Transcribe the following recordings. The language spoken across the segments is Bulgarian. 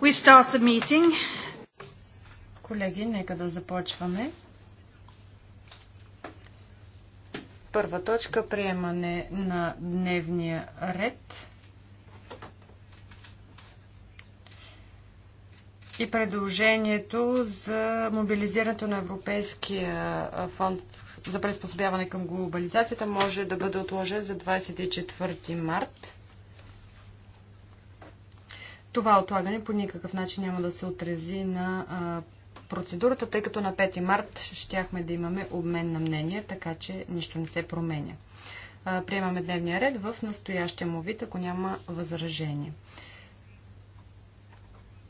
We start the meeting. Колеги, нека да започваме. Първа точка приемане на дневния ред. И предложението за мобилизирането на Европейския фонд за приспособяване към глобализацията може да бъде отложен за 24 март. Това отлагане по никакъв начин няма да се отрези на процедурата, тъй като на 5 март щяхме да имаме обмен на мнение, така че нищо не се променя. Приемаме дневния ред в настоящия му вид, ако няма възражение.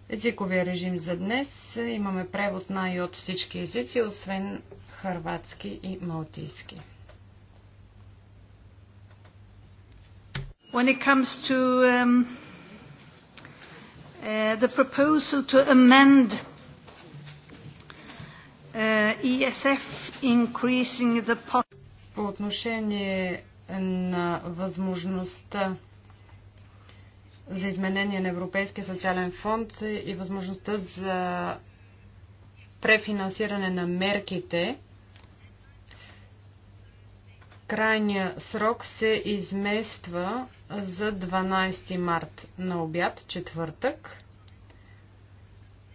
Езиковия режим за днес имаме превод на и от всички езици, освен харватски и малтийски. When it comes to um, Eh, the proposal to amend ESF eh, e increasing the По отношение на възможността за изменение на Европейския социален фонд и възможността за префинансиране на мерките, крайния срок се измества за 12 март на обяд, четвъртък.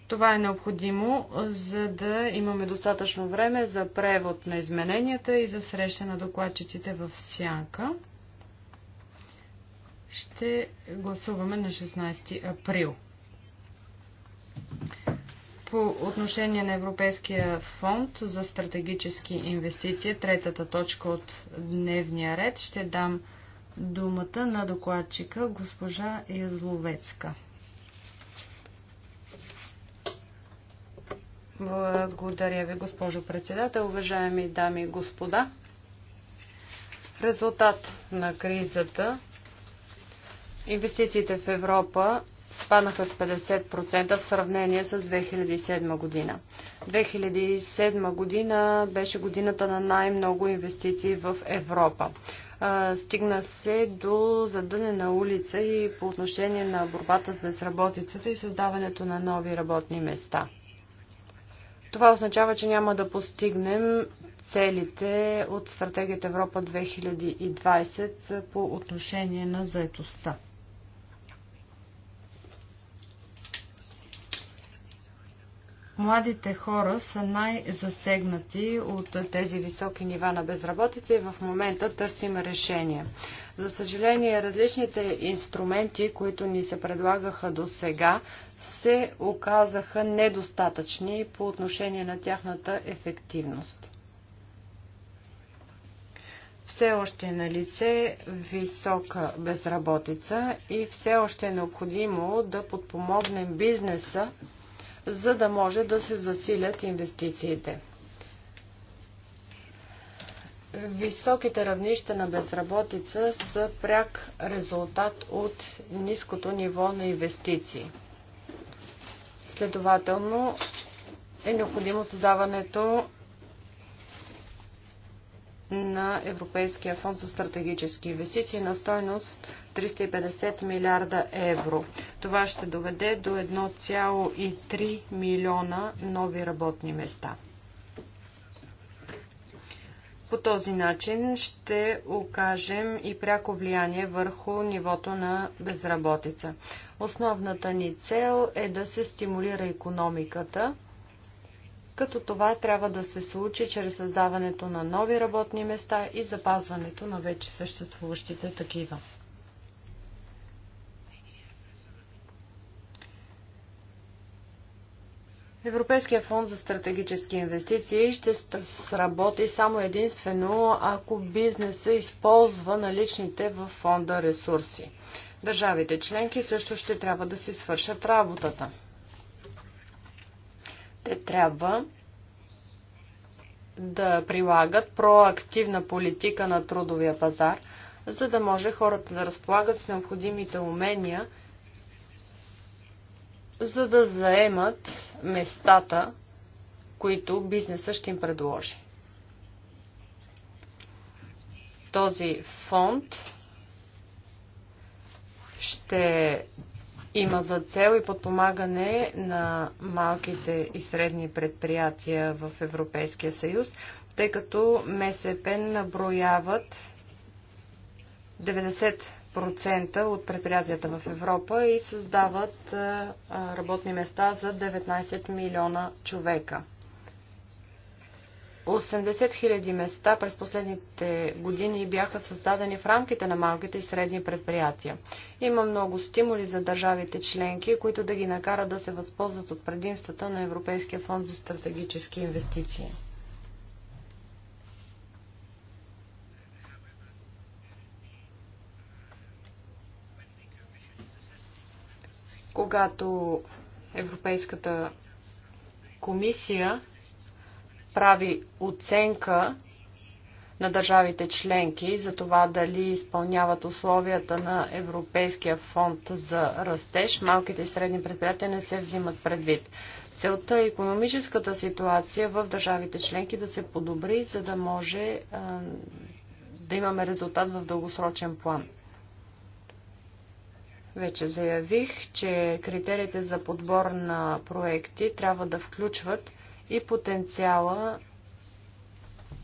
Това е необходимо, за да имаме достатъчно време за превод на измененията и за среща на докладчиците в сянка. Ще гласуваме на 16 април по отношение на Европейския фонд за стратегически инвестиции, третата точка от дневния ред, ще дам думата на докладчика госпожа Язловецка. Благодаря ви, госпожо председател, уважаеми дами и господа. В резултат на кризата инвестициите в Европа спаднаха с 50% в сравнение с 2007 година. 2007 година беше годината на най-много инвестиции в Европа. Стигна се до задънена улица и по отношение на борбата с безработицата и създаването на нови работни места. Това означава, че няма да постигнем целите от стратегията Европа 2020 по отношение на заетостта. Младите хора са най-засегнати от тези високи нива на безработица и в момента търсим решение. За съжаление, различните инструменти, които ни се предлагаха до сега, се оказаха недостатъчни по отношение на тяхната ефективност. Все още е на лице висока безработица и все още е необходимо да подпомогнем бизнеса за да може да се засилят инвестициите. Високите равнища на безработица са пряк резултат от ниското ниво на инвестиции. Следователно е необходимо създаването на Европейския фонд за стратегически инвестиции на стойност 350 милиарда евро. Това ще доведе до 1,3 милиона нови работни места. По този начин ще окажем и пряко влияние върху нивото на безработица. Основната ни цел е да се стимулира економиката – като това трябва да се случи чрез създаването на нови работни места и запазването на вече съществуващите такива. Европейския фонд за стратегически инвестиции ще сработи само единствено, ако бизнеса използва наличните в фонда ресурси. Държавите членки също ще трябва да си свършат работата. Те трябва да прилагат проактивна политика на трудовия пазар, за да може хората да разполагат с необходимите умения, за да заемат местата, които бизнеса ще им предложи. Този фонд ще има за цел и подпомагане на малките и средни предприятия в Европейския съюз, тъй като МСП наброяват 90% от предприятията в Европа и създават работни места за 19 милиона човека. 80 000 места през последните години бяха създадени в рамките на малките и средни предприятия. Има много стимули за държавите членки, които да ги накарат да се възползват от предимствата на Европейския фонд за стратегически инвестиции. Когато Европейската комисия прави оценка на държавите членки за това дали изпълняват условията на Европейския фонд за растеж, малките и средни предприятия не се взимат предвид. Целта е економическата ситуация в държавите членки да се подобри, за да може а, да имаме резултат в дългосрочен план. Вече заявих, че критериите за подбор на проекти трябва да включват и потенциала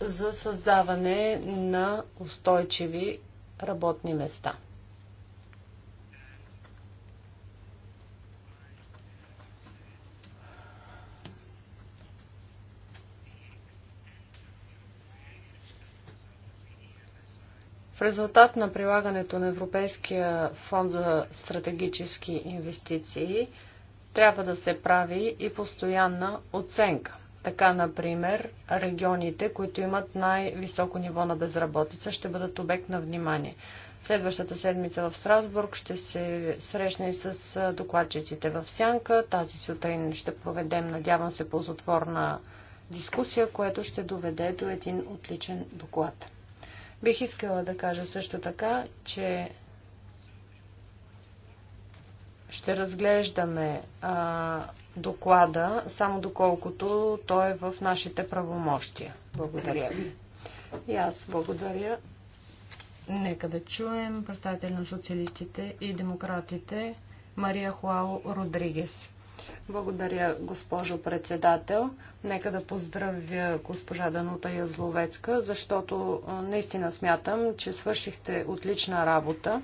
за създаване на устойчиви работни места. В резултат на прилагането на Европейския фонд за стратегически инвестиции – трябва да се прави и постоянна оценка. Така, например, регионите, които имат най-високо ниво на безработица, ще бъдат обект на внимание. Следващата седмица в Страсбург ще се срещне и с докладчиците в Сянка. Тази сутрин ще проведем, надявам се, ползотворна дискусия, което ще доведе до един отличен доклад. Бих искала да кажа също така, че ще разглеждаме а, доклада, само доколкото той е в нашите правомощия. Благодаря ви. И аз благодаря. Нека да чуем представител на социалистите и демократите Мария Хуао Родригес. Благодаря, госпожо председател. Нека да поздравя госпожа Данута Язловецка, защото наистина смятам, че свършихте отлична работа.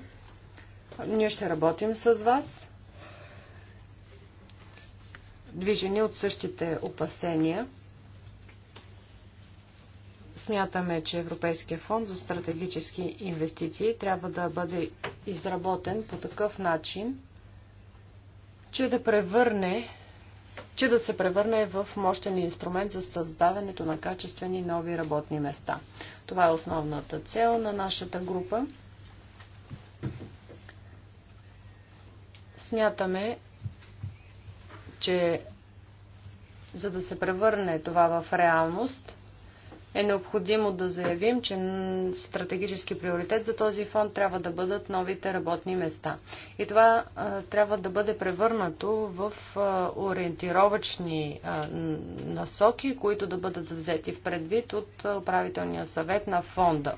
Ние ще работим с вас движени от същите опасения. Смятаме, че Европейския фонд за стратегически инвестиции трябва да бъде изработен по такъв начин, че да превърне че да се превърне в мощен инструмент за създаването на качествени нови работни места. Това е основната цел на нашата група. Смятаме, че за да се превърне това в реалност, е необходимо да заявим, че стратегически приоритет за този фонд трябва да бъдат новите работни места. И това а, трябва да бъде превърнато в а, ориентировачни а, насоки, които да бъдат взети в предвид от управителния съвет на фонда.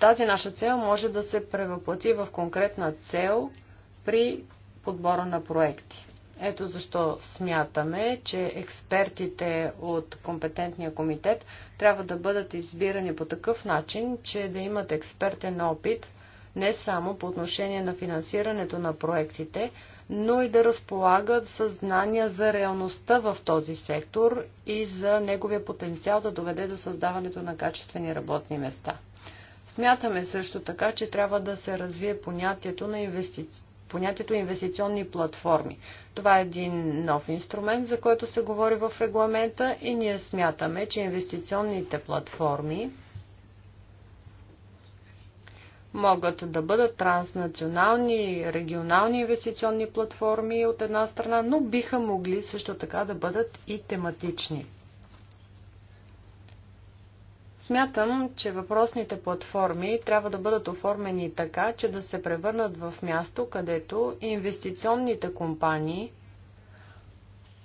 Тази наша цел може да се превъплати в конкретна цел при подбора на проекти. Ето защо смятаме, че експертите от компетентния комитет трябва да бъдат избирани по такъв начин, че да имат експертен опит не само по отношение на финансирането на проектите, но и да разполагат съзнания за реалността в този сектор и за неговия потенциал да доведе до създаването на качествени работни места. Смятаме също така, че трябва да се развие понятието на инвестиции понятието инвестиционни платформи. Това е един нов инструмент, за който се говори в регламента и ние смятаме, че инвестиционните платформи могат да бъдат транснационални, регионални инвестиционни платформи от една страна, но биха могли също така да бъдат и тематични. Смятам, че въпросните платформи трябва да бъдат оформени така, че да се превърнат в място, където инвестиционните компании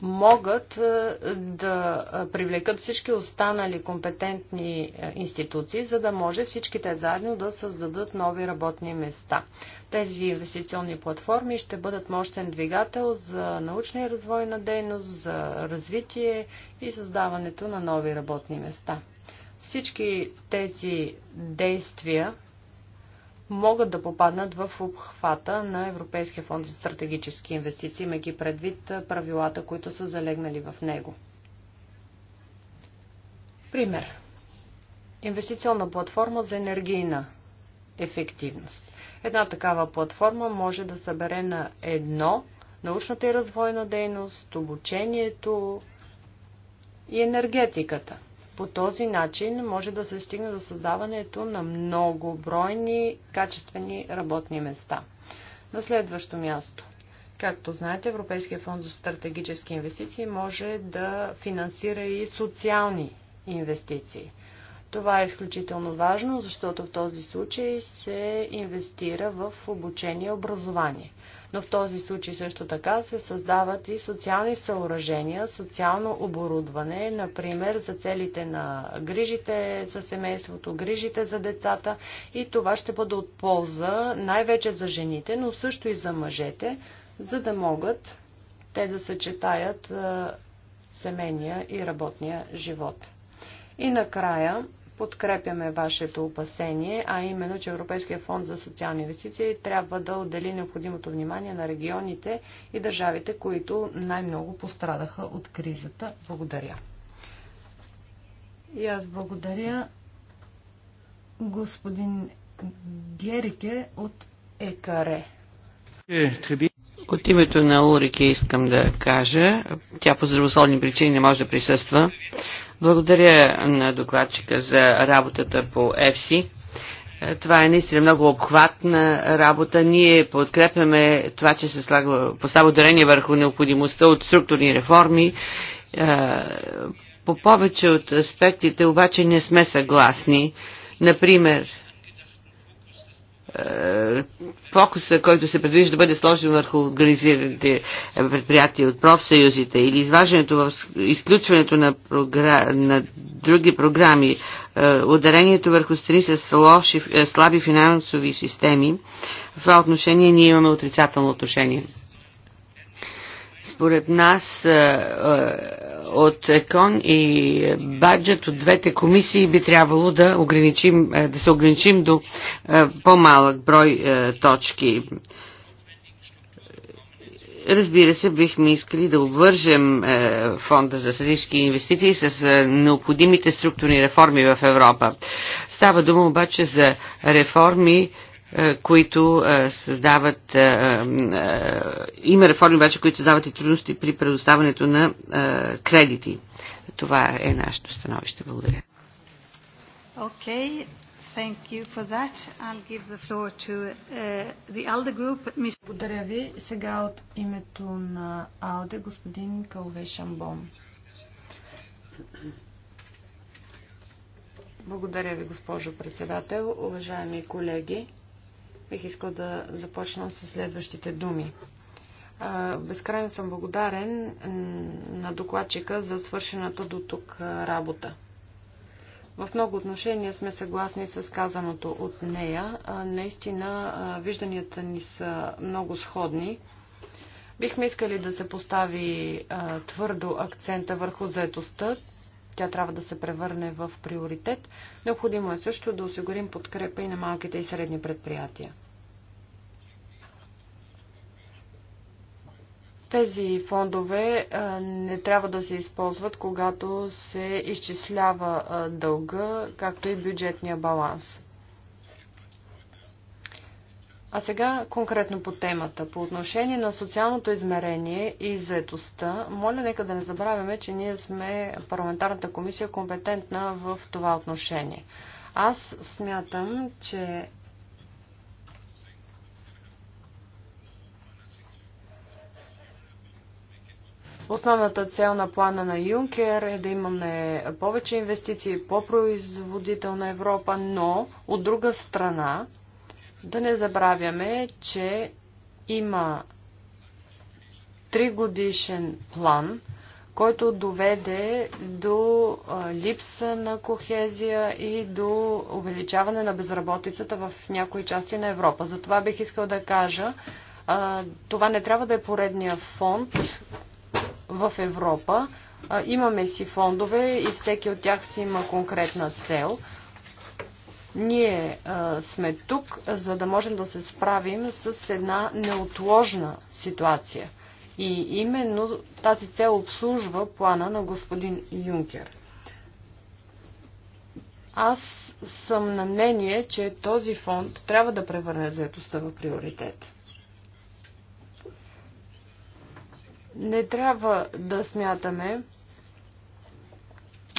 могат е, да е, привлекат всички останали компетентни е, институции, за да може всичките заедно да създадат нови работни места. Тези инвестиционни платформи ще бъдат мощен двигател за научна и развойна дейност, за развитие и създаването на нови работни места. Всички тези действия могат да попаднат в обхвата на Европейския фонд за стратегически инвестиции, имайки предвид правилата, които са залегнали в него. Пример. Инвестиционна платформа за енергийна ефективност. Една такава платформа може да събере на едно научната и развойна дейност, обучението и енергетиката – по този начин може да се стигне до създаването на многобройни качествени работни места. На следващо място. Както знаете, Европейския фонд за стратегически инвестиции може да финансира и социални инвестиции. Това е изключително важно, защото в този случай се инвестира в обучение и образование. Но в този случай също така се създават и социални съоръжения, социално оборудване, например за целите на грижите за семейството, грижите за децата и това ще бъде от полза най-вече за жените, но също и за мъжете, за да могат те да съчетаят семейния и работния живот. И накрая подкрепяме вашето опасение, а именно, че Европейския фонд за социални инвестиции трябва да отдели необходимото внимание на регионите и държавите, които най-много пострадаха от кризата. Благодаря. И аз благодаря господин Герике от ЕКАРЕ. Е, от името на Урике искам да кажа, тя по здравословни причини не може да присъства, благодаря на докладчика за работата по ЕФСИ. Е, това е наистина много обхватна работа. Ние подкрепяме това, че се слага, поставя ударение върху необходимостта от структурни реформи. Е, по повече от аспектите обаче не сме съгласни. Например, е, фокуса, който се предвижда да бъде сложен върху организираните предприятия от профсъюзите или изваждането в изключването на, програ... на други програми, е, ударението върху страни с лоши, е, слаби финансови системи, в това отношение ние имаме отрицателно отношение. Според нас е, е, от ЕКОН и баджет от двете комисии би трябвало да, ограничим, е, да се ограничим до по-малък брой точки. Разбира се, бихме искали да обвържем фонда за стратегически инвестиции с необходимите структурни реформи в Европа. Става дума обаче за реформи, е, които е, създават. Е, има реформи обаче, които създават и трудности при предоставането на кредити. Това е нашето становище. Благодаря. Okay. Thank you for that. I'll give the floor to uh, the ALDE group. Благодаря ви. Сега от името на АЛДЕ господин Калве Шамбон. Благодаря ви, госпожо председател. Уважаеми колеги, Бих искал да започна с следващите думи. Безкрайно съм благодарен на докладчика за свършената до тук работа. В много отношения сме съгласни с казаното от нея. Наистина, вижданията ни са много сходни. Бихме искали да се постави твърдо акцента върху заетостта. Тя трябва да се превърне в приоритет. Необходимо е също да осигурим подкрепа и на малките и средни предприятия. Тези фондове не трябва да се използват, когато се изчислява дълга, както и бюджетния баланс. А сега конкретно по темата. По отношение на социалното измерение и заедостта, моля нека да не забравяме, че ние сме парламентарната комисия компетентна в това отношение. Аз смятам, че Основната цел на плана на Юнкер е да имаме повече инвестиции по-производителна Европа, но от друга страна да не забравяме, че има тригодишен план, който доведе до липса на кохезия и до увеличаване на безработицата в някои части на Европа. Затова бих искал да кажа, това не трябва да е поредния фонд, в Европа. Имаме си фондове и всеки от тях си има конкретна цел. Ние сме тук, за да можем да се справим с една неотложна ситуация. И именно тази цел обслужва плана на господин Юнкер. Аз съм на мнение, че този фонд трябва да превърне заедостта в приоритет. Не трябва да смятаме,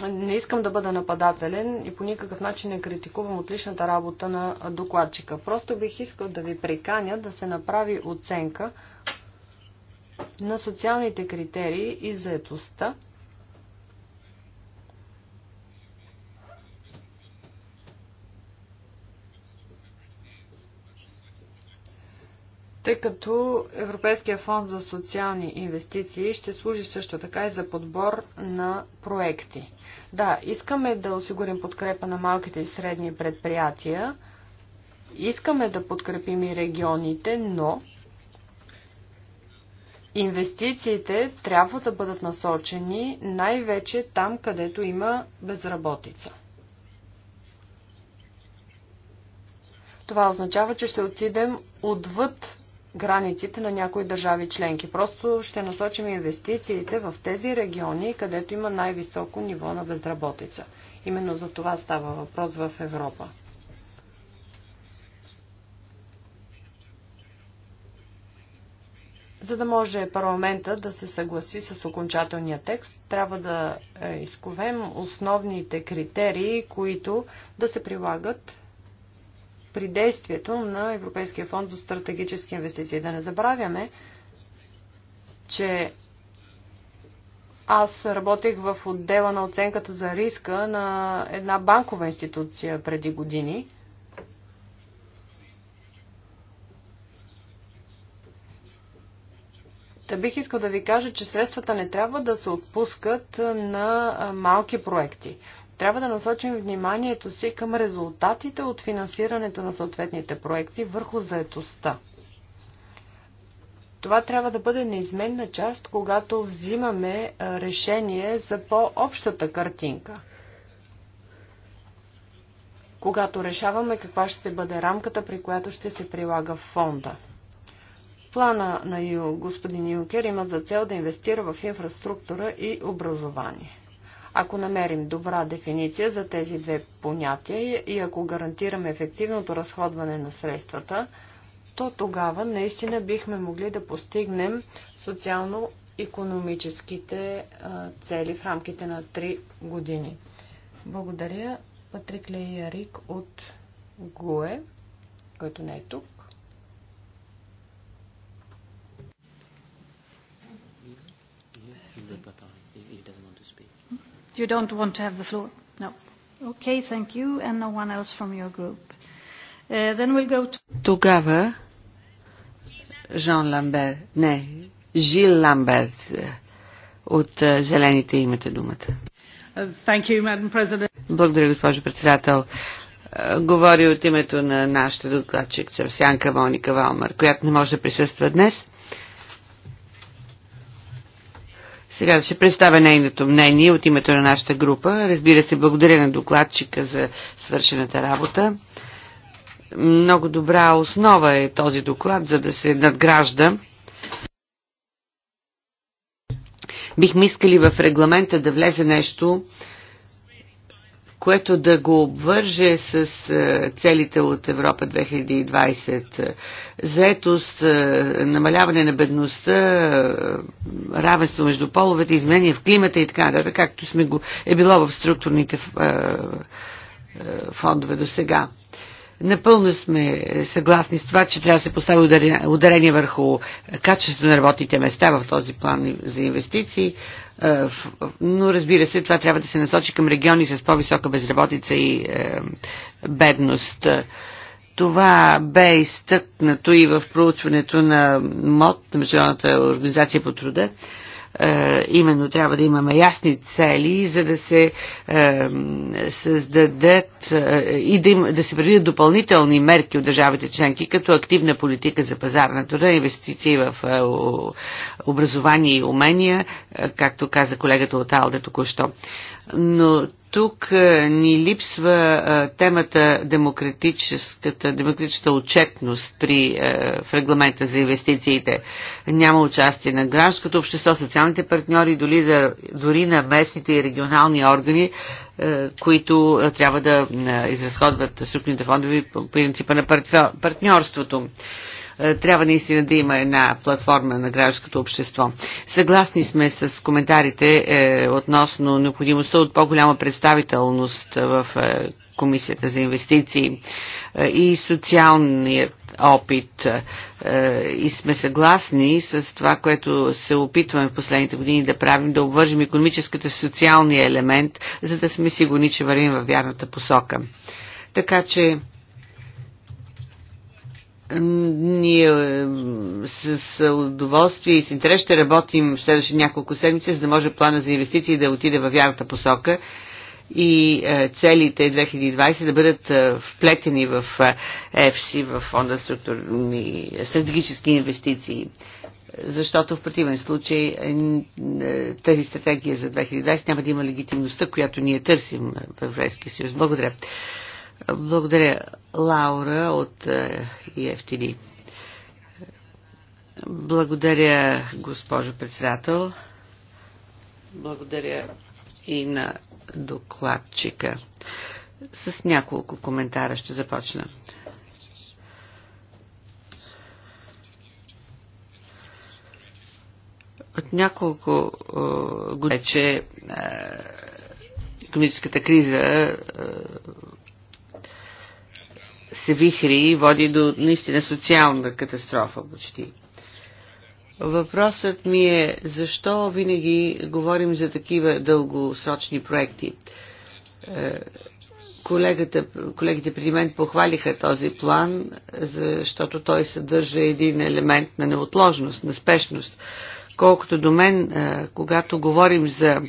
не искам да бъда нападателен и по никакъв начин не критикувам отличната работа на докладчика. Просто бих искал да ви приканя да се направи оценка на социалните критерии и заедостта. тъй като Европейския фонд за социални инвестиции ще служи също така и за подбор на проекти. Да, искаме да осигурим подкрепа на малките и средни предприятия, искаме да подкрепим и регионите, но инвестициите трябва да бъдат насочени най-вече там, където има безработица. Това означава, че ще отидем отвъд границите на някои държави членки. Просто ще насочим инвестициите в тези региони, където има най-високо ниво на безработица. Именно за това става въпрос в Европа. За да може парламента да се съгласи с окончателния текст, трябва да е изковем основните критерии, които да се прилагат при действието на Европейския фонд за стратегически инвестиции. Да не забравяме, че аз работех в отдела на оценката за риска на една банкова институция преди години. Та бих искал да ви кажа, че средствата не трябва да се отпускат на малки проекти. Трябва да насочим вниманието си към резултатите от финансирането на съответните проекти върху заетостта. Това трябва да бъде неизменна част, когато взимаме решение за по-общата картинка. Когато решаваме каква ще бъде рамката, при която ще се прилага фонда. Плана на господин Юнкер има за цел да инвестира в инфраструктура и образование. Ако намерим добра дефиниция за тези две понятия и ако гарантираме ефективното разходване на средствата, то тогава наистина бихме могли да постигнем социално-економическите цели в рамките на 3 години. Благодаря Патрик Лейярик от ГУЕ, който не е тук. You don't want to have the floor? No. Okay, thank you, and no one else from your group. Uh, then we'll go to... Тогава Jean Lambert. не, Жил Ламбер е, от е, Зелените имате думата. Uh, thank you, Madam President. Благодаря, госпожо председател. Е, говори от името на нашата докладчик Сянка Моника Валмар, която не може да присъства днес. Сега ще представя нейното мнение от името на нашата група. Разбира се, благодаря на докладчика за свършената работа. Много добра основа е този доклад, за да се надгражда. Бихме искали в регламента да влезе нещо, което да го обвърже с е, целите от Европа 2020. Заетост, е, намаляване на бедността, е, равенство между половете, изменение в климата и така да, както сме го, е било в структурните фондове до сега. Напълно сме съгласни с това, че трябва да се постави ударение върху качеството на работните места в този план за инвестиции. Е, но разбира се, това трябва да се насочи към региони с по-висока безработица и е, бедност. Това бе изтъкнато и в проучването на МОД, на Международната организация по труда. Е, именно трябва да имаме ясни цели, за да се е, създадат е, и да, им, да се предвидят допълнителни мерки от държавите членки, като активна политика за пазарна труда, инвестиции в образование и умения, както каза колегата от Алде току-що но тук е, ни липсва е, темата демократическата, демократическата отчетност при, е, в регламента за инвестициите. Няма участие на гражданското общество, социалните партньори, дори, да, дори на местните и регионални органи, които трябва да изразходват структурните фондове по принципа на партньорството. Е, трябва наистина да има една платформа на гражданското общество. Съгласни сме с коментарите е, относно необходимостта от по-голяма представителност в е, Комисията за инвестиции е, и социалният опит е, и сме съгласни с това, което се опитваме в последните години да правим, да обвържим економическата социалния елемент, за да сме сигурни, че вървим във вярната посока. Така че ние е, с удоволствие и с интерес ще работим в следващите няколко седмици, за да може плана за инвестиции да отиде във вярната посока и е, целите 2020 да бъдат е, вплетени в ЕФСИ, в фонда структурни стратегически инвестиции. Защото в противен случай тази стратегия за 2020 няма да има легитимността, която ние търсим в Европейския съюз. Благодаря. Благодаря, Лаура от е, ЕФТИНИ. Благодаря, госпожо председател. Благодаря и на докладчика. С няколко коментара ще започна. От няколко е, години, че економическата криза е, се вихри и води до наистина социална катастрофа почти. Въпросът ми е защо винаги говорим за такива дългосрочни проекти. Е, колегата, колегите преди мен похвалиха този план, защото той съдържа един елемент на неотложност, на спешност. Колкото до мен, е, когато говорим за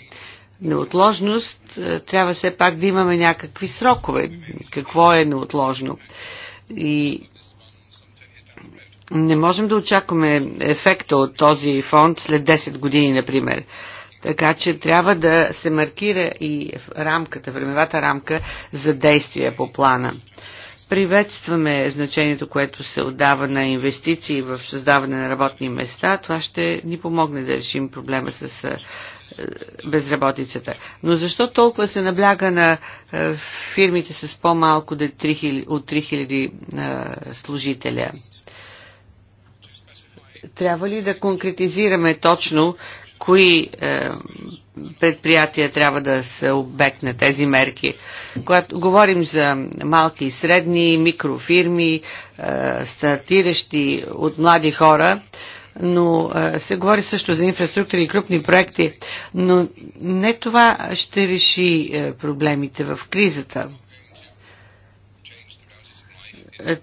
неотложност, е, трябва все пак да имаме някакви срокове. Какво е неотложно? И не можем да очакваме ефекта от този фонд след 10 години, например. Така че трябва да се маркира и рамката, времевата рамка за действия по плана. Приветстваме значението, което се отдава на инвестиции в създаване на работни места. Това ще ни помогне да решим проблема с безработицата. Но защо толкова се набляга на фирмите с по-малко от 3000 служителя? Трябва ли да конкретизираме точно кои предприятия трябва да са обект на тези мерки. Когато говорим за малки и средни, микрофирми, е, стартиращи от млади хора, но е, се говори също за инфраструктури и крупни проекти, но не това ще реши е, проблемите в кризата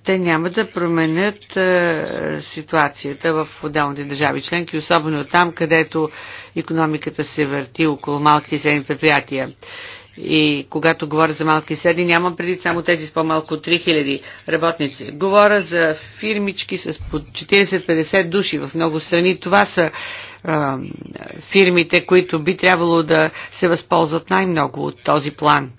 те няма да променят е, ситуацията в отделните държави членки, особено там, където економиката се върти около малки и средни предприятия. И когато говоря за малки и средни, преди само тези с по-малко 3000 работници. Говоря за фирмички с по 40-50 души в много страни. Това са а, е, фирмите, които би трябвало да се възползват най-много от този план.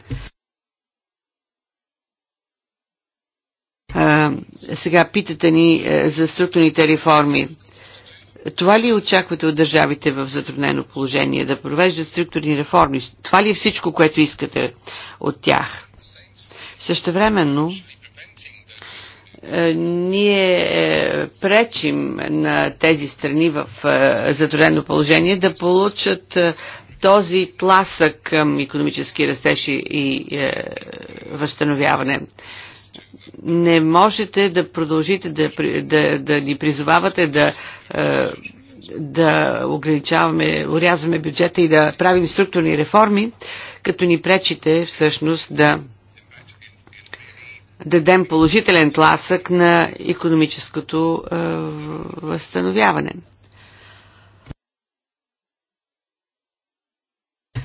сега питате ни е, за структурните реформи. Това ли очаквате от държавите в затруднено положение? Да провеждат структурни реформи? Това ли е всичко, което искате от тях? Същевременно, е, ние е, пречим на тези страни в затруднено положение да получат този тласък към економически растеж и възстановяване не можете да продължите да, да, да ни призовавате да, е, да ограничаваме, урязваме бюджета и да правим структурни реформи, като ни пречите всъщност да дадем положителен тласък на економическото е, възстановяване.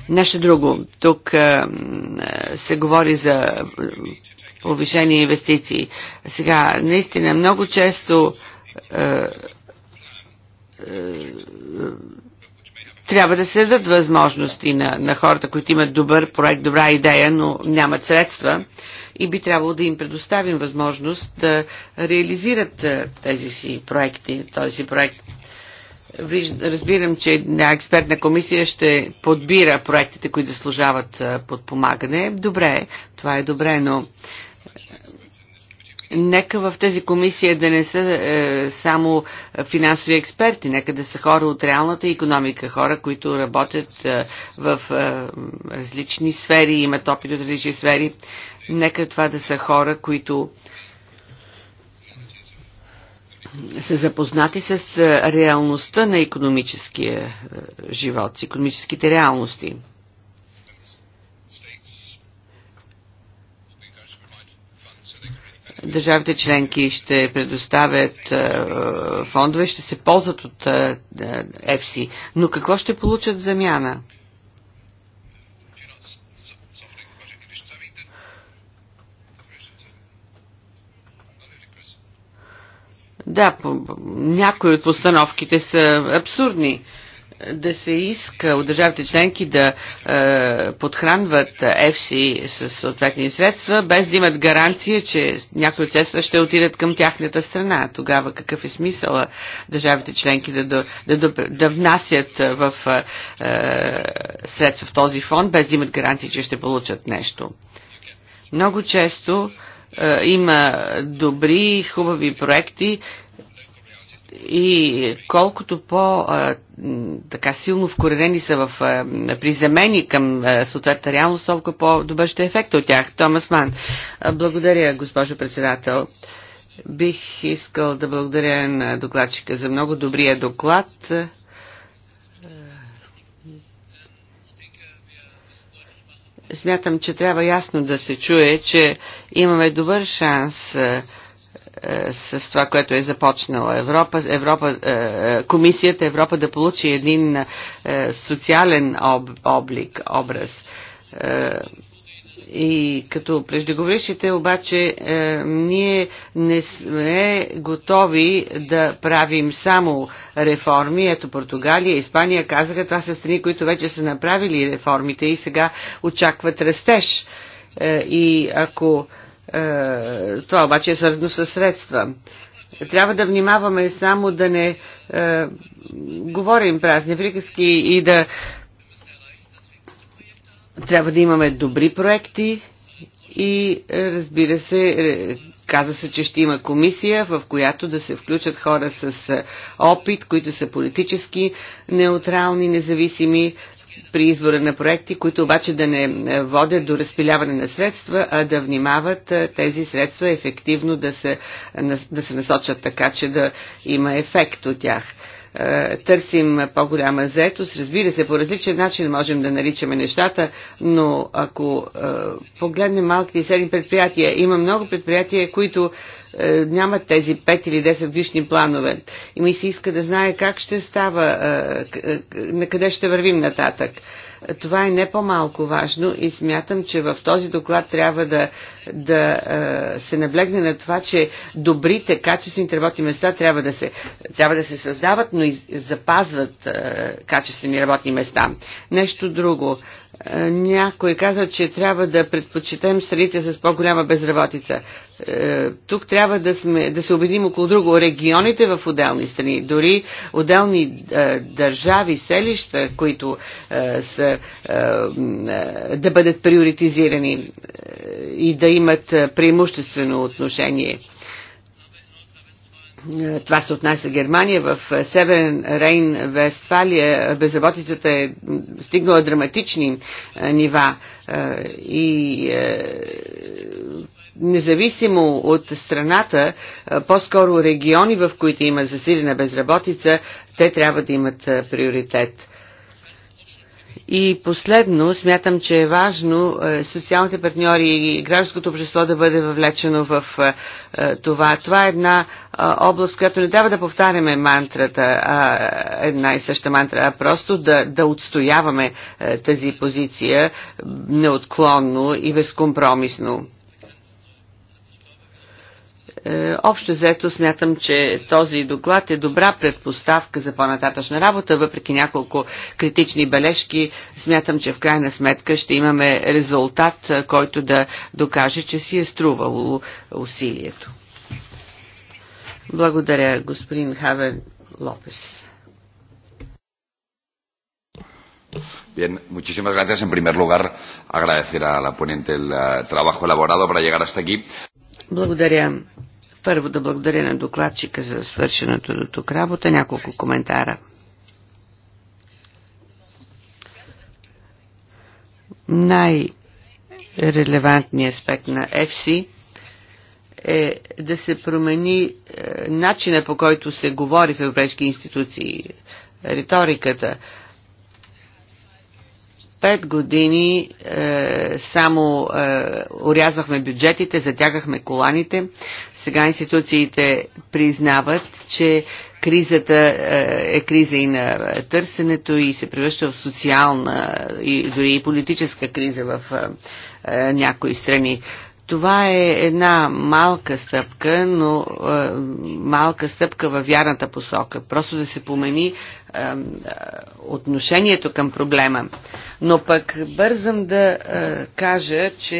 Нещо друго. Тук е, се говори за повишени инвестиции. Сега, наистина, много често е, е, трябва да се дадат възможности на, на хората, които имат добър проект, добра идея, но нямат средства и би трябвало да им предоставим възможност да реализират е, тези си проекти, този си проект. Разбирам, че една експертна комисия ще подбира проектите, които заслужават подпомагане. Добре, това е добре, но Нека в тези комисии да не са е, само финансови експерти, нека да са хора от реалната економика, хора, които работят е, в е, различни сфери, имат опит от различни сфери. Нека това да са хора, които са запознати с е, реалността на економическия е, живот, с економическите реалности. държавите членки ще предоставят е, фондове, ще се ползват от е, е, ЕФСИ. Но какво ще получат замяна? Да, по, някои от постановките са абсурдни да се иска от държавите членки да е, подхранват ЕФСИ с съответни средства, без да имат гаранция, че някои от средства ще отидат към тяхната страна. Тогава какъв е смисъл държавите членки да, да, да, да внасят е, в е, средства в този фонд, без да имат гаранция, че ще получат нещо? Много често е, има добри, хубави проекти, и колкото по а, така силно вкоренени са в а, приземени към съответната реалност, толкова по-добър ще е ефект от тях. Томас Ман. Благодаря, госпожо председател. Бих искал да благодаря на докладчика за много добрия доклад. Смятам, че трябва ясно да се чуе, че имаме добър шанс а, е, с това, което е започнала Европа, Европа е, е, комисията Европа да получи един социален об, облик, образ. И като преждеговорившите обаче е, ние не сме готови да правим само реформи. Ето Португалия, Испания казаха, това са страни, които вече са направили реформите и сега очакват растеж. Е, и ако е, е, това обаче е свързано с средства. Трябва да внимаваме само да не е, говорим празни приказки и да трябва да имаме добри проекти и е, разбира се, е, каза се, че ще има комисия, в която да се включат хора с опит, които са политически неутрални, независими, при избора на проекти, които обаче да не е, водят до разпиляване на средства, а да внимават е, тези средства ефективно да се, е, да се насочат така, че да има ефект от тях търсим по-голяма заетост. Разбира се, по различен начин можем да наричаме нещата, но ако погледнем малките и средни предприятия, има много предприятия, които е, нямат тези 5 или 10 годишни планове. И ми се иска да знае как ще става, е, е, на къде ще вървим нататък. Това е не по-малко важно и смятам, че в този доклад трябва да, да се наблегне на това, че добрите, качествените работни места трябва да се, трябва да се създават, но и запазват качествени работни места. Нещо друго. Е, някой каза, че трябва да предпочитаем страните с по-голяма безработица. Е, тук трябва да, сме, да се обединим около друго. Регионите в отделни страни, дори отделни е, държави, селища, които са, да бъдат приоритизирани и да имат преимуществено отношение това се отнася Германия, в Северен Рейн, Вестфалия, безработицата е стигнала драматични нива и независимо от страната, по-скоро региони, в които има засилена безработица, те трябва да имат приоритет. И последно, смятам, че е важно е, социалните партньори и гражданското общество да бъде въвлечено в е, е, това. Това е една област, която не трябва да повтаряме мантрата, една и съща мантра, а просто да, да отстояваме тази позиция неотклонно и безкомпромисно. Е, общо заето смятам, че този доклад е добра предпоставка за по-нататъчна работа, въпреки няколко критични бележки. Смятам, че в крайна сметка ще имаме резултат, е, който да докаже, че си е струвало усилието. Благодаря, господин Хавен Лопес. Bien, muchísimas gracias. En primer lugar, agradecer a la ponente el eh, trabajo elaborado para llegar hasta aquí. Благодаря. Първо да благодаря на докладчика за свършеното до тук работа. Няколко коментара. Най-релевантният аспект на ЕФСИ е да се промени е, начина по който се говори в европейски институции, е, риториката. Пет години е, само е, урязахме бюджетите, затягахме коланите. Сега институциите признават, че кризата е, е криза и на търсенето и се превръща в социална и дори и политическа криза в е, е, някои страни. Това е една малка стъпка, но е, малка стъпка във вярната посока. Просто да се помени е, отношението към проблема. Но пък бързам да а, е, кажа, че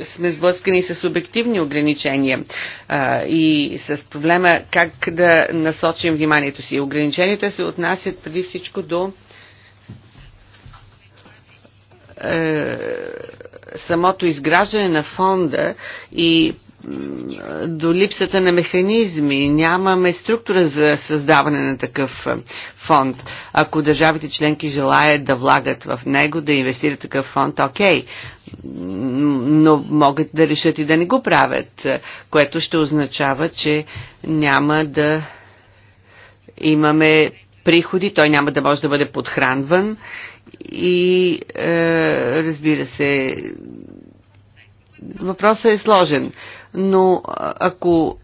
е, сме сблъскани с обективни ограничения а, е, и с проблема как да насочим вниманието си. Ограниченията се отнасят преди всичко до е, самото изграждане на фонда и до липсата на механизми, нямаме структура за създаване на такъв е, фонд. Ако държавите членки желаят да влагат в него, да инвестират такъв фонд, окей, но могат да решат и да не го правят, е, което ще означава, че няма да имаме приходи, той няма да може да бъде подхранван и е, разбира се, въпросът е сложен но ако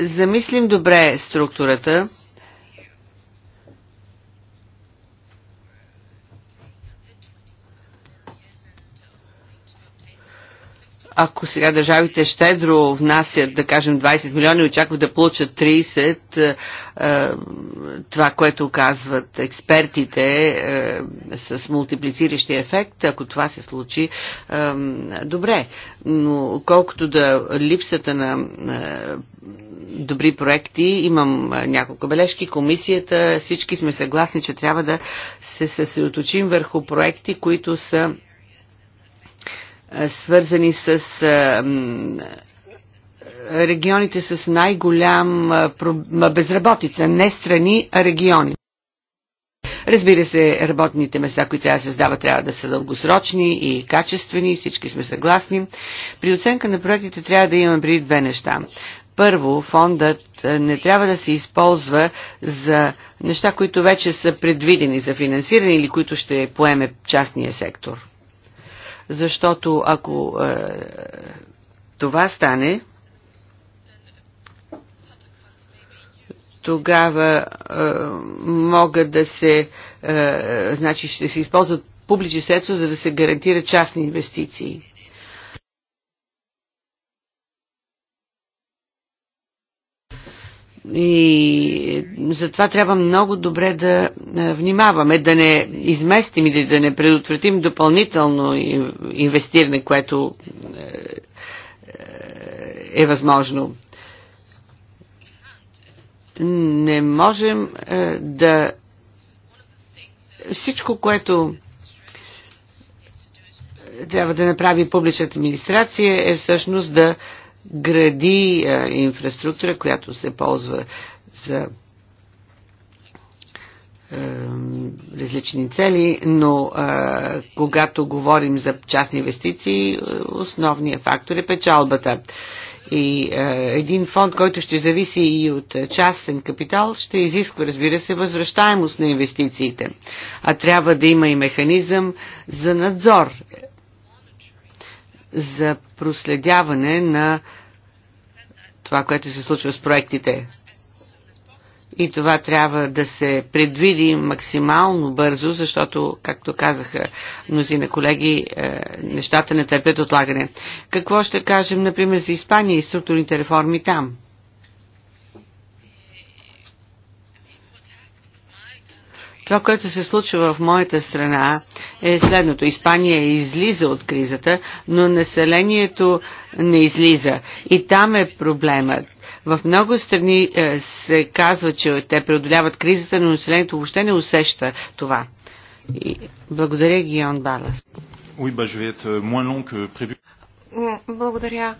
замислим добре структурата, Ако сега държавите щедро внасят, да кажем, 20 милиона и очакват да получат 30, е, е, това, което казват експертите е, с мултиплициращия ефект, ако това се случи, добре. Но колкото да липсата на добри проекти, имам няколко бележки. Комисията, всички сме съгласни, че трябва да се съсредоточим върху проекти, които са свързани с регионите с най-голям безработица, не страни, а региони. Разбира се, работните места, които трябва да създава, трябва да са дългосрочни и качествени, всички сме съгласни. При оценка на проектите трябва да имаме преди две неща. Първо, фондът не трябва да се използва за неща, които вече са предвидени за финансиране или които ще поеме частния сектор. Защото ако е, това стане, тогава е, могат да се, е, значи ще се използват публични средства, за да се гарантират частни инвестиции. И затова трябва много добре да внимаваме, да не изместим или да не предотвратим допълнително инвестиране, което е възможно. Не можем да. Всичко, което трябва да направи публичната администрация, е всъщност да гради инфраструктура, която се ползва за различни цели, но а, когато говорим за частни инвестиции, основният фактор е печалбата. И а, един фонд, който ще зависи и от частен капитал, ще изисква, разбира се, възвръщаемост на инвестициите. А трябва да има и механизъм за надзор за проследяване на това, което се случва с проектите. И това трябва да се предвиди максимално бързо, защото, както казаха мнозина колеги, е, нещата не търпят отлагане. Какво ще кажем, например, за Испания и структурните реформи там? Това, което се случва в моята страна е следното. Испания излиза от кризата, но населението не излиза. И там е проблемът. В много страни е, се казва, че те преодоляват кризата, но населението въобще не усеща това. И благодаря, Гион Балас. Euh, благодаря.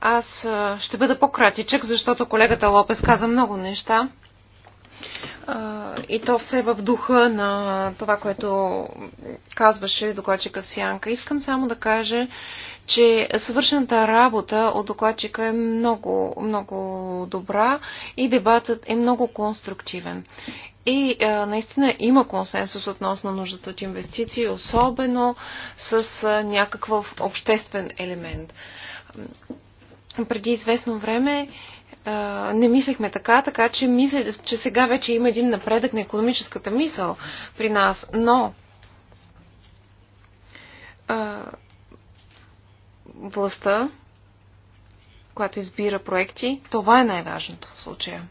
Аз е, ще бъда по-кратичък, защото колегата Лопес каза много неща. И то все в духа на това, което казваше докладчика Сянка. Искам само да кажа, че свършената работа от докладчика е много, много добра и дебатът е много конструктивен. И а, наистина има консенсус относно нуждата от инвестиции, особено с а, някакъв обществен елемент. Преди известно време не мислехме така, така че мисля, че сега вече има един напредък на економическата мисъл при нас, но а, властта, която избира проекти, това е най-важното в случая.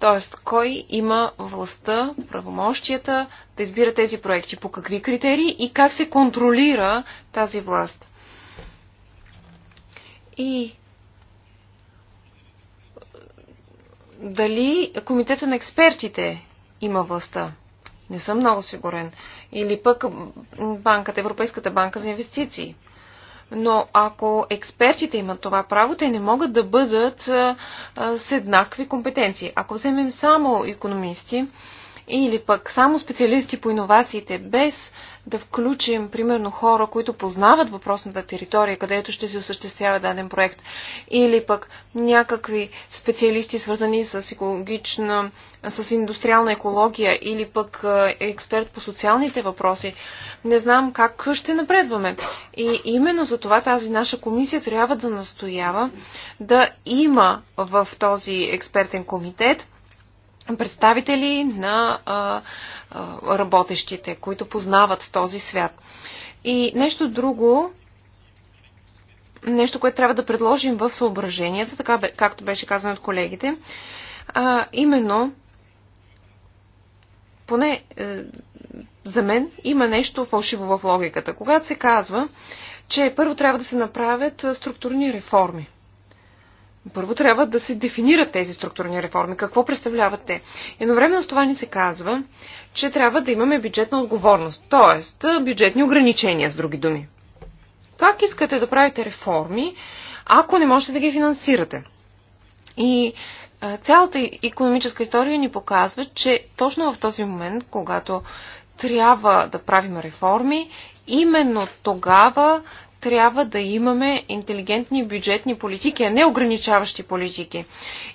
Тоест, кой има властта, правомощията да избира тези проекти, по какви критерии и как се контролира тази власт. И дали комитета на експертите има властта. Не съм много сигурен. Или пък банката, Европейската банка за инвестиции. Но ако експертите имат това право, те не могат да бъдат с еднакви компетенции. Ако вземем само економисти, или пък само специалисти по иновациите, без да включим, примерно, хора, които познават въпросната територия, където ще се осъществява даден проект, или пък някакви специалисти, свързани с екологична, с индустриална екология, или пък е, експерт по социалните въпроси, не знам как ще напредваме. И именно за това тази наша комисия трябва да настоява да има в този експертен комитет представители на а, а, работещите, които познават този свят. И нещо друго, нещо, което трябва да предложим в съображенията, така както беше казано от колегите, а, именно, поне е, за мен, има нещо фалшиво в логиката. Когато се казва, че първо трябва да се направят структурни реформи. Първо трябва да се дефинират тези структурни реформи, какво представляват те. Едновременно с това ни се казва, че трябва да имаме бюджетна отговорност, т.е. бюджетни ограничения, с други думи. Как искате да правите реформи, ако не можете да ги финансирате? И цялата економическа история ни показва, че точно в този момент, когато трябва да правим реформи, именно тогава трябва да имаме интелигентни бюджетни политики, а не ограничаващи политики.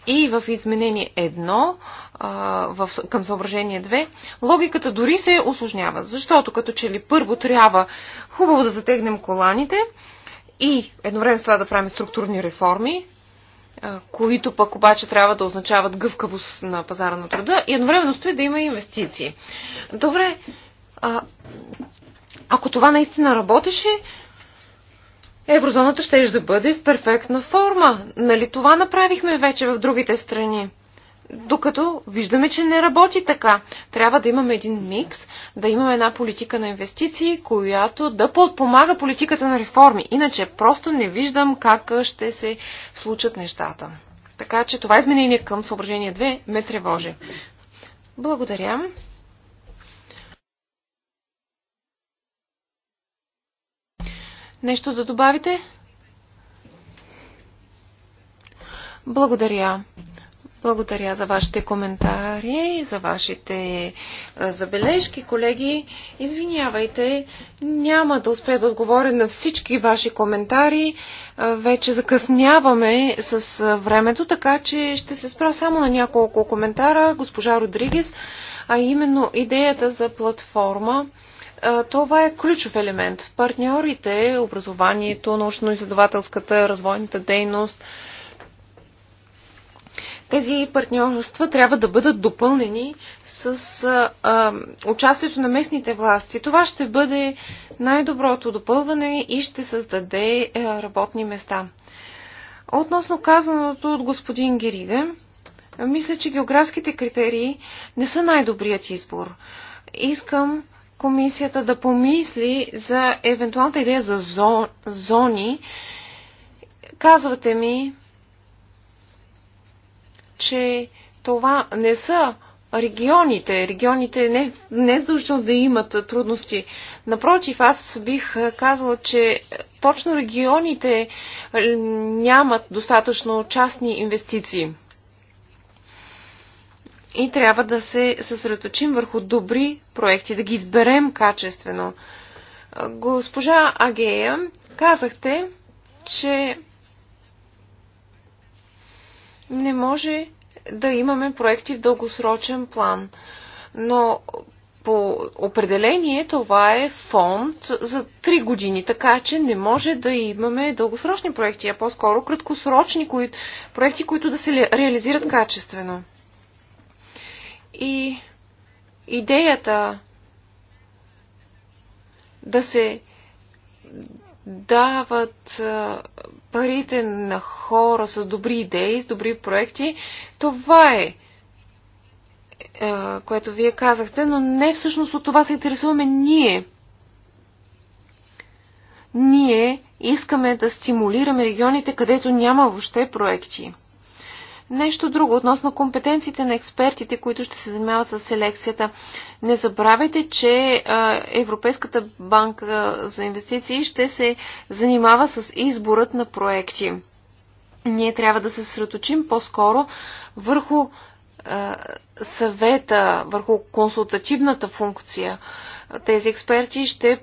И в изменение 1, към съображение 2, логиката дори се осложнява, защото като че ли първо трябва хубаво да затегнем коланите и едновременно с това да правим структурни реформи, които пък обаче трябва да означават гъвкавост на пазара на труда и едновременно стои да има инвестиции. Добре, а, ако това наистина работеше, еврозоната ще да бъде в перфектна форма. Нали това направихме вече в другите страни? Докато виждаме, че не работи така. Трябва да имаме един микс, да имаме една политика на инвестиции, която да подпомага политиката на реформи. Иначе просто не виждам как ще се случат нещата. Така че това изменение към съображение 2 ме тревожи. Благодаря. Нещо да добавите? Благодаря. Благодаря за вашите коментари и за вашите забележки, колеги. Извинявайте, няма да успея да отговоря на всички ваши коментари. Вече закъсняваме с времето, така че ще се спра само на няколко коментара. Госпожа Родригес, а именно идеята за платформа. Е, това е ключов елемент. Партньорите, образованието, научно-изследователската, развойната дейност, тези партньорства трябва да бъдат допълнени с а, участието на местните власти. Това ще бъде най-доброто допълване и ще създаде а, е, работни места. Относно казаното от господин Герига, мисля, че географските критерии не са най-добрият избор. Искам комисията да помисли за евентуалната идея за зони. Казвате ми, че това не са регионите. Регионите не, не е задължително да имат трудности. Напротив, аз бих казала, че точно регионите нямат достатъчно частни инвестиции. И трябва да се съсредоточим върху добри проекти, да ги изберем качествено. Госпожа Агея, казахте, че не може да имаме проекти в дългосрочен план. Но по определение това е фонд за 3 години, така че не може да имаме дългосрочни проекти, а по-скоро краткосрочни кои... проекти, които да се реализират качествено. И идеята да се дават парите на хора с добри идеи, с добри проекти, това е което вие казахте, но не всъщност от това се интересуваме ние. Ние искаме да стимулираме регионите, където няма въобще проекти. Нещо друго относно компетенциите на експертите, които ще се занимават с селекцията. Не забравяйте, че Европейската банка за инвестиции ще се занимава с изборът на проекти. Ние трябва да се средоточим по-скоро върху съвета, върху консултативната функция. Тези експерти ще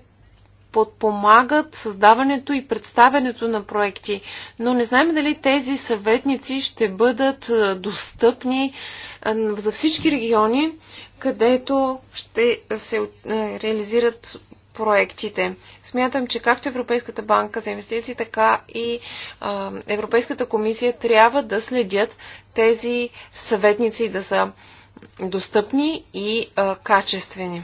подпомагат създаването и представянето на проекти. Но не знаем дали тези съветници ще бъдат достъпни за всички региони, където ще се реализират проектите. Смятам, че както Европейската банка за инвестиции, така и Европейската комисия трябва да следят тези съветници да са достъпни и а, качествени.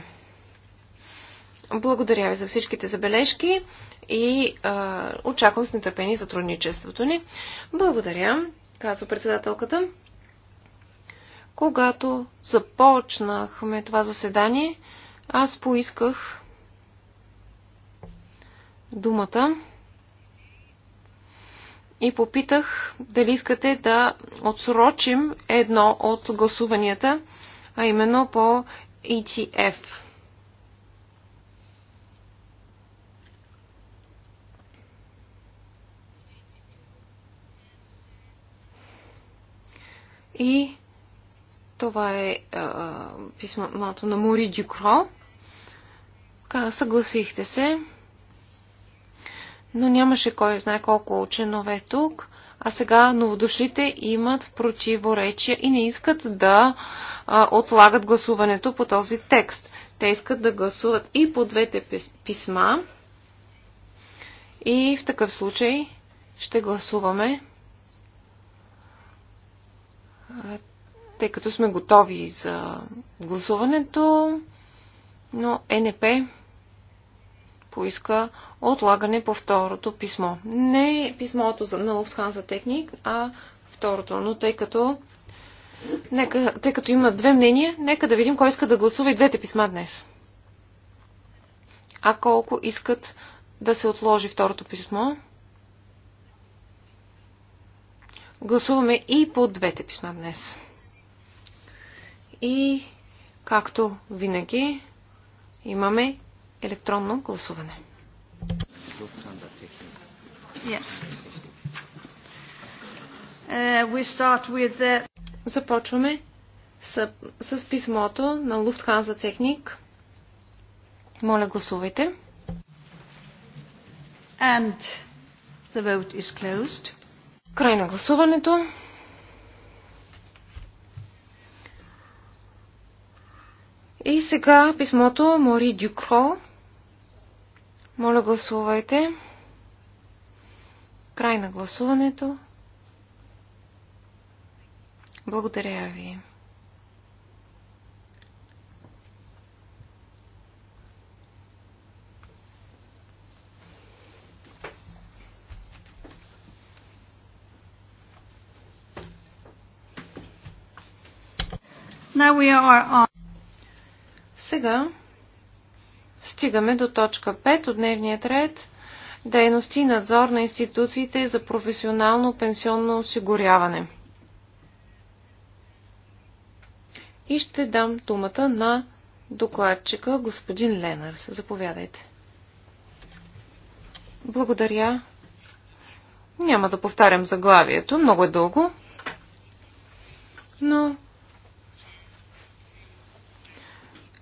Благодаря ви за всичките забележки и а, очаквам с нетърпение сътрудничеството ни. Благодаря, казва председателката. Когато започнахме това заседание, аз поисках думата и попитах дали искате да отсрочим едно от гласуванията, а именно по ETF. И това е а, е, е, писмото на Мори Дюкро. Съгласихте се, но нямаше кой знае колко ученове тук, а сега новодошлите имат противоречия и не искат да а, отлагат гласуването по този текст. Те искат да гласуват и по двете писма и в такъв случай ще гласуваме тъй като сме готови за гласуването, но НП поиска отлагане по второто писмо. Не писмото за, на Луфсхан за техник, а второто. Но тъй като, нека, тъй като има две мнения, нека да видим кой иска да гласува и двете писма днес. А колко искат да се отложи второто писмо? Гласуваме и по двете писма днес. И, както винаги, имаме електронно гласуване. Yes. Uh, the... Започваме с, с писмото на Lufthansa Technik. Моля, гласувайте. And the vote is closed. Край на гласуването. И сега писмото Мори Дюкро. Моля гласувайте. Край на гласуването. Благодаря ви. On... Сега стигаме до точка 5 от дневният ред дейности и надзор на институциите за професионално пенсионно осигуряване. И ще дам думата на докладчика господин Ленърс. Заповядайте. Благодаря. Няма да повтарям заглавието, много е дълго. Но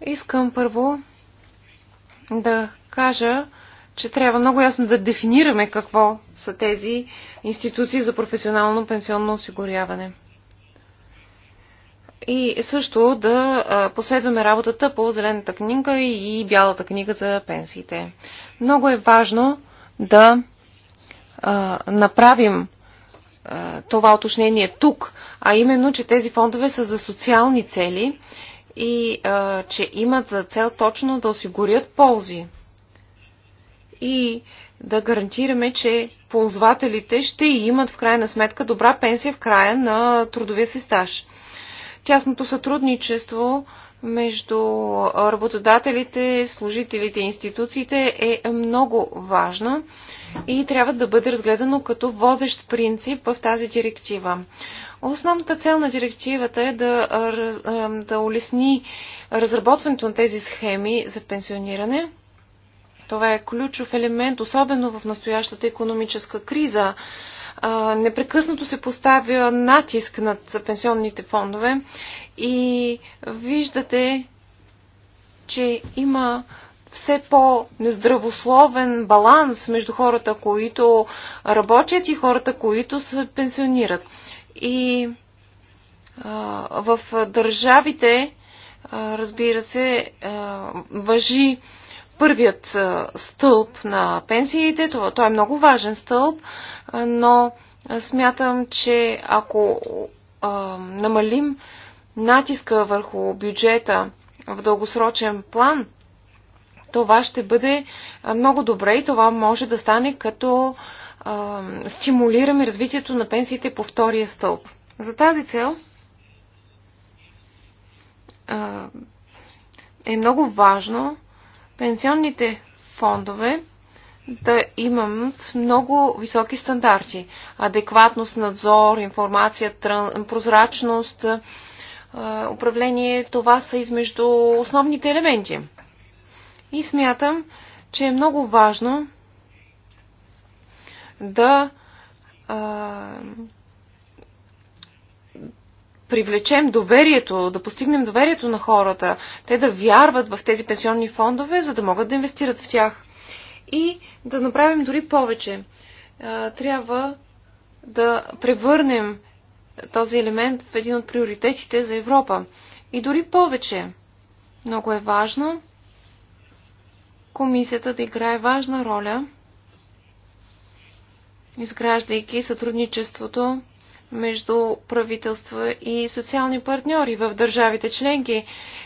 Искам първо да кажа, че трябва много ясно да дефинираме какво са тези институции за професионално пенсионно осигуряване. И също да последваме работата по Зелената книга и Бялата книга за пенсиите. Много е важно да а, направим а, това уточнение тук, а именно, че тези фондове са за социални цели и а, че имат за цел точно да осигурят ползи и да гарантираме, че ползвателите ще имат в крайна сметка добра пенсия в края на трудовия си стаж. Тясното сътрудничество между работодателите, служителите и институциите е много важно и трябва да бъде разгледано като водещ принцип в тази директива. Основната цел на директивата е да, да улесни разработването на тези схеми за пенсиониране. Това е ключов елемент, особено в настоящата економическа криза. Непрекъснато се поставя натиск над пенсионните фондове и виждате, че има все по-нездравословен баланс между хората, които работят и хората, които се пенсионират. И а, в държавите, а, разбира се, а, въжи първият стълб на пенсиите. Това, той е много важен стълб, но смятам, че ако намалим натиска върху бюджета в дългосрочен план, това ще бъде много добре и това може да стане като а, стимулираме развитието на пенсиите по втория стълб. За тази цел а, е много важно пенсионните фондове да имат много високи стандарти. Адекватност, надзор, информация, трън, прозрачност, управление, това са измежду основните елементи. И смятам, че е много важно да а, привлечем доверието, да постигнем доверието на хората, те да вярват в тези пенсионни фондове, за да могат да инвестират в тях. И да направим дори повече. А, трябва да превърнем този елемент в един от приоритетите за Европа. И дори повече. Много е важно комисията да играе важна роля – изграждайки сътрудничеството между правителства и социални партньори в държавите членки,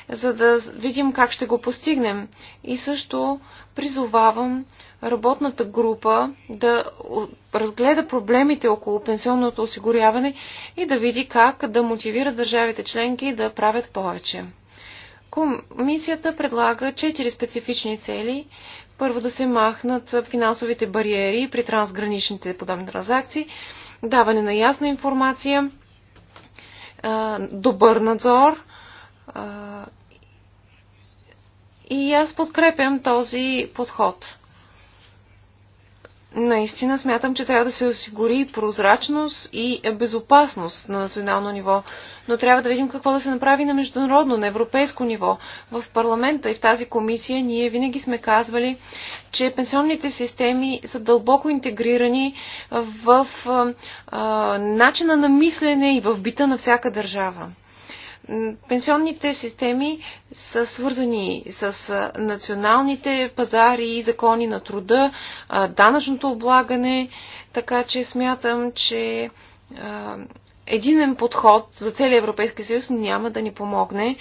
за да видим как ще го постигнем. И също призовавам работната група да разгледа проблемите около пенсионното осигуряване и да види как да мотивира държавите членки да правят повече. Комисията предлага четири специфични цели, първо да се махнат финансовите бариери при трансграничните подобни транзакции, даване на ясна информация, добър надзор. И аз подкрепям този подход наистина смятам, че трябва да се осигури прозрачност и безопасност на национално ниво, но трябва да видим какво да се направи на международно, на европейско ниво. В парламента и в тази комисия ние винаги сме казвали, че пенсионните системи са дълбоко интегрирани в а, начина на мислене и в бита на всяка държава. Пенсионните системи са свързани с националните пазари и закони на труда, данъчното облагане, така че смятам, че единен подход за целия Европейски съюз няма да ни помогне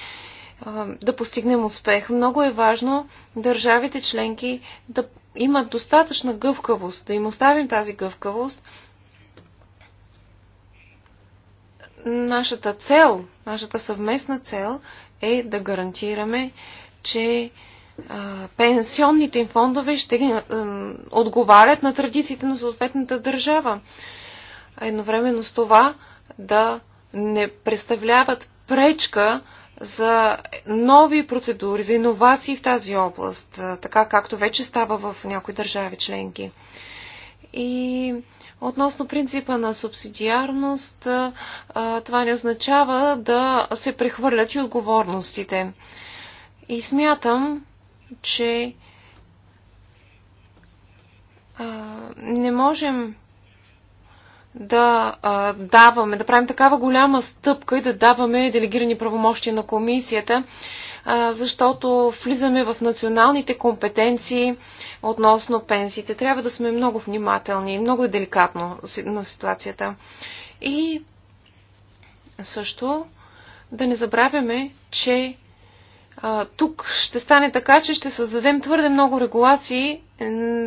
да постигнем успех. Много е важно държавите членки да имат достатъчна гъвкавост, да им оставим тази гъвкавост. Нашата цел Нашата съвместна цел е да гарантираме, че пенсионните им фондове ще отговарят на традициите на съответната държава. Едновременно с това да не представляват пречка за нови процедури, за иновации в тази област, така както вече става в някои държави членки. И Относно принципа на субсидиарност, това не означава да се прехвърлят и отговорностите. И смятам, че не можем да даваме, да правим такава голяма стъпка и да даваме делегирани правомощия на комисията, защото влизаме в националните компетенции относно пенсиите. Трябва да сме много внимателни и много деликатно на ситуацията. И също да не забравяме, че а, тук ще стане така, че ще създадем твърде много регулации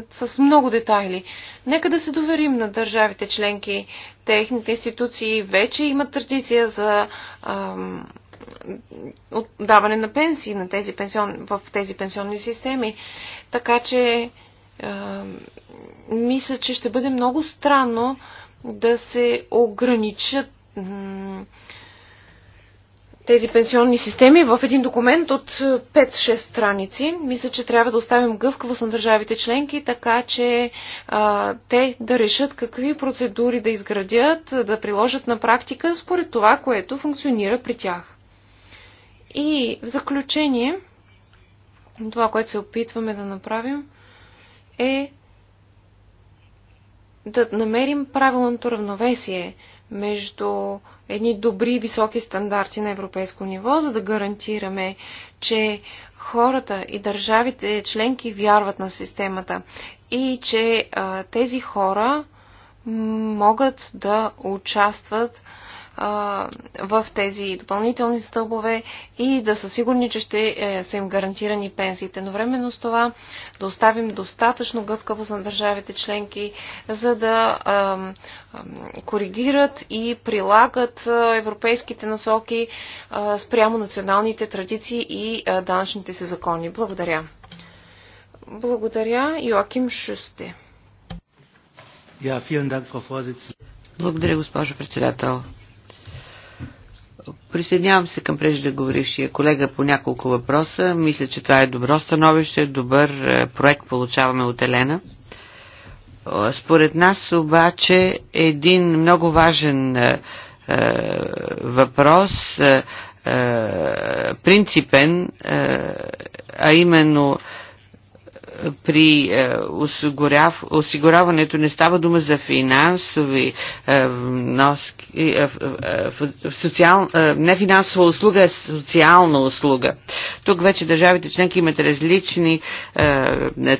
с много детайли. Нека да се доверим на държавите членки. Техните институции вече имат традиция за даване на пенсии на тези пенсион, в тези пенсионни системи. Така че мисля, че ще бъде много странно да се ограничат тези пенсионни системи в един документ от 5-6 страници. Мисля, че трябва да оставим гъвкавост на държавите членки, така че а, те да решат какви процедури да изградят, да приложат на практика според това, което функционира при тях. И в заключение, това, което се опитваме да направим, е да намерим правилното равновесие между едни добри високи стандарти на европейско ниво, за да гарантираме, че хората и държавите членки вярват на системата и че а, тези хора могат да участват в тези допълнителни стълбове и да са сигурни, че ще е, са им гарантирани пенсиите. Но временно с това да оставим достатъчно гъвкавост на държавите членки, за да коригират и прилагат европейските насоки спрямо националните традиции и данъчните си закони. Благодаря. Благодаря, Йоаким Шусте. Благодаря, госпожо председател. Присъединявам се към преждеговорившия колега по няколко въпроса. Мисля, че това е добро становище, добър е, проект получаваме от Елена. Според нас обаче един много важен е, е въпрос, е, е, принципен, е, а именно е, при е, осигуряв, осигуряването не става дума за финансови е, вноски, е, социал, не финансова услуга, а социална услуга. Тук вече държавите членки имат различни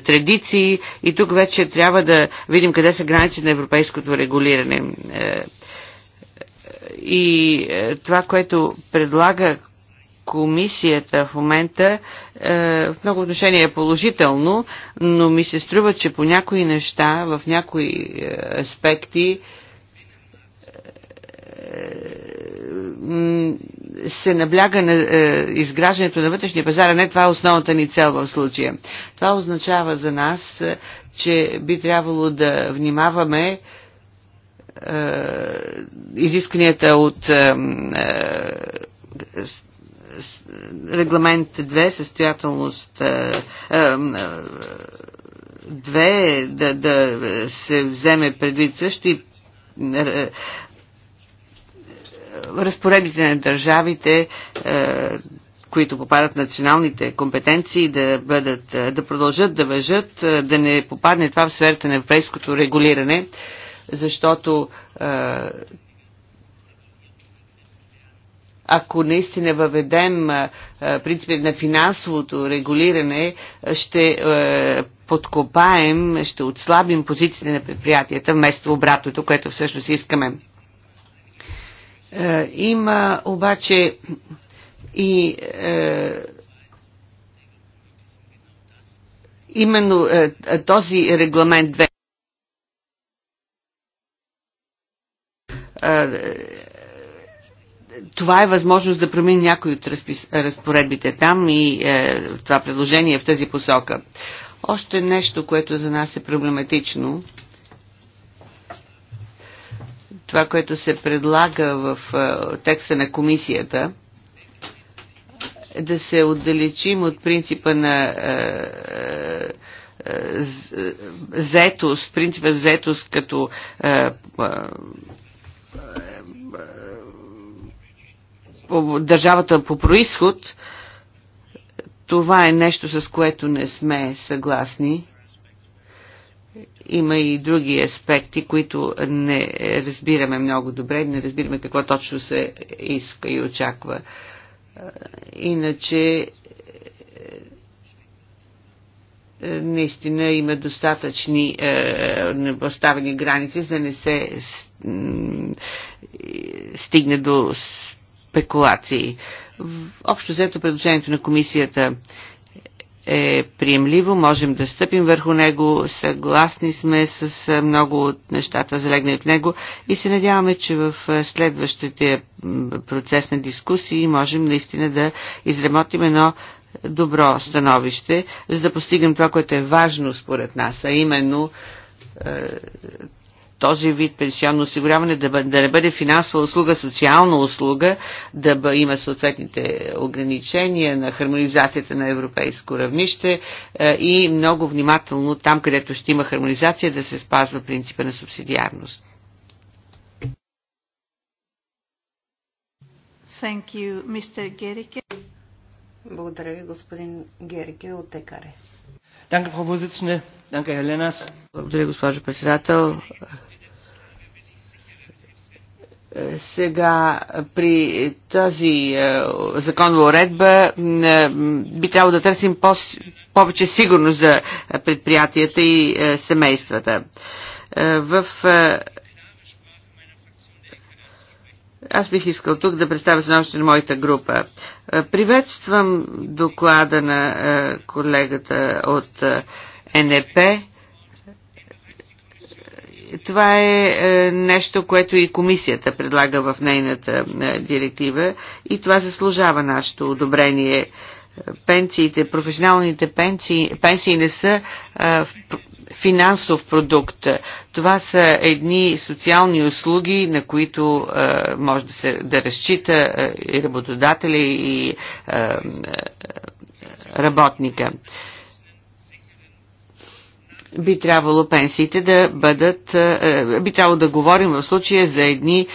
традиции и тук вече трябва да видим къде са граници на европейското регулиране и това, което предлага комисията в момента е, в много отношение е положително, но ми се струва, че по някои неща, в някои е, аспекти е, се набляга на е, изграждането на вътрешния пазар, а не това е основната ни цел в случая. Това означава за нас, е, че би трябвало да внимаваме е, изискванията от е, е регламент 2, състоятелност 2, е, е, е, да, да се вземе предвид също и разпоредбите на държавите, които попадат в националните компетенции, да, бъдат, да продължат да въжат, да не попадне това в сферата на европейското регулиране, защото ако наистина е въведем принципите на финансовото регулиране, ще подкопаем, ще отслабим позициите на предприятията вместо обратното, което всъщност искаме. Има обаче и именно този регламент 2 това е възможност да промени някои от разпоредбите там и е, това предложение е в тази посока. Още нещо, което за нас е проблематично, това, което се предлага в е, текста на комисията, е да се отдалечим от принципа на е, е, е заетост, принципа заетост като е, е, е държавата по происход, това е нещо, с което не сме съгласни. Има и други аспекти, които не разбираме много добре, не разбираме какво точно се иска и очаква. Иначе е, наистина има достатъчни е, поставени граници, за да не се стигне до спекулации. Общо взето предложението на комисията е приемливо, можем да стъпим върху него, съгласни сме с много от нещата залегнали в него и се надяваме, че в следващите процес на дискусии можем наистина да изработим едно добро становище, за да постигнем това, което е важно според нас, а именно е, този вид пенсионно осигуряване да, да не бъде финансова услуга, социална услуга, да бъ, има съответните ограничения на хармонизацията на европейско равнище е, и много внимателно там, където ще има хармонизация, да се спазва принципа на субсидиарност. Thank you, Mr. Благодаря ви, господин Герике от ЕКАРЕ. Благодаря, госпожо председател. Сега при тази е, законова уредба е, би трябвало да търсим повече сигурност за предприятията и е, семействата. В аз бих искал тук да представя становище на моята група. Е, приветствам доклада на е, колегата от е, НРП. Това е нещо, което и комисията предлага в нейната директива и това заслужава нашето одобрение пенсиите, професионалните пенсии, пенсии не са а, финансов продукт. Това са едни социални услуги, на които е, може да се да разчита е, и работодателя и е, е, работника. Е, би трябвало пенсиите да бъдат, е, е, би трябвало да говорим в случая за едни е,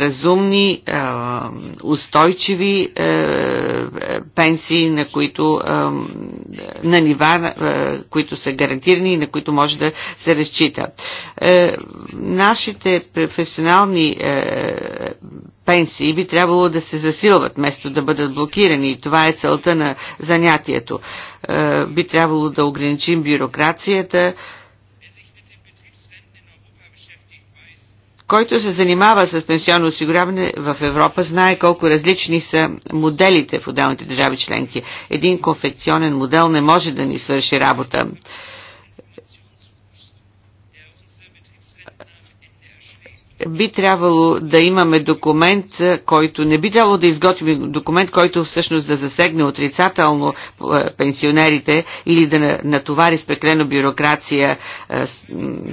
разумни, устойчиви пенсии, на които на нива, които са гарантирани и на които може да се разчита. Нашите професионални пенсии би трябвало да се засилват, вместо да бъдат блокирани. И това е целта на занятието. Е, би трябвало да ограничим бюрокрацията. Който се занимава с пенсионно осигуряване в Европа, знае колко различни са моделите в отделните държави членки. Един конфекционен модел не може да ни свърши работа. би трябвало да имаме документ, е, който не би трябвало да изготвим документ, който всъщност да засегне отрицателно е, пенсионерите или да натовари е, с преклено бюрокрация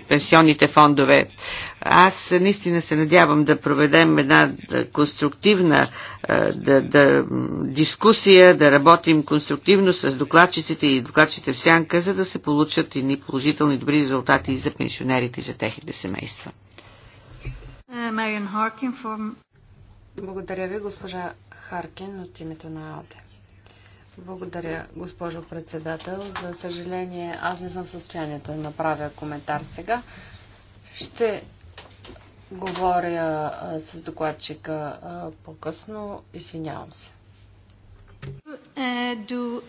пенсионните фондове. Аз наистина се надявам да проведем една конструктивна да, да, дискусия, да работим конструктивно с докладчиците и докладчите в сянка, за да се получат и положителни добри резултати и за пенсионерите и за техните семейства. Мариан uh, Харкин Благодаря ви, госпожа Харкин от името на АОТЕ. Благодаря, госпожо председател. За съжаление, аз не съм в състоянието да направя коментар сега. Ще говоря а, с докладчика по-късно. Извинявам се. Е,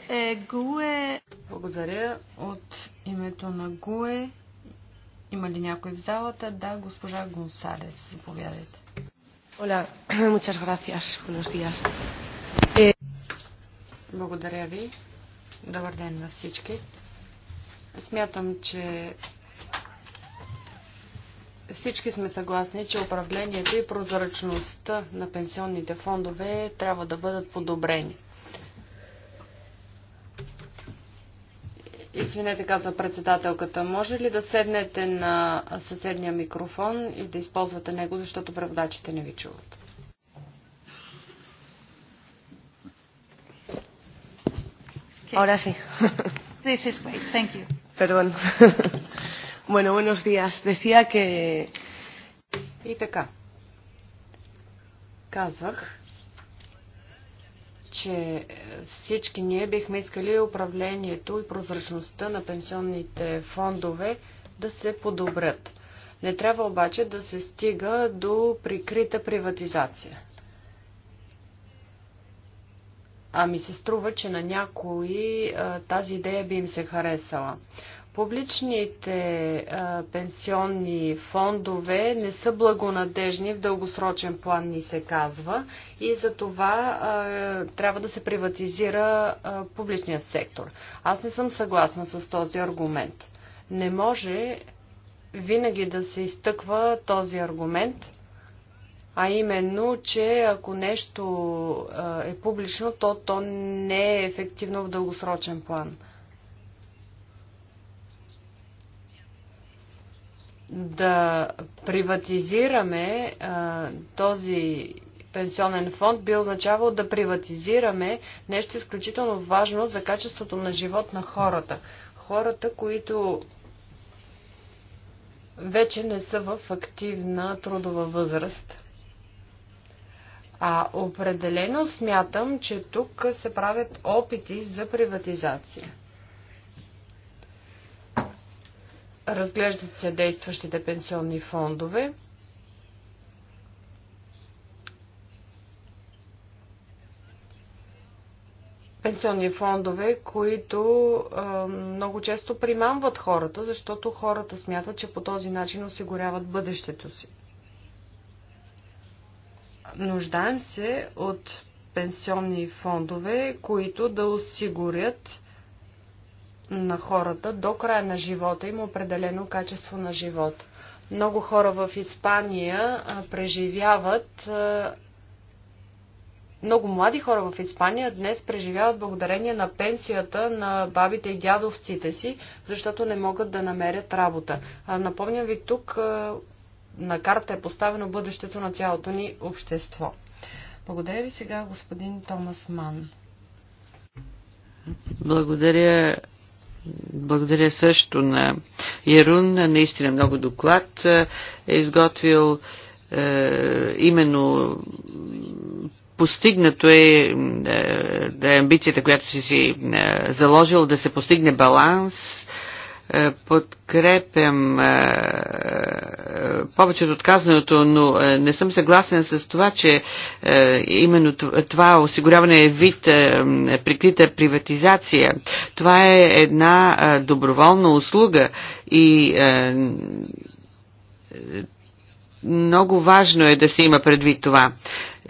е, Благодаря от името на ГУЕ. Има ли някой в залата? Да, госпожа Гонсалес, заповядайте. Hola, muchas gracias. Buenos días. Eh, Благодаря ви. Добър ден на всички. Смятам, че всички сме съгласни, че управлението и прозрачността на пенсионните фондове трябва да бъдат подобрени. Извинете, казва председателката. Може ли да седнете на съседния микрофон и да използвате него, защото преводачите не ви чуват? Ahora sí. This is great. Thank you. Perdón. bueno, buenos días. Decía que... И така. Казвах, че е, всички ние бихме искали управлението и прозрачността на пенсионните фондове да се подобрят. Не трябва обаче да се стига до прикрита приватизация. А ми се струва, че на някои е, тази идея би им се харесала. Публичните а, пенсионни фондове не са благонадежни в дългосрочен план, ни се казва, и за това а, трябва да се приватизира а, публичния сектор. Аз не съм съгласна с този аргумент. Не може винаги да се изтъква този аргумент, а именно, че ако нещо а, е публично, то то не е ефективно в дългосрочен план. да приватизираме а, този пенсионен фонд би означавал да приватизираме нещо изключително важно за качеството на живот на хората. Хората, които вече не са в активна трудова възраст. А определено смятам, че тук се правят опити за приватизация. Разглеждат се действащите пенсионни фондове. пенсионни фондове, които а, много често примамват хората, защото хората смятат, че по този начин осигуряват бъдещето си. Нуждаем се от пенсионни фондове, които да осигурят на хората до края на живота им определено качество на живот. Много хора в Испания преживяват много млади хора в Испания днес преживяват благодарение на пенсията на бабите и дядовците си, защото не могат да намерят работа. Напомням ви, тук на карта е поставено бъдещето на цялото ни общество. Благодаря ви сега, господин Томас Ман. Благодаря, благодаря също на Ярун. Наистина много доклад е изготвил е, именно постигнато е, е, да е амбицията, която си си е, заложил да се постигне баланс е, подкрепям е, е, повечето от казаното, но не съм съгласен с това, че именно това осигуряване е вид прикрита приватизация. Това е една доброволна услуга и много важно е да се има предвид това.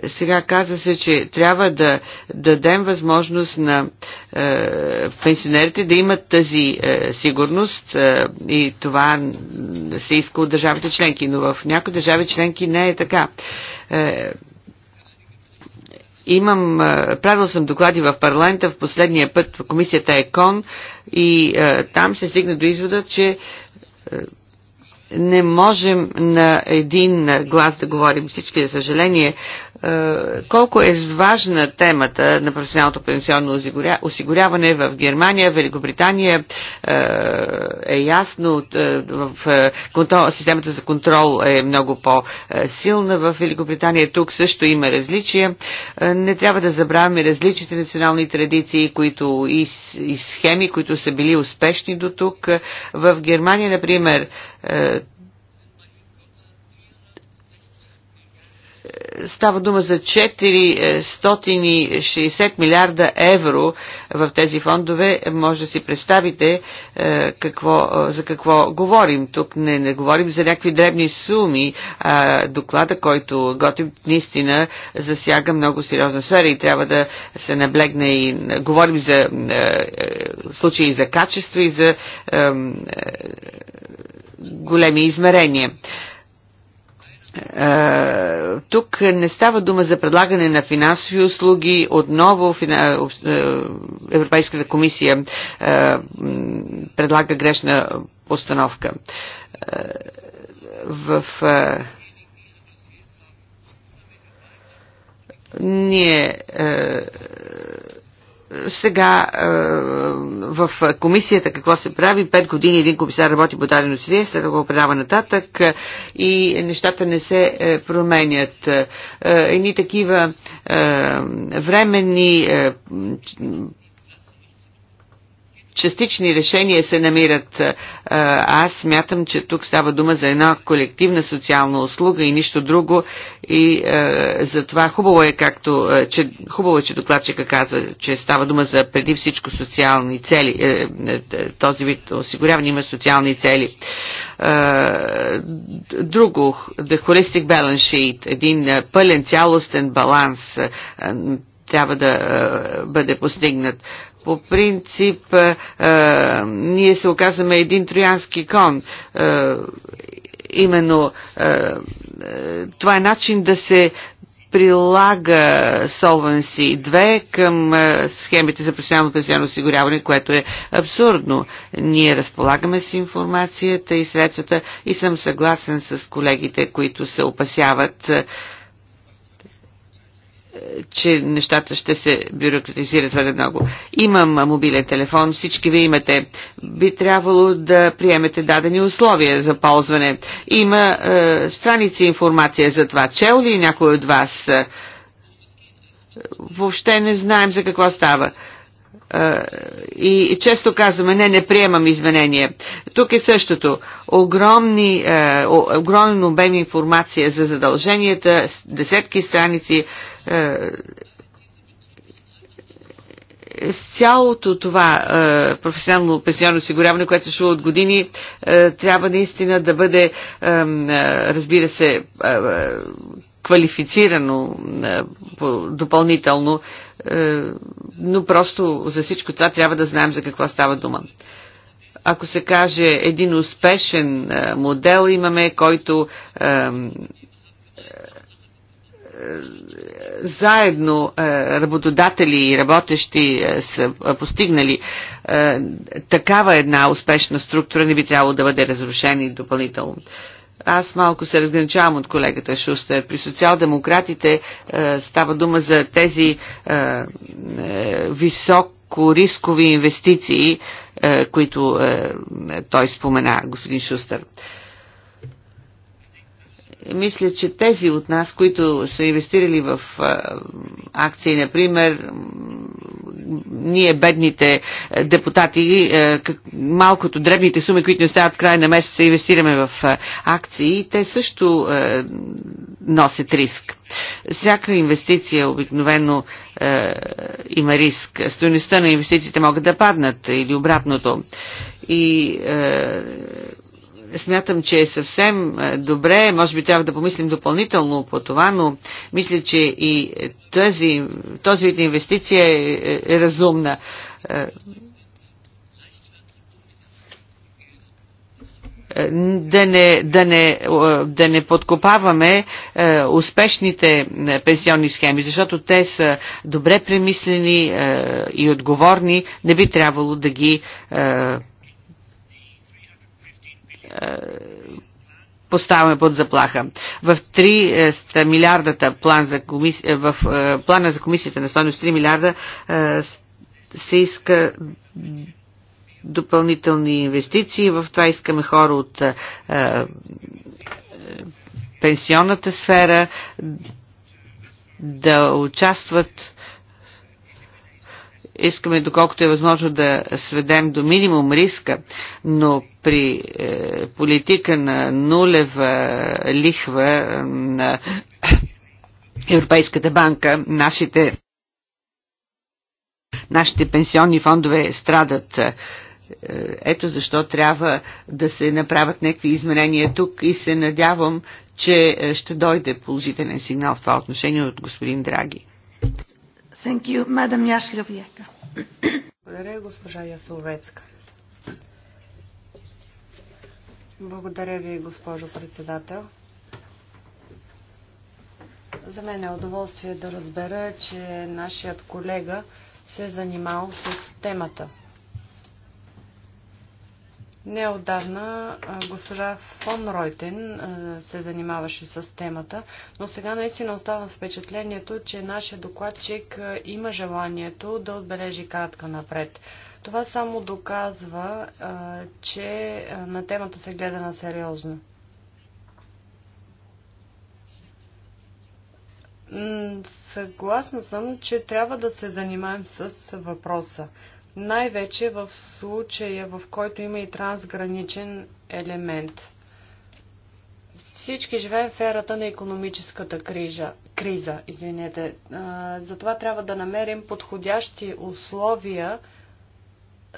Сега каза се, че трябва да дадем възможност на е, пенсионерите да имат тази е, сигурност е, и това се иска от държавите членки, но в някои държави членки не е така. Е, Имам, е, правил съм доклади в парламента в последния път в комисията ЕКОН и е, там се стигна до извода, че е, не можем на един глас да говорим всички, за съжаление. Е, колко е важна темата на професионалното пенсионно осигуряване в Германия, Великобритания е, е ясно, е, в контрол, системата за контрол е много по-силна в Великобритания. Тук също има различия. Не трябва да забравяме различните национални традиции които и, и схеми, които са били успешни до тук. В Германия, например, става дума за 460 милиарда евро в тези фондове. Може да си представите е, какво, е, за какво говорим. Тук не, не говорим за някакви дребни суми. А доклада, който готвим, наистина засяга много сериозна сфера и трябва да се наблегне и говорим за е, случаи за качество и за големи измерения. Е, тук не става дума за предлагане на финансови услуги. Отново е, Европейската комисия е, предлага грешна постановка. В ние сега е, в комисията какво се прави. Пет години един комисар работи по дадено усилие, след това го предава нататък и нещата не се е, променят. Е, едни такива временни частични решения се намират. Аз смятам, че тук става дума за една колективна социална услуга и нищо друго. И е, затова хубаво е, както, че, хубаво е, че докладчика казва, че става дума за преди всичко социални цели. Е, е този вид осигуряване има социални цели. друго, the holistic balance sheet, един пълен цялостен баланс, трябва да бъде постигнат по принцип е, е, ние се оказваме един троянски кон. Е, именно е, е това е начин да се прилага Solvency 2 към е, схемите за професионално пенсионно осигуряване, което е абсурдно. Ние разполагаме с информацията и средствата и съм съгласен с колегите, които се опасяват че нещата ще се бюрократизират твърде много. Имам мобилен телефон, всички ви имате. Би трябвало да приемете дадени условия за ползване. Има е, страници информация за това. Чел ли някой от вас? Въобще не знаем за какво става. Е, и често казваме, не, не приемам изменения. Тук е същото. Огромни, е, огромен обем информация за задълженията, десетки страници. Е, с цялото това е, професионално пенсионно осигуряване, което се от години, е, трябва наистина да бъде, е, е разбира се, е, квалифицирано е, по, допълнително е, но просто за всичко това трябва да знаем за какво става дума ако се каже един успешен е, модел имаме, който е, заедно работодатели и работещи са постигнали такава една успешна структура, не би трябвало да бъде разрушена и допълнително. Аз малко се разграничавам от колегата Шустер. При социал-демократите е, става дума за тези е, е, високо рискови инвестиции, е, които е, е, той спомена, господин Шустер. Е, мисля, че тези от нас, които са инвестирали в акции, например, ние бедните е, депутати, е, малкото дребните суми, които ни остават край на месеца, инвестираме в акции, те също е, носят риск. Всяка инвестиция обикновено е, има риск. Стоеността на инвестициите могат да паднат или обратното. И смятам, че е съвсем е, добре, може би трябва да помислим допълнително по това, но мисля, че и тази, този вид инвестиция е, е, е разумна. Е, да не, да не, да не подкопаваме успешните пенсионни схеми, защото те са добре премислени и отговорни, не би трябвало да ги е, поставяме под заплаха. В 300 е, милиардата план за комисия, е, в плана за комисията на стойност 3 милиарда се иска допълнителни инвестиции. В това искаме хора от пенсионната сфера да участват искаме доколкото е възможно да сведем до минимум риска, но при е, политика на нулева лихва е, на Европейската банка, нашите, нашите пенсионни фондове страдат. Е, ето защо трябва да се направят някакви изменения тук и се надявам, че ще дойде положителен сигнал в това отношение от господин Драги. Thank you, madam Благодаря, госпожа Ясовецка. Благодаря ви, госпожо председател. За мен е удоволствие да разбера, че нашият колега се е занимал с темата – Неодавна госпожа Фон Ройтен се занимаваше с темата, но сега наистина оставам с впечатлението, че нашия докладчик има желанието да отбележи кратка напред. Това само доказва, че на темата се гледа на сериозно. Съгласна съм, че трябва да се занимаем с въпроса най-вече в случая, в който има и трансграничен елемент. Всички живеем в ерата на економическата крижа, криза. Извинете. Затова трябва да намерим подходящи условия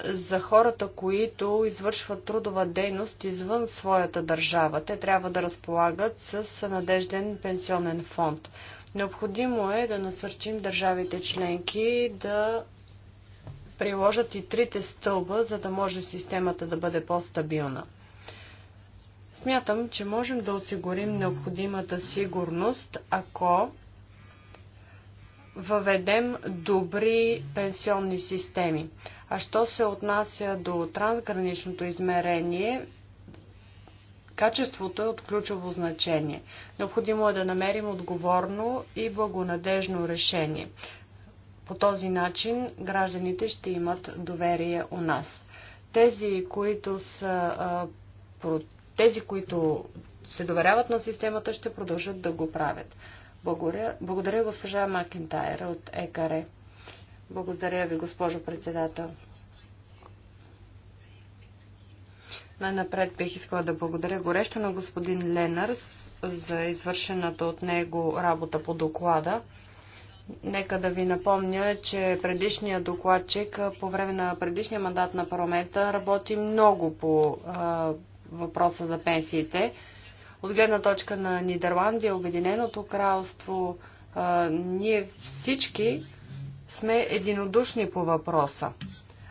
за хората, които извършват трудова дейност извън своята държава. Те трябва да разполагат с надежден пенсионен фонд. Необходимо е да насърчим държавите членки да приложат и трите стълба, за да може системата да бъде по-стабилна. Смятам, че можем да осигурим необходимата сигурност, ако въведем добри пенсионни системи. А що се отнася до трансграничното измерение, качеството е от ключово значение. Необходимо е да намерим отговорно и благонадежно решение. По този начин гражданите ще имат доверие у нас. Тези, които са тези, които се доверяват на системата, ще продължат да го правят. Благодаря, благодаря госпожа Макентайр от ЕКАРЕ. Благодаря ви, госпожо председател. Най-напред бих искала да благодаря горещо на господин Ленърс за извършената от него работа по доклада. Нека да ви напомня, че предишният докладчик по време на предишния мандат на парламента работи много по а, въпроса за пенсиите. От гледна точка на Нидерландия, Обединеното кралство, а, ние всички сме единодушни по въпроса.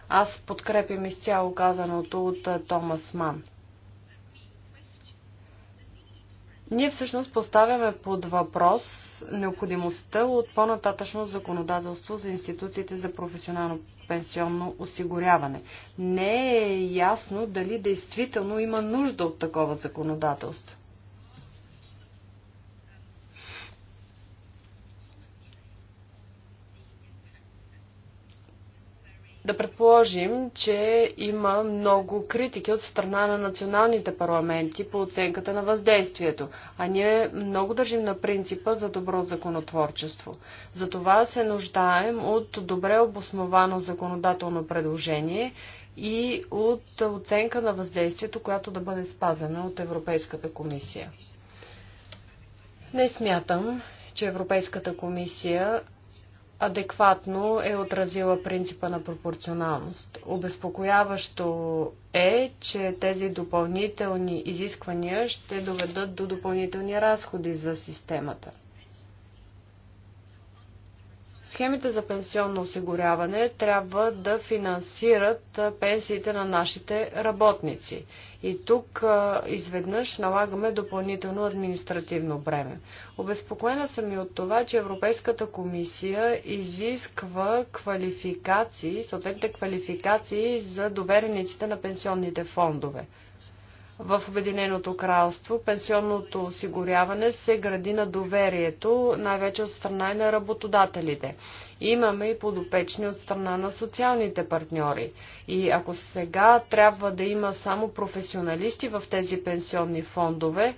Аз подкрепям изцяло казаното от Томас Ман. Ние всъщност поставяме под въпрос необходимостта от по-нататъчно законодателство за институциите за професионално пенсионно осигуряване. Не е ясно дали действително има нужда от такова законодателство. да предположим, че има много критики от страна на националните парламенти по оценката на въздействието, а ние много държим на принципа за добро законотворчество. Затова се нуждаем от добре обосновано законодателно предложение и от оценка на въздействието, която да бъде спазена от Европейската комисия. Не смятам, че Европейската комисия адекватно е отразила принципа на пропорционалност. Обезпокояващо е, че тези допълнителни изисквания ще доведат до допълнителни разходи за системата. Схемите за пенсионно осигуряване трябва да финансират пенсиите на нашите работници. И тук изведнъж налагаме допълнително административно бреме. Обезпокоена съм и от това, че Европейската комисия изисква квалификации, съответните квалификации за доверениците на пенсионните фондове в Обединеното кралство пенсионното осигуряване се гради на доверието, най-вече от страна и на работодателите. Имаме и подопечни от страна на социалните партньори. И ако сега трябва да има само професионалисти в тези пенсионни фондове,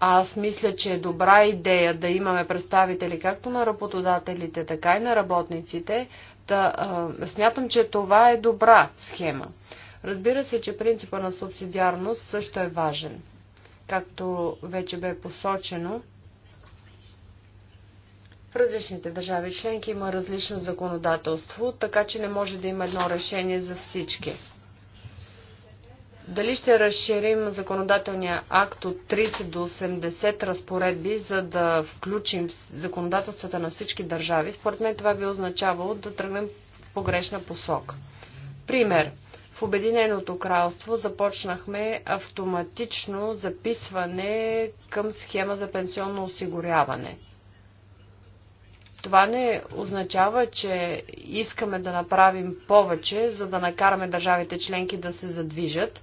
аз мисля, че е добра идея да имаме представители както на работодателите, така и на работниците. да а, смятам, че това е добра схема. Разбира се, че принципа на субсидиарност също е важен. Както вече бе посочено, в различните държави членки има различно законодателство, така че не може да има едно решение за всички. Дали ще разширим законодателния акт от 30 до 80 разпоредби, за да включим законодателствата на всички държави, според мен това би означавало да тръгнем в погрешна посока. Пример. В Обединеното кралство започнахме автоматично записване към схема за пенсионно осигуряване. Това не означава, че искаме да направим повече, за да накараме държавите членки да се задвижат.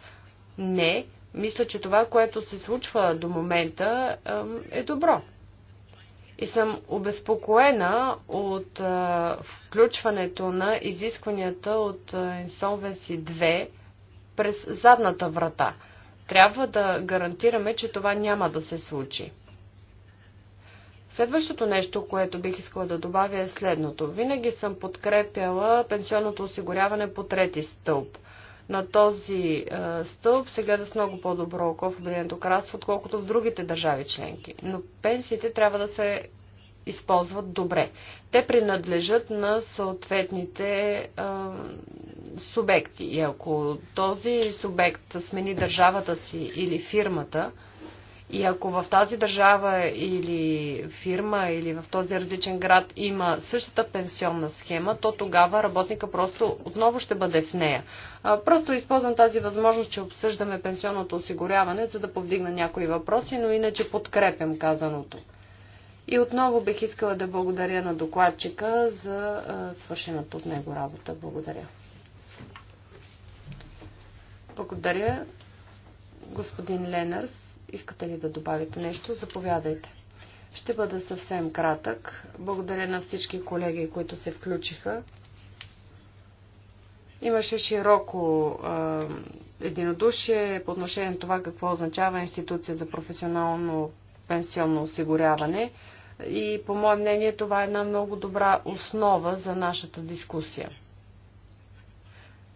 Не, мисля, че това, което се случва до момента, е добро и съм обезпокоена от а, включването на изискванията от Insolvency 2 през задната врата. Трябва да гарантираме, че това няма да се случи. Следващото нещо, което бих искала да добавя е следното. Винаги съм подкрепяла пенсионното осигуряване по трети стълб – на този стълб се гледа е с много по-добро око в Обединеното кралство, отколкото в другите държави членки. Но пенсиите трябва да се използват добре. Те принадлежат на съответните а, субекти. И ако този субект смени държавата си или фирмата, и ако в тази държава или фирма или в този различен град има същата пенсионна схема, то тогава работника просто отново ще бъде в нея. Просто използвам тази възможност, че обсъждаме пенсионното осигуряване, за да повдигна някои въпроси, но иначе подкрепям казаното. И отново бих искала да благодаря на докладчика за свършената от него работа. Благодаря. Благодаря, господин Ленърс. Искате ли да добавите нещо? Заповядайте. Ще бъда съвсем кратък. Благодаря на всички колеги, които се включиха. Имаше широко е, единодушие по отношение на това какво означава институция за професионално пенсионно осигуряване. И по мое мнение това е една много добра основа за нашата дискусия.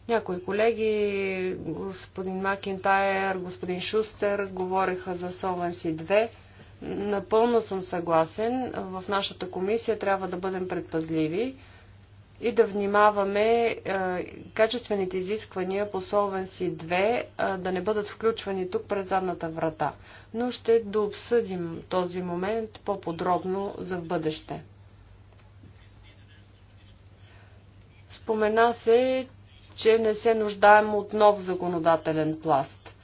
Някои колеги, господин Макентайер, господин Шустер, говориха за Solvency 2. Напълно съм съгласен. В нашата комисия трябва да бъдем предпазливи и да внимаваме е, качествените изисквания по Solvency 2 е, да не бъдат включвани тук през задната врата. Но ще дообсъдим този момент по-подробно за в бъдеще. Спомена се, че не се нуждаем от нов законодателен пласт.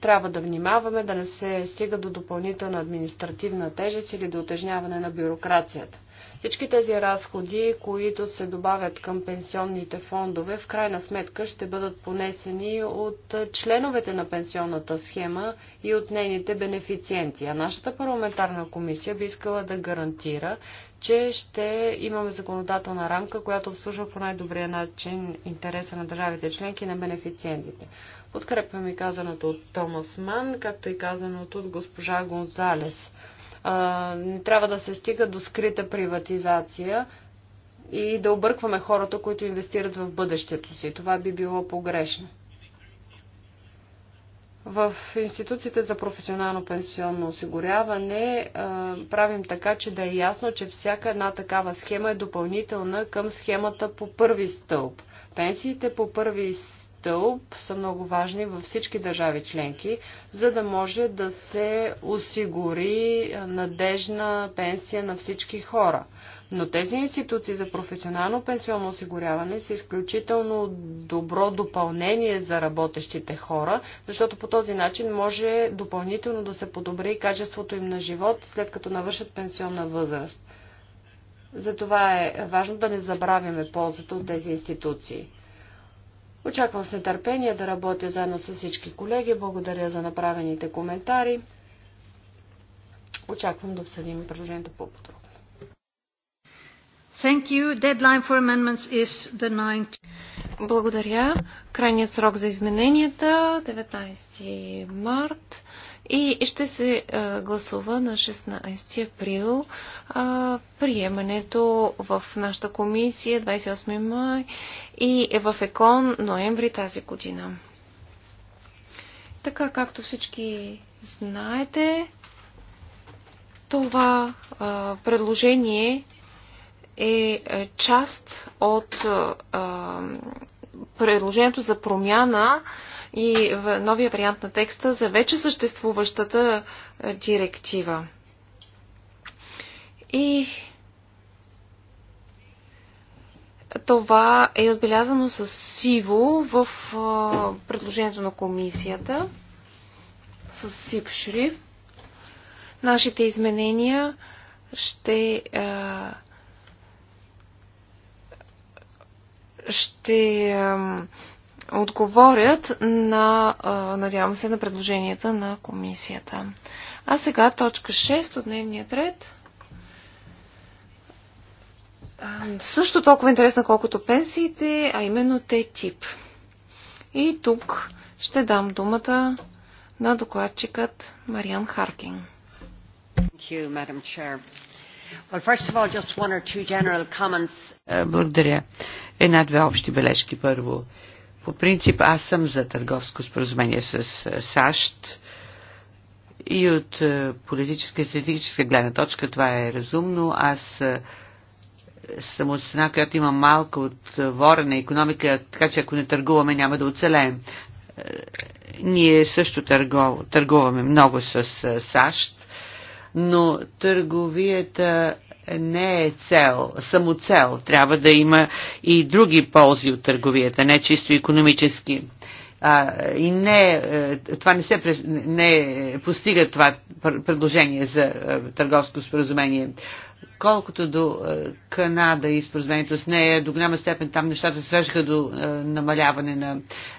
Трябва да внимаваме да не се стига до допълнителна административна тежест или до отежняване на бюрокрацията. Всички тези разходи, които се добавят към пенсионните фондове, в крайна сметка ще бъдат понесени от членовете на пенсионната схема и от нейните бенефициенти. А нашата парламентарна комисия би искала да гарантира, че ще имаме законодателна рамка, която обслужва по най-добрия начин интереса на държавите членки и на бенефициентите. Подкрепяме казаното от Томас Ман, както и казаното от госпожа Гонзалес – не трябва да се стига до скрита приватизация и да объркваме хората, които инвестират в бъдещето си. Това би било погрешно. В институциите за професионално пенсионно осигуряване а, правим така, че да е ясно, че всяка една такава схема е допълнителна към схемата по първи стълб. Пенсиите по първи стълб са много важни във всички държави членки, за да може да се осигури е, надежна пенсия на всички хора. Но тези институции за професионално пенсионно осигуряване са изключително добро допълнение за работещите хора, защото по този начин може допълнително да се подобри качеството им на живот, след като навършат пенсионна възраст. Затова е важно да не забравяме ползата от тези институции. Очаквам с нетърпение да работя заедно с всички колеги. Благодаря за направените коментари. Очаквам да обсъдим предложението по-подробно. Благодаря. Крайният срок за измененията 19 март и ще се гласува на 16 април приемането в нашата комисия 28 май и е в ЕКОН ноември тази година. Така както всички знаете, това предложение е, е част от предложението за промяна и в новия вариант на текста за вече съществуващата е, директива. И това е отбелязано с сиво в е, предложението на комисията, с сип шрифт. Нашите изменения ще е, ще отговорят на, надявам се, на предложенията на комисията. А сега точка 6 от дневния ред. Също толкова интересна, колкото пенсиите, а именно те тип. И тук ще дам думата на докладчикът Мариан Харкин. Е, благодаря. Една-две общи бележки първо. По принцип аз съм за търговско споразумение с е, САЩ и от е, политическа и стратегическа гледна точка това е разумно. Аз е, съм от страна, която има малко отворена економика, така че ако не търгуваме, няма да оцелеем. Ние също търгуваме много с САЩ, но търговията не е цел, само цел. Трябва да има и други ползи от търговията, не чисто економически. А, и не, е, това не се не е, постига това предложение за е, търговско споразумение. Колкото до е, Канада и споразумението с нея, до голяма степен там нещата свежаха до е, намаляване на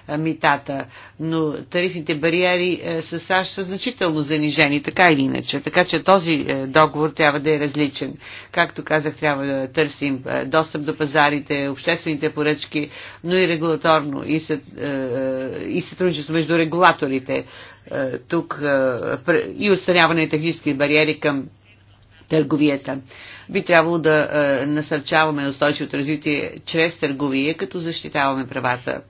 е, митата, но тарифните бариери с САЩ са значително занижени, така или иначе. Така че този договор трябва да е различен. Както казах, трябва да търсим достъп до пазарите, обществените поръчки, но и регулаторно, и, и сътрудничество между регулаторите. Тук и устраняване на технически бариери към търговията. Би трябвало да е, насърчаваме устойчивото развитие чрез търговия, като защитаваме правата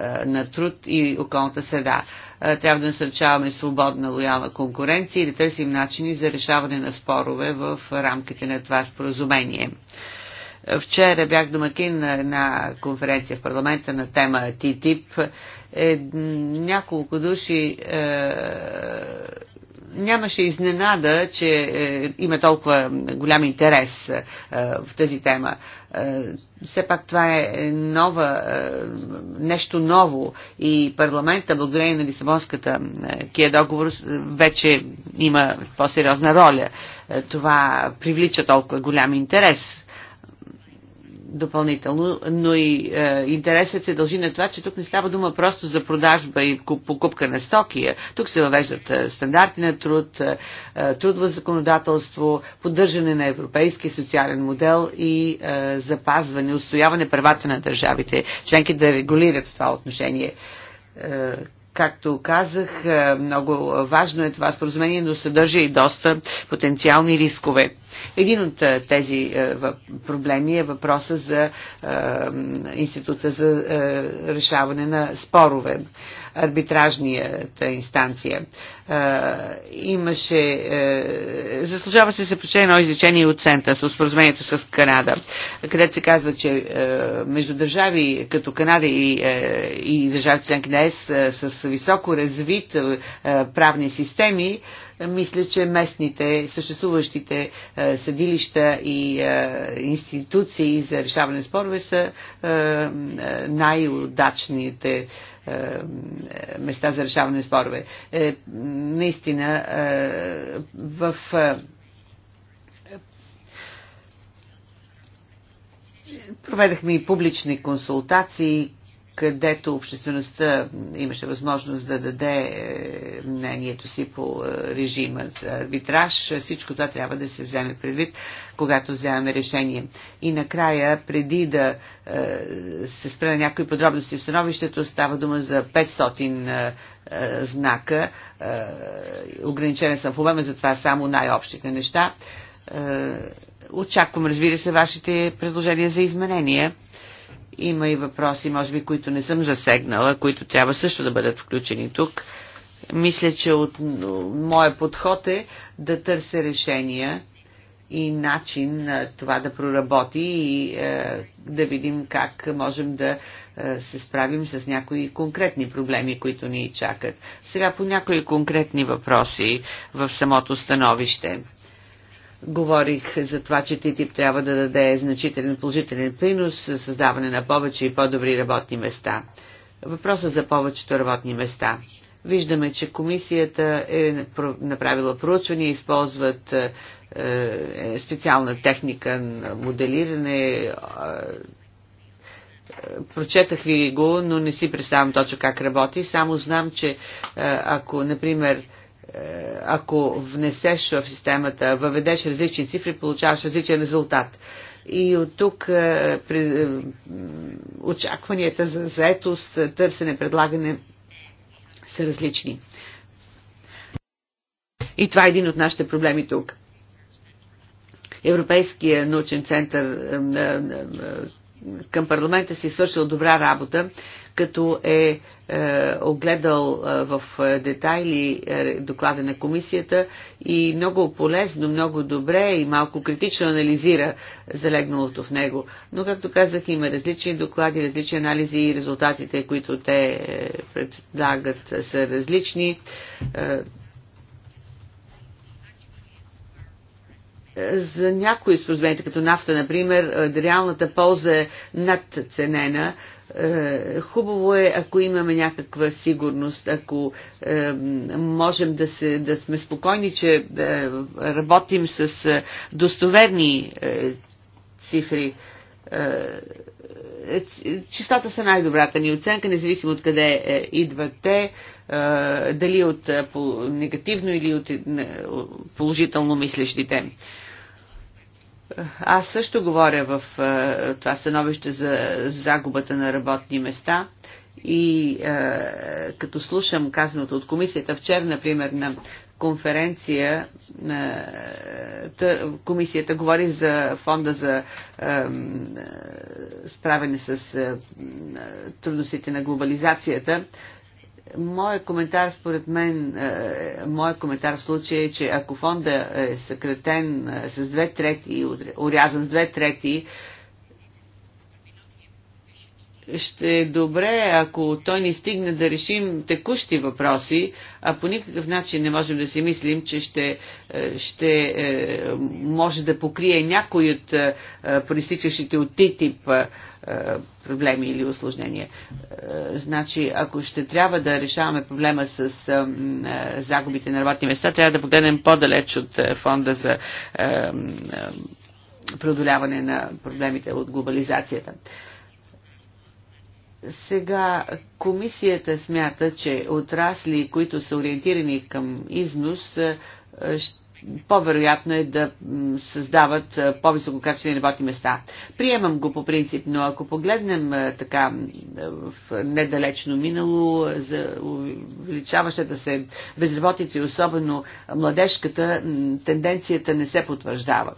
е, на труд и околната среда. Е, трябва да насърчаваме свободна, лоялна конкуренция и да търсим начини за решаване на спорове в рамките на това споразумение. Вчера бях домакин на една конференция в парламента на тема ТИТИП. Е, няколко души е, нямаше изненада, че е, има толкова голям интерес е, в тази тема. Е, все пак това е нова, е, нещо ново и парламента, благодарение на Лисабонската е, кия договор, вече има по-сериозна роля. Е, това привлича толкова голям интерес допълнително, но и е, интересът се дължи на това, че тук не става дума просто за продажба и покупка на стоки. Тук се въвеждат е, стандарти на труд, е, е, трудово законодателство, поддържане на европейски социален модел и е, запазване, устояване правата на държавите, членки да регулират това отношение. Е, Както казах, е, много важно е това споразумение, но съдържа и доста потенциални рискове. Един от е, тези е, проблеми е въпроса за Института за решаване на спорове арбитражнията инстанция. Имаше, е, заслужава се съпрочение едно изречение от цента с споразумението с Канада, където се казва, че е, между държави като Канада и, е, и държави членки на ЕС с високо развит правни системи, мисля, че местните, съществуващите съдилища и институции за решаване на спорове са най-удачните е, места за решаване на спорове. Е, наистина, е, в проведахме и публични консултации, където обществеността имаше възможност да даде е, мнението си по е, режима за арбитраж. Всичко това трябва да се вземе предвид, когато вземаме решение. И накрая, преди да е, се спре на някои подробности в становището, става дума за 500 знака. Ограничена съм в обема, затова само най-общите неща. Очаквам, разбира се, вашите предложения за изменения има и въпроси, може би, които не съм засегнала, които трябва също да бъдат включени тук. Мисля, че от моя подход е да търся решения и начин това да проработи и е, да видим как можем да е, се справим с някои конкретни проблеми, които ни чакат. Сега по някои конкретни въпроси в самото становище. Говорих за това, че ТТИП трябва да даде значителен положителен принос, създаване на повече и по-добри работни места. Въпросът за повечето работни места. Виждаме, че комисията е направила проучвания, използват е, е, специална техника на моделиране. Е, прочетах ви го, но не си представям точно как работи. Само знам, че ако, например, е, ако внесеш в системата, въведеш различни цифри, получаваш различен резултат. И от тук е, при, е, очакванията за заетост, търсене, предлагане са различни. И това е един от нашите проблеми тук. Европейския научен център към парламента си свършил добра работа като е, е огледал е, в е, детайли е, доклада на комисията и много полезно, много добре и малко критично анализира залегналото в него. Но, както казах, има различни доклади, различни анализи и резултатите, които те е, предлагат, са различни. Е, за някои споразумения, като нафта, например, реалната полза е надценена, е, хубаво е, ако имаме някаква сигурност, ако е, можем да, се, да сме спокойни, че да е, работим с е, достоверни е, цифри. Е, са най-добрата ни оценка, независимо от къде е, идват те, е, дали от е, по, негативно или от е, положително мислещите. Е, аз също говоря в е, това становище за загубата на работни места и е, като слушам казаното от комисията вчера, например, на конференция, е, тъ, комисията говори за фонда за е, е справяне с е, трудностите на глобализацията. Моят коментар според мен, е, моят коментар в случая е, че ако фонда е съкратен е, с две трети, урязан с две трети, ще е добре, ако той ни стигне да решим текущи въпроси, а по никакъв начин не можем да си мислим, че ще, е, ще е, може да покрие някой от е, проистичащите от ТИТИП проблеми или осложнения. Значи, ако ще трябва да решаваме проблема с загубите на работни места, трябва да погледнем по-далеч от фонда за преодоляване на проблемите от глобализацията. Сега комисията смята, че отрасли, които са ориентирани към износ, е, е, по-вероятно е да създават е, по-висококачествени работни места. Приемам го по принцип, но ако погледнем така в недалечно минало за увеличаващата се безработица и особено младежката, тенденцията не се потвърждава.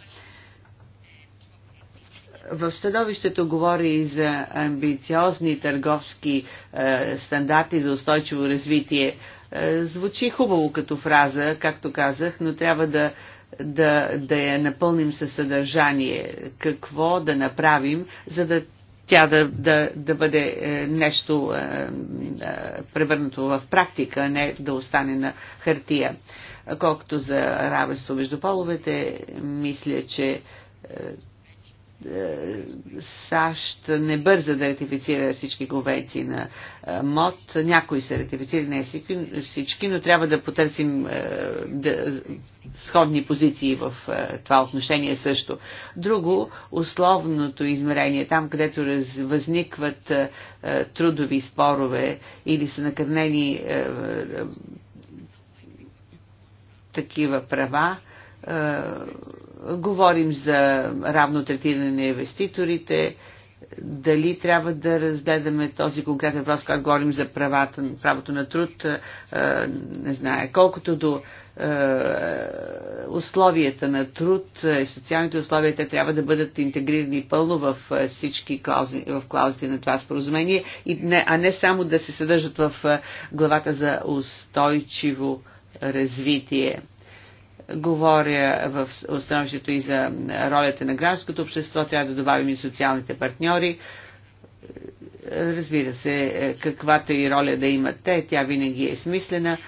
В становището говори и за амбициозни търговски е, стандарти за устойчиво развитие. Е, звучи хубаво като фраза, както казах, но трябва да, да, да я напълним със съдържание. Какво да направим, за да тя да, да, да бъде е, нещо е, е, превърнато в практика, а не да остане на хартия. Колкото за равенство между половете, мисля, че е, е, САЩ не бърза да ратифицира всички конвенции на е, МОД. Някои са ратифицирали, не всички, но трябва да потърсим е, да, сходни позиции в това отношение също. Друго, условното измерение, там където раз, възникват трудови спорове или са накърнени такива права, Говорим за равно третиране на инвеститорите, дали трябва да разгледаме този конкретен въпрос, когато говорим за правата, правото на труд, е, не знае. Колкото до е, условията на труд и социалните условия, те трябва да бъдат интегрирани пълно в е, всички клаузи, в клаузите на това споразумение, а не само да се съдържат в главата за устойчиво развитие. Говоря в установището и за ролята на гражданското общество, трябва да добавим и социалните партньори. Разбира се, каквато и роля да имат те, тя винаги е смислена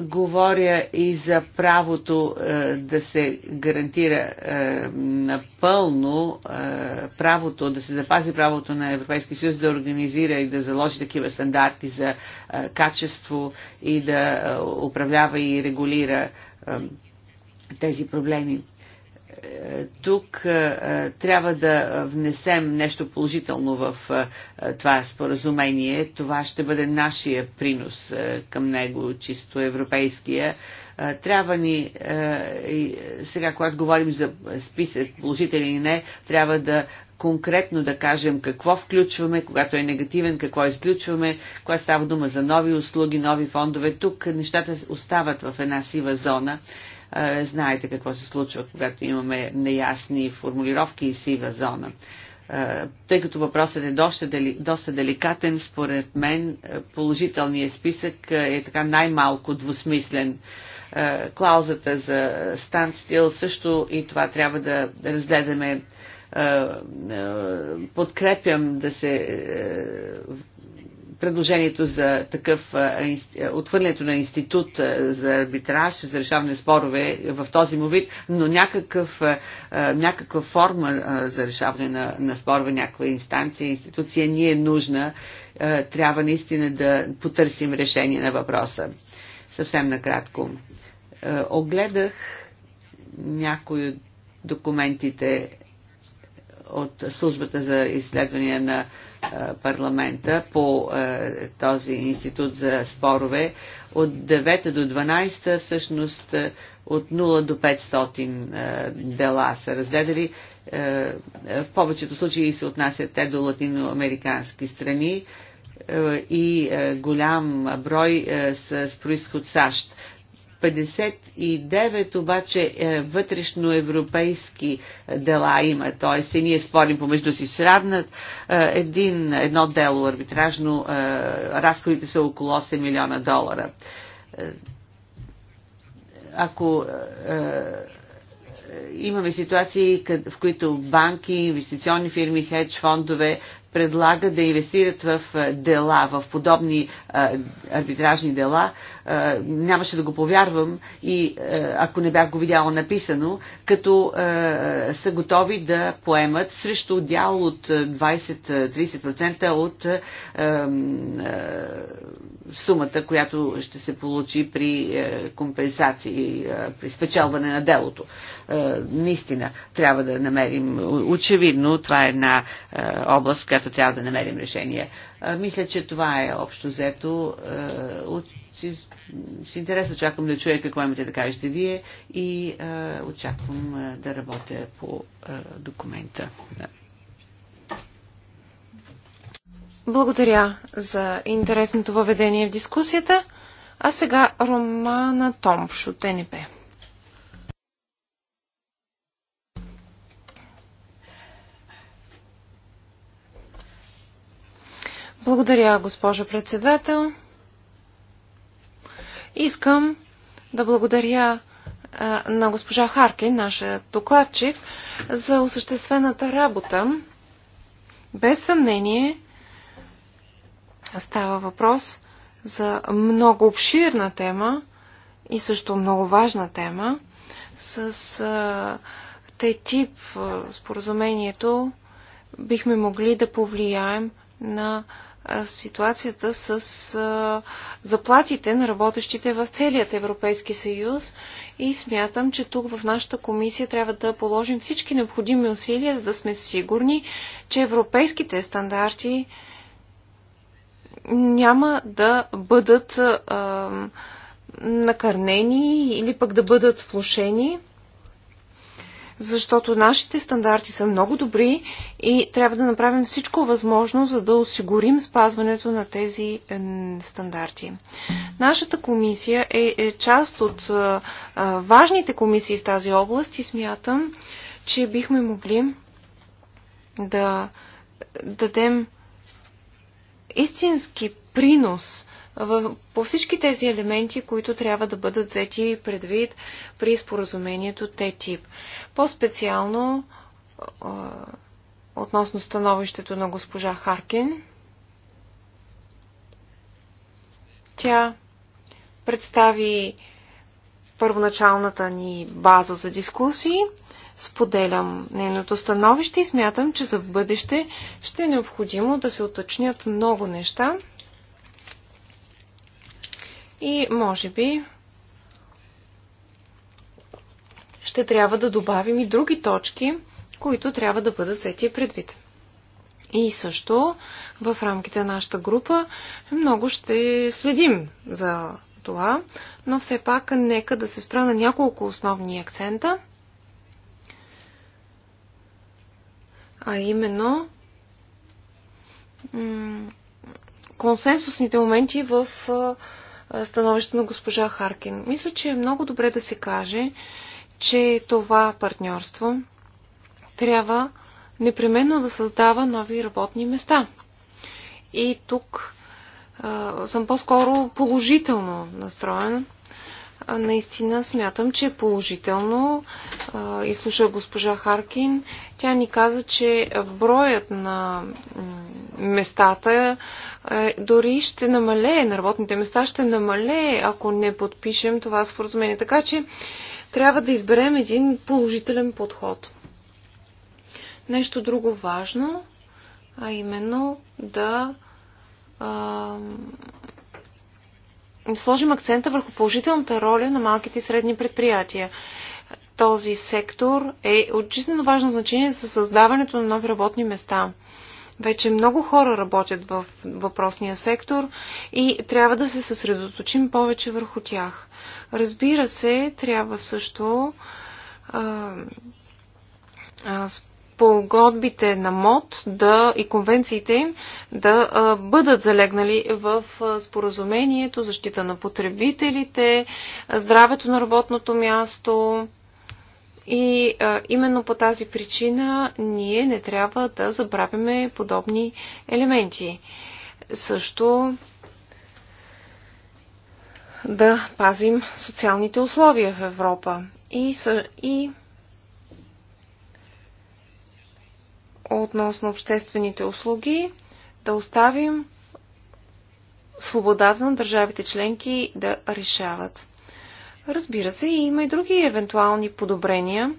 Говоря и за правото е, да се гарантира е, напълно е, правото, да се запази правото на Европейския съюз да организира и да заложи такива стандарти за е, качество и да е, управлява и регулира е, тези проблеми тук е, е, трябва да внесем нещо положително в е, това споразумение. Това ще бъде нашия принос към него, чисто европейския. Трябва ни, сега когато говорим за списък положителен и не, трябва да конкретно да кажем какво включваме, когато е негативен, какво изключваме, когато става дума за нови услуги, нови фондове. Тук нещата остават в една сива зона е, знаете какво се случва, когато имаме неясни формулировки и сива зона. Е, тъй като въпросът е доста, доста деликатен, според мен е, положителният списък е така най-малко двусмислен клаузата за стил също и това трябва да разгледаме. Подкрепям да се предложението за такъв отвърлянето на институт за арбитраж, за решаване спорове в този му вид, но някакъв, някаква форма за решаване на, на спорове, някаква инстанция, институция ни е нужна. Трябва наистина да потърсим решение на въпроса. Съвсем накратко. Огледах някои от документите от службата за изследвания на е, парламента по е, този институт за спорове. От 9 до 12 всъщност е, от 0 до 500 дела са разгледали. В повечето случаи се отнасят те до латиноамерикански страни и голям брой с происход САЩ. 59 обаче е, европейски е, дела има, т.е. и ние спорим помежду си сравнат. Е, един, едно дело арбитражно, е, разходите са около 8 милиона долара. Е, ако е, е, имаме ситуации, в които банки, инвестиционни фирми, хедж фондове предлага да инвестират в дела, в подобни арбитражни дела. Нямаше да го повярвам и ако не бях го видяла написано, като са готови да поемат срещу дял от 20-30% от сумата, която ще се получи при е, компенсации, е, при спечелване на делото. Е, наистина трябва да намерим, очевидно това е една област, в която трябва да намерим решение. Мисля, че това е общо взето. С интерес очаквам да чуя какво имате да кажете вие и очаквам да работя по документа. Благодаря за интересното въведение в дискусията. А сега Романа Томш от НП. Благодаря, госпожа председател. Искам да благодаря на госпожа Харки, нашия докладчик, за осъществената работа. Без съмнение, Става въпрос за много обширна тема и също много важна тема с тъй тип споразумението бихме могли да повлияем на ситуацията с заплатите на работещите в целият Европейски съюз и смятам, че тук в нашата комисия трябва да положим всички необходими усилия, за да сме сигурни, че европейските стандарти няма да бъдат а, накърнени или пък да бъдат влушени, защото нашите стандарти са много добри и трябва да направим всичко възможно, за да осигурим спазването на тези стандарти. Нашата комисия е, е част от а, важните комисии в тази област и смятам, че бихме могли да дадем истински принос в, по всички тези елементи, които трябва да бъдат взети предвид при споразумението тип. По-специално относно становището на госпожа Харкин. Тя представи първоначалната ни база за дискусии – Споделям нейното становище и смятам, че за в бъдеще ще е необходимо да се уточнят много неща и може би ще трябва да добавим и други точки, които трябва да бъдат взети предвид. И също в рамките на нашата група много ще следим за това, но все пак нека да се спра на няколко основни акцента – а именно консенсусните моменти в становището на госпожа Харкин. Мисля, че е много добре да се каже, че това партньорство трябва непременно да създава нови работни места. И тук а, съм по-скоро положително настроена наистина смятам, че е положително. И госпожа Харкин. Тя ни каза, че броят на местата е, дори ще намалее, на работните места ще намалее, ако не подпишем това споразумение. Така че трябва да изберем един положителен подход. Нещо друго важно, а именно да сложим акцента върху положителната роля на малките и средни предприятия. Този сектор е от жизненно важно значение за създаването на нови работни места. Вече много хора работят в въпросния сектор и трябва да се съсредоточим повече върху тях. Разбира се, трябва също а, а, погодбите на МОД да, и конвенциите им да а, бъдат залегнали в а, споразумението, защита на потребителите, здравето на работното място. И а, именно по тази причина ние не трябва да забравяме подобни елементи. Също да пазим социалните условия в Европа. И, и относно обществените услуги, да оставим свободата на държавите членки да решават. Разбира се, има и други евентуални подобрения,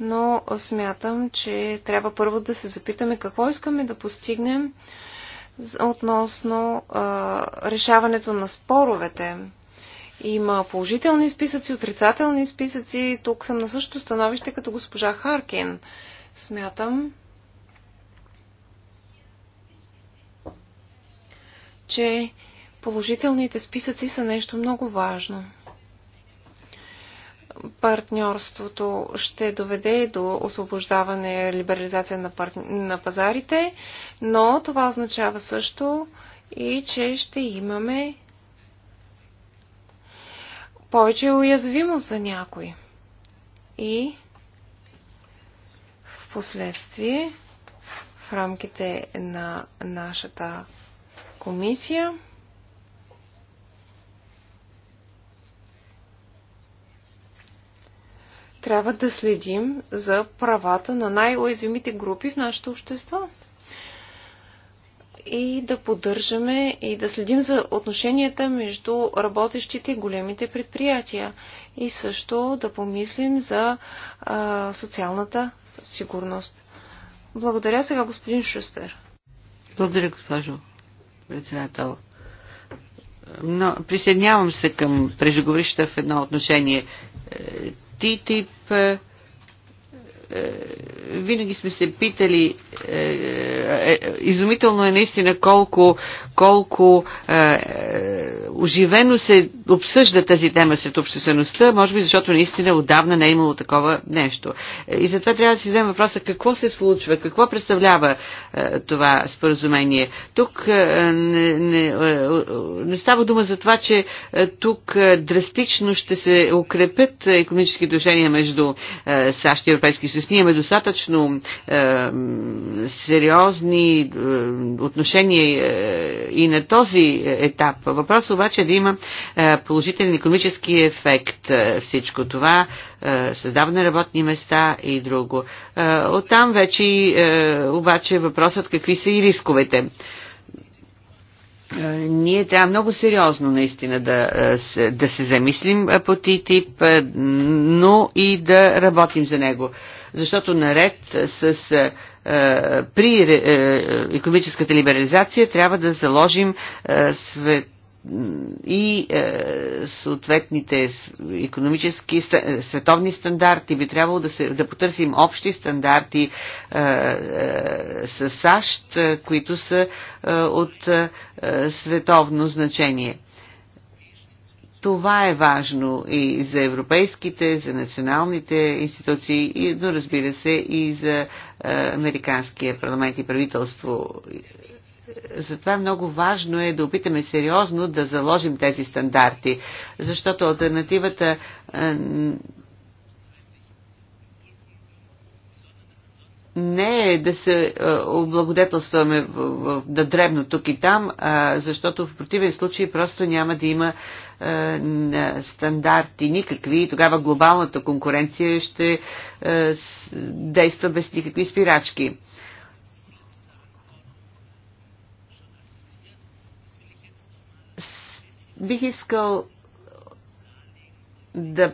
но смятам, че трябва първо да се запитаме какво искаме да постигнем относно а, решаването на споровете. Има положителни списъци, отрицателни списъци. Тук съм на същото становище като госпожа Харкин. Смятам, че положителните списъци са нещо много важно. Партньорството ще доведе до освобождаване, либерализация на, пар... на пазарите, но това означава също и че ще имаме повече уязвимост за някой. И в последствие, в рамките на нашата комисия. Трябва да следим за правата на най-уязвимите групи в нашето общество и да поддържаме и да следим за отношенията между работещите и големите предприятия. И също да помислим за а, социалната сигурност. Благодаря сега господин Шустер. Благодаря, госпожо председател. Но присъединявам се към преждеговорища в едно отношение. Е, ТТИП е, е, винаги сме се питали, е, е, изумително е наистина колко, колко е, е, оживено се обсъжда тази тема сред обществеността, може би защото наистина отдавна не е имало такова нещо. Е, и затова трябва да си зададем въпроса какво се случва, какво представлява е, това споразумение. Тук е, не, не, е, не става дума за това, че е, тук е, драстично ще се укрепят економически отношения между е, САЩ и Европейски съюз съюз. Ние имаме достатъчно е, сериозни е, отношения и на този етап. Въпросът обаче е да има е, положителен економически ефект е, всичко това, е, създаване на работни места и друго. Е, оттам вече е, обаче въпросът какви са и рисковете е, ние трябва много сериозно наистина да, е, да се замислим е, по ТТИП, но и да работим за него защото наред с е, е, при е, економическата либерализация трябва да заложим свет и е, съответните економически световни стандарти. Би трябвало да, се, да потърсим общи стандарти е, е, с САЩ, които са е, от е, световно значение. Това е важно и за европейските, за националните институции, и, но разбира се и за е, американския парламент и правителство. Затова много важно е да опитаме сериозно да заложим тези стандарти, защото альтернативата е, не е да се облагодетелстваме на дребно тук и там, защото в противен случай просто няма да има стандарти никакви и тогава глобалната конкуренция ще действа без никакви спирачки. Бих искал да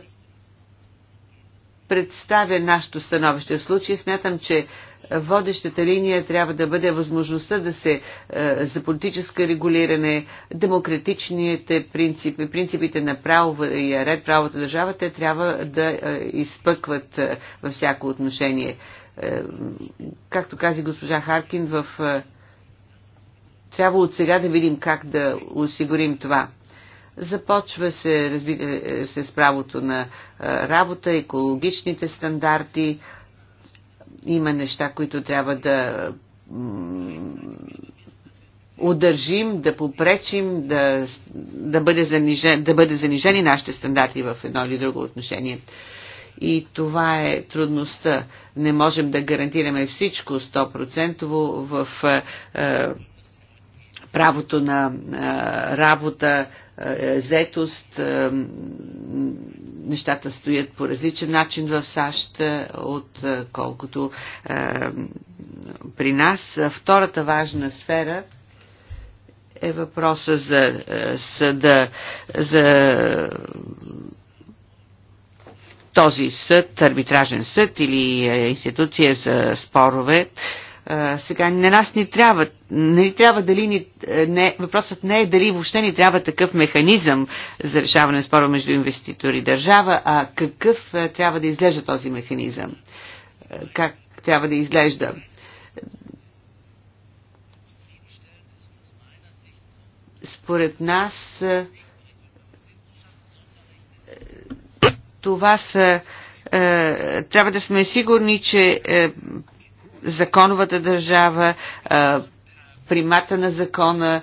представя нашето становище. В случай смятам, че водещата линия трябва да бъде възможността да се е, за политическа регулиране, демократичните принципи, принципите на право и ред, правото държава, те трябва да е, изпъкват е, във всяко отношение. Както каза госпожа Харкин, в... трябва от сега да видим как да осигурим това. Започва се, разбира е, е, се, с правото на е, работа, екологичните стандарти. Има неща, които трябва да удържим, да попречим, да, да, бъде занижен, да бъде занижени нашите стандарти в едно или друго отношение. И това е трудността. Не можем да гарантираме всичко 100% в е, правото на е, работа, е, е, заетост. Е, нещата стоят по различен начин в САЩ, отколкото при нас. Втората важна сфера е въпроса за съда, за този съд, арбитражен съд или институция за спорове сега на нас ни трябва, не трябва дали ни, е, не, въпросът не е дали въобще ни трябва такъв механизъм за решаване на спора между инвеститори и държава, а какъв е, трябва да изглежда този механизъм. Е, как трябва да изглежда. Според нас това са трябва да сме сигурни, че законовата държава, примата на закона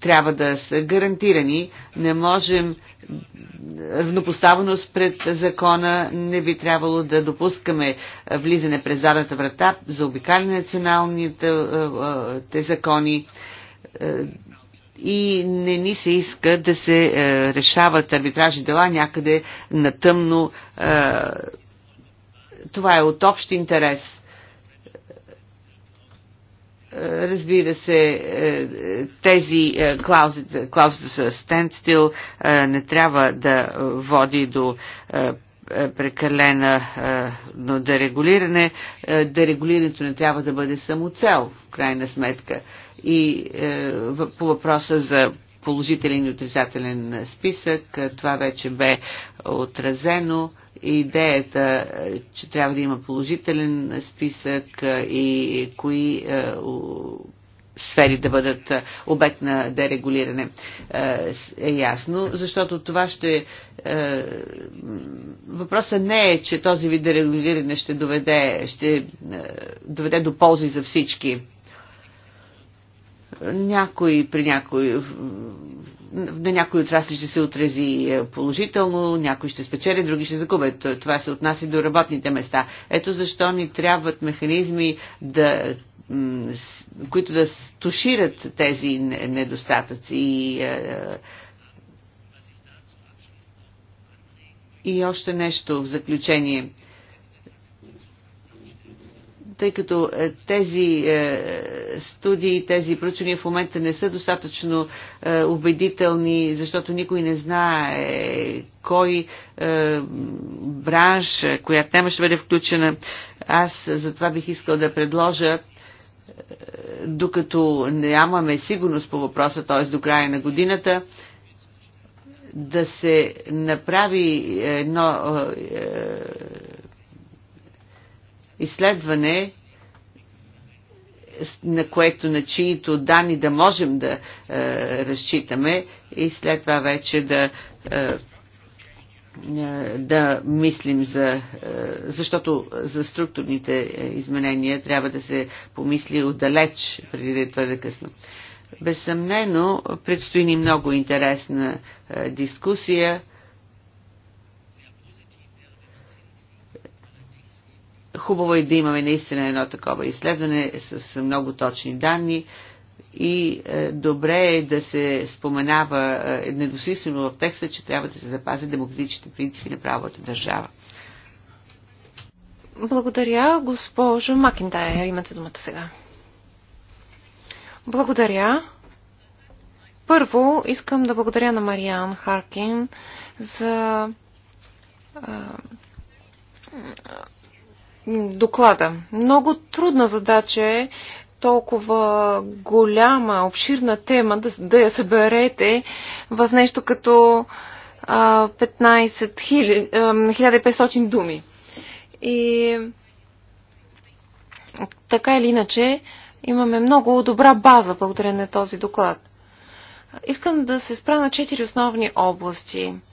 трябва да са гарантирани. Не можем равнопоставеност пред закона не би трябвало да допускаме влизане през задната врата, заобикаляне на националните закони и не ни се иска да се решават арбитражни дела някъде на тъмно. Това е от общ интерес Разбира се, е, тези е, клаузите, клаузите стенд стил, не трябва да води до е, прекалена но Да регулирането не трябва да бъде само цел, в крайна сметка. И по въпроса за положителен и отрицателен списък, това вече бе отразено идеята, че трябва да има положителен списък е, и кои е, сфери да бъдат е, обект на дерегулиране е ясно, защото това ще... Въпросът не е, че този вид дерегулиране ще доведе, ще доведе до ползи за всички. Някои при някои на някои отрасли ще се отрази е, положително, някои ще спечели, други ще загубят. Това се отнася до работните места. Ето защо ни трябват механизми, да, които да тушират тези недостатъци. И, е, е, и още нещо в заключение – тъй като е, тези е, студии, тези проучвания в момента не са достатъчно е, убедителни, защото никой не знае кой бранш, коя тема ще бъде включена. Аз затова бих искал да предложа докато нямаме сигурност по въпроса, т.е. до края на годината, да се направи едно изследване, на което, на чието данни да можем да е, разчитаме и след това вече да, е, е да мислим за... Е, защото за структурните е, изменения трябва да се помисли отдалеч, преди да е твърде късно. Безсъмнено, предстои ни много интересна е, дискусия. Хубаво е да имаме наистина едно такова изследване с много точни данни и е, добре е да се споменава е, недосислено в текста, че трябва да се запази демократичните принципи на правовата държава. Благодаря, госпожо Макинтайер. Имате думата сега. Благодаря. Първо искам да благодаря на Мариан Харкин за доклада. Много трудна задача е толкова голяма, обширна тема да, да я съберете в нещо като а, 15 хили, а, 1500 думи. И така или иначе имаме много добра база благодарение на този доклад. Искам да се спра на четири основни области –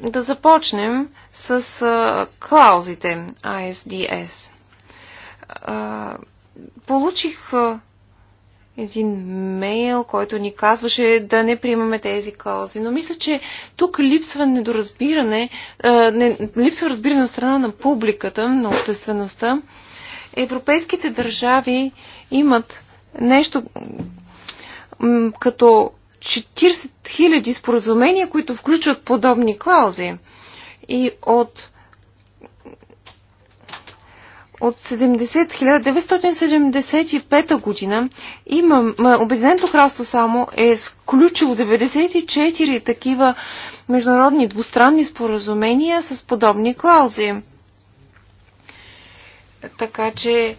да започнем с а, клаузите ISDS. А, получих а, един мейл, който ни казваше да не приемаме тези клаузи. Но мисля, че тук липсва недоразбиране, а, не, липсва разбиране от страна на публиката, на обществеността. Европейските държави имат нещо като 40 000 споразумения, които включват подобни клаузи. И от от 70, 1975 година имам, Обединеното кралство само е сключило 94 такива международни двустранни споразумения с подобни клаузи. Така че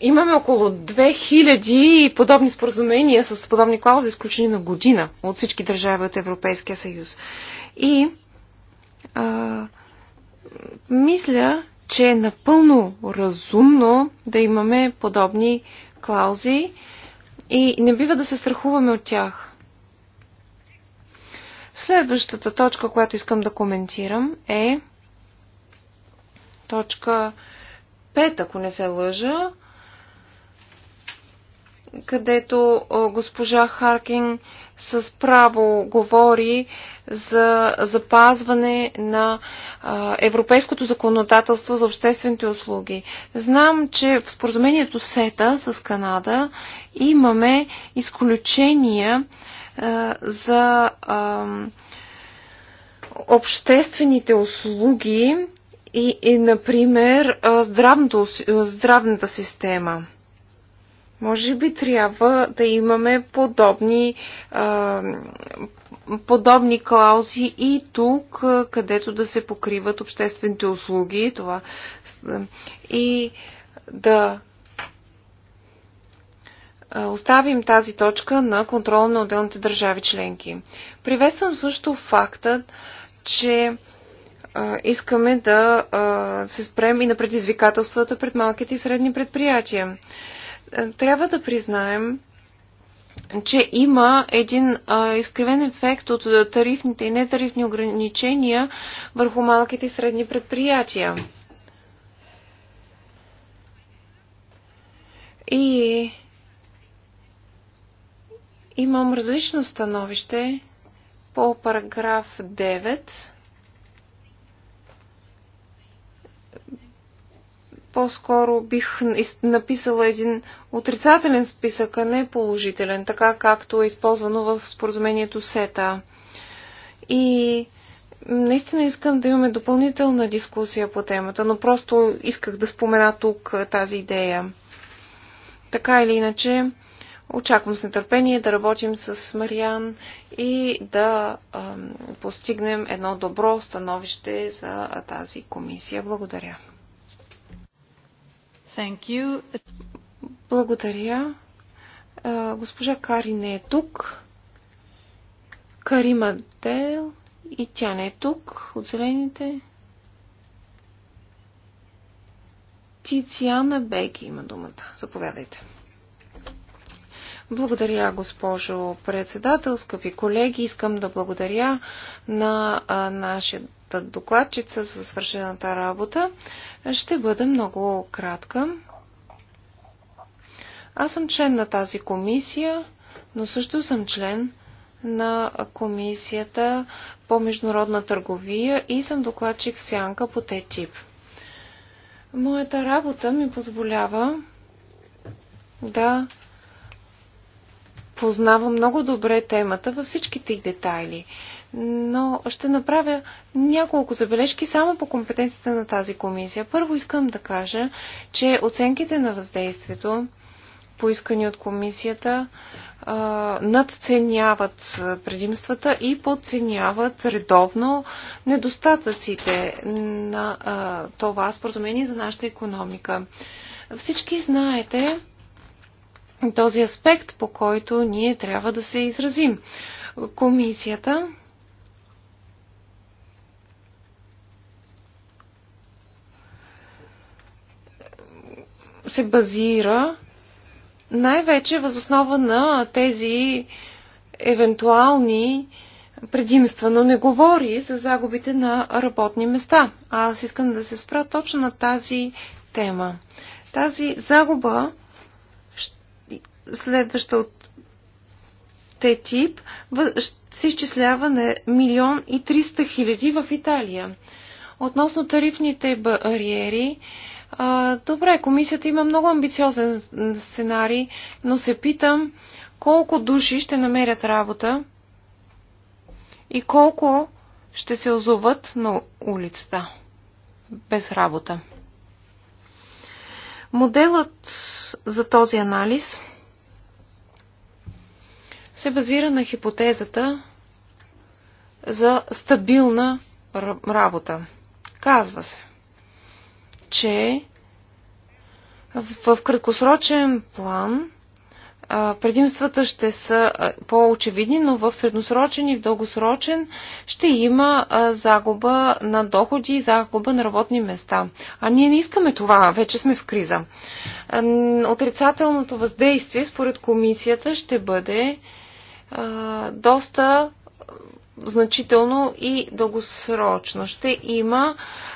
имаме около 2000 подобни споразумения с подобни клаузи, изключени на година от всички държави от Европейския съюз. И а, мисля, че е напълно разумно да имаме подобни клаузи и не бива да се страхуваме от тях. Следващата точка, която искам да коментирам е точка 5, ако не се лъжа, където госпожа Харкин с право говори за запазване на европейското законодателство за обществените услуги. Знам, че в споразумението СЕТА с Канада имаме изключения за обществените услуги и, и например, здравното, здравната система. Може би трябва да имаме подобни, подобни клаузи и тук, където да се покриват обществените услуги това, и да оставим тази точка на контрол на отделните държави членки. Приветствам също факта, че искаме да се спрем и на предизвикателствата пред малките и средни предприятия. Трябва да признаем, че има един а, изкривен ефект от тарифните и нетарифни ограничения върху малките и средни предприятия. И имам различно становище по параграф 9 по-скоро бих написала един отрицателен списък, а не положителен, така както е използвано в споразумението СЕТА. И наистина искам да имаме допълнителна дискусия по темата, но просто исках да спомена тук тази идея. Така или иначе, очаквам с нетърпение да работим с Мариан и да а, постигнем едно добро становище за тази комисия. Благодаря. Thank you. Благодаря. Госпожа Кари не е тук. Карима Дел и тя не е тук от зелените. Тициана Беги има думата. Заповядайте. Благодаря, госпожо председател, скъпи колеги. Искам да благодаря на а, нашия докладчица за свършената работа. Ще бъда много кратка. Аз съм член на тази комисия, но също съм член на комисията по международна търговия и съм докладчик в Сянка по т тип. Моята работа ми позволява да познавам много добре темата във всичките й детайли но ще направя няколко забележки само по компетенцията на тази комисия. Първо искам да кажа, че оценките на въздействието, поискани от комисията, надценяват предимствата и подценяват редовно недостатъците на това споразумение за нашата економика. Всички знаете този аспект, по който ние трябва да се изразим. Комисията се базира най-вече възоснова на тези евентуални предимства, но не говори за загубите на работни места. аз искам да се спра точно на тази тема. Тази загуба, следваща от те тип се изчислява на милион и 300 хиляди в Италия. Относно тарифните бариери, а, добре, комисията има много амбициозен сценарий, но се питам колко души ще намерят работа и колко ще се озоват на улицата без работа. Моделът за този анализ се базира на хипотезата за стабилна работа. Казва се че в, в краткосрочен план предимствата ще са по-очевидни, но в средносрочен и в дългосрочен ще има загуба на доходи и загуба на работни места. А ние не искаме това, вече сме в криза. Отрицателното въздействие според комисията ще бъде доста значително и дългосрочно. Ще има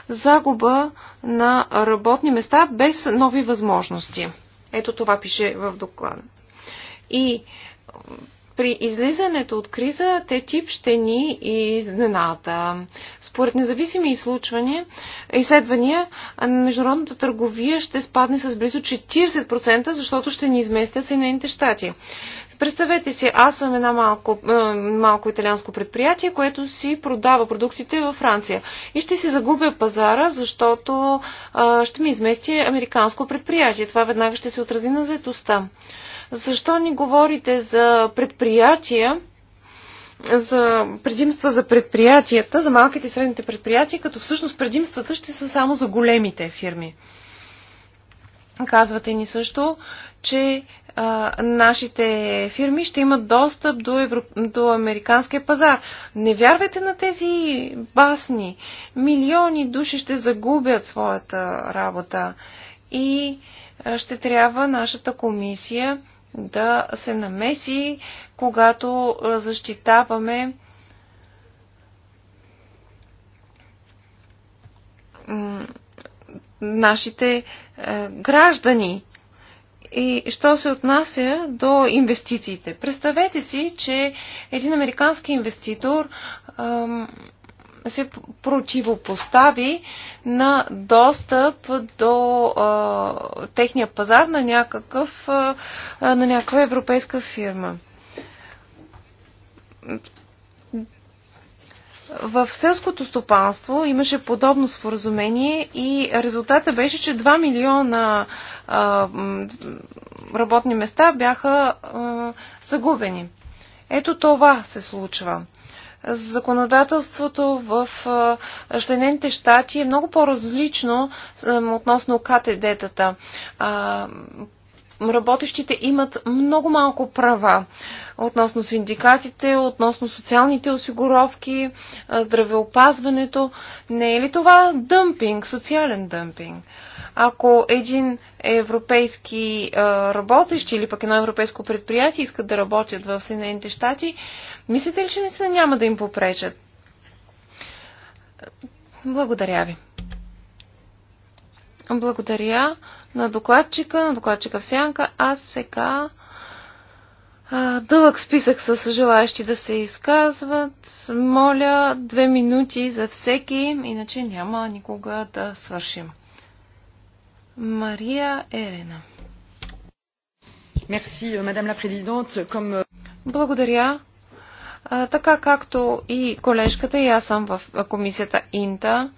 загуба на работни места без нови възможности. Ето това пише в доклад. И при излизането от криза те тип ще ни изненада. Според независими изследвания, международната търговия ще спадне с близо 40%, защото ще ни изместят Съединените щати. Представете си, аз съм една малко, е, малко италианско предприятие, което си продава продуктите във Франция. И ще си загубя пазара, защото а, е, ще ми измести американско предприятие. Това веднага ще се отрази на заетостта. Защо ни говорите за предприятия, за предимства за предприятията, за малките и средните предприятия, като всъщност предимствата ще са само за големите фирми? Казвате ни също, че а, нашите фирми ще имат достъп до, евро... до американския пазар. Не вярвайте на тези басни. Милиони души ще загубят своята работа и а, ще трябва нашата комисия да се намеси, когато защитаваме нашите е, граждани. И що се отнася до инвестициите? Представете си, че един американски инвеститор е, се противопостави на достъп до е, техния пазар на, някакъв, е, на някаква европейска фирма в селското стопанство имаше подобно споразумение и резултата беше, че 2 милиона а, работни места бяха а, загубени. Ето това се случва. Законодателството в Съединените щати е много по-различно относно КТД-тата работещите имат много малко права относно синдикатите, относно социалните осигуровки, здравеопазването. Не е ли това дъмпинг, социален дъмпинг? Ако един европейски работещ или пък едно европейско предприятие искат да работят в Съединените щати, мислите ли, че наистина няма да им попречат? Благодаря ви. Благодаря на докладчика, на докладчика в сянка, а сега а, дълъг списък с желаящи да се изказват. Моля, две минути за всеки, иначе няма никога да свършим. Мария Ерена. Мерси, мадам ла Comme... Euh, Благодаря. А, така както и колежката, и аз съм в комисията Инта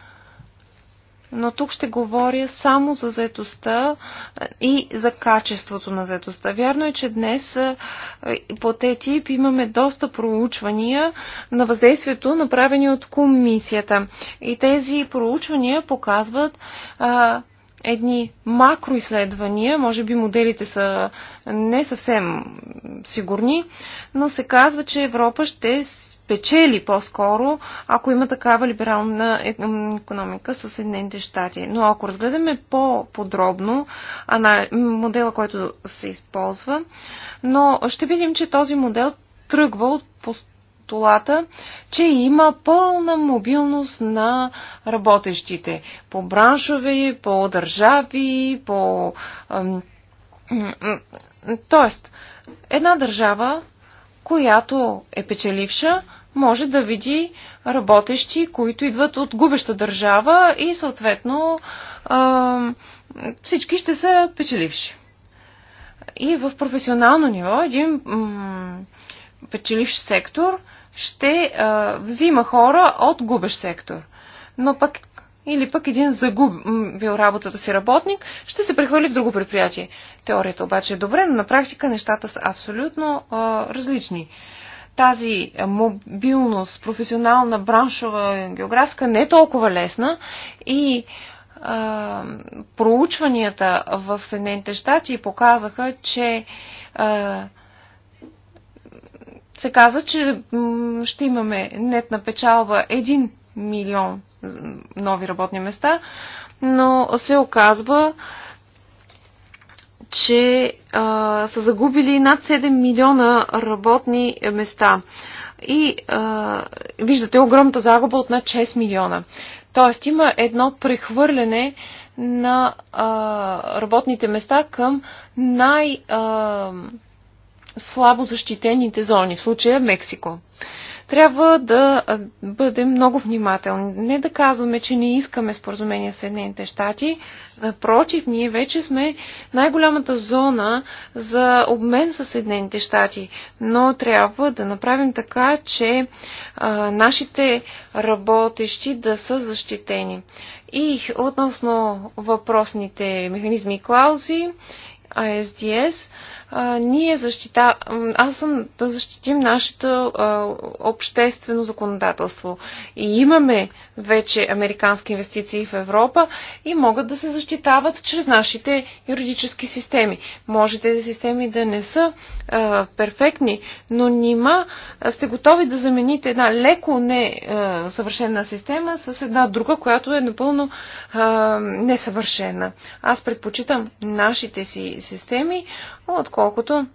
но тук ще говоря само за заетостта е, и за качеството на заетостта. Вярно е, че днес е, по ТТИП имаме доста проучвания на въздействието, направени от комисията. И тези проучвания показват а, едни макроизследвания, може би моделите са не съвсем сигурни, но се казва, че Европа ще печели по-скоро, ако има такава либерална економика с Съединените щати. Но ако разгледаме по-подробно модела, който се използва, но ще видим, че този модел тръгва от постулата, че има пълна мобилност на работещите по браншове, по държави, по. Тоест, една държава, която е печеливша, може да види работещи, които идват от губеща държава и съответно всички ще са печеливши. И в професионално ниво един печеливш сектор ще взима хора от губещ сектор. Но пък или пък един загубил работата си работник, ще се прехвърли в друго предприятие. Теорията обаче е добре, но на практика нещата са абсолютно а, различни тази мобилност, професионална, браншова, географска не е толкова лесна и а, проучванията в Съединените щати показаха, че а, се каза, че ще имаме нетна печалба 1 милион нови работни места, но се оказва, че а, са загубили над 7 милиона работни места. И а, виждате огромната загуба от над 6 милиона. Тоест има едно прехвърляне на а, работните места към най- слабо защитените зони, в случая Мексико. Трябва да бъдем много внимателни. Не да казваме, че не искаме споразумение с Съединените щати. Напротив, ние вече сме най-голямата зона за обмен с Съединените щати. Но трябва да направим така, че а, нашите работещи да са защитени. И относно въпросните механизми и клаузи, ISDS, а, ние защита... аз съм да защитим нашето а, обществено законодателство. И имаме вече американски инвестиции в Европа и могат да се защитават чрез нашите юридически системи. Може тези системи да не са а, перфектни, но нима сте готови да замените една леко не а, съвършена система с една друга, която е напълно а, несъвършена. Аз предпочитам нашите си системи, от отколкото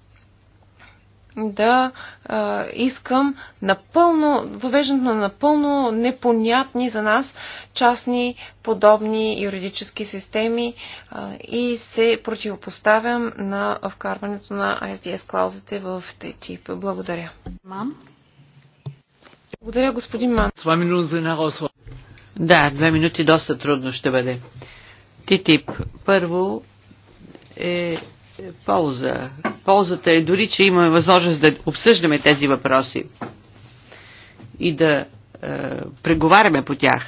да а, искам напълно, въвеждането на напълно непонятни за нас частни подобни юридически системи а, и се противопоставям на вкарването на ISDS клаузите в ТТИП. Благодаря. Мам? Благодаря, господин Ман. Да, две минути доста трудно ще бъде. тип. Първо е е полза. Ползата е дори, че имаме възможност да обсъждаме тези въпроси и да е, преговаряме по тях.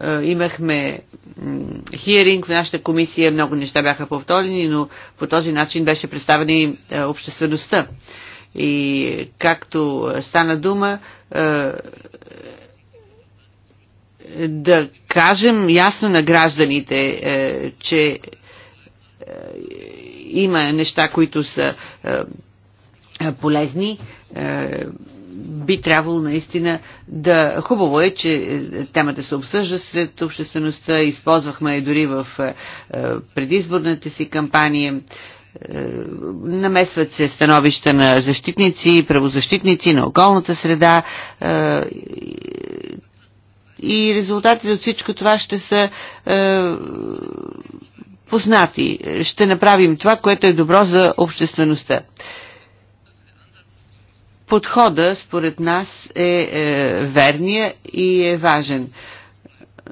Е, имахме хиеринг в нашата комисия, много неща бяха повторени, но по този начин беше представена и е, обществеността. И както стана дума, е, е да кажем ясно на гражданите, е, че е, има неща, които са е, полезни. Е, би трябвало наистина да... Хубаво е, че темата се обсъжда сред обществеността. Използвахме я дори в предизборната си кампания намесват се становища на защитници, правозащитници, на околната среда и резултатите от всичко това ще са познати. Ще направим това, което е добро за обществеността. Подхода, според нас, е, е верния и е важен.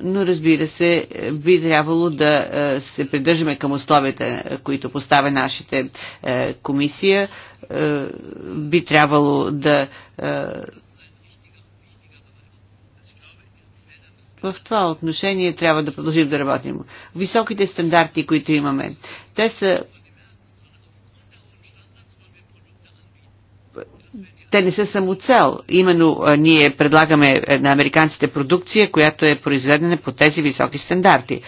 Но разбира се, би трябвало да е, се придържаме към условията, които поставя нашите е, комисия. Е, би трябвало да В това отношение трябва да продължим да работим. Високите стандарти, които имаме, те са те не са само цел. Именно ние предлагаме е, на американците продукция, която е произведена по тези високи стандарти.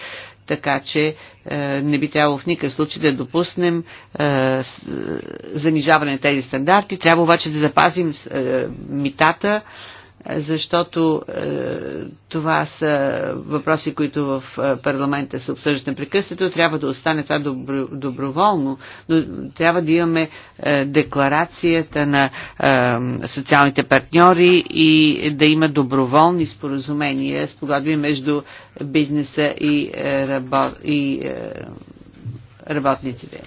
Така че е, не би трябвало в никакъв случай да допуснем е, е занижаване на тези стандарти. Трябва обаче да запазим е, митата, е, защото е, това са въпроси, които в е, парламента се обсъждат непрекъснато. Трябва да остане това добро, доброволно, но трябва да имаме е, декларацията на е, социалните партньори и да има доброволни споразумения, спогодби между бизнеса и, е, рабо, и е, работниците.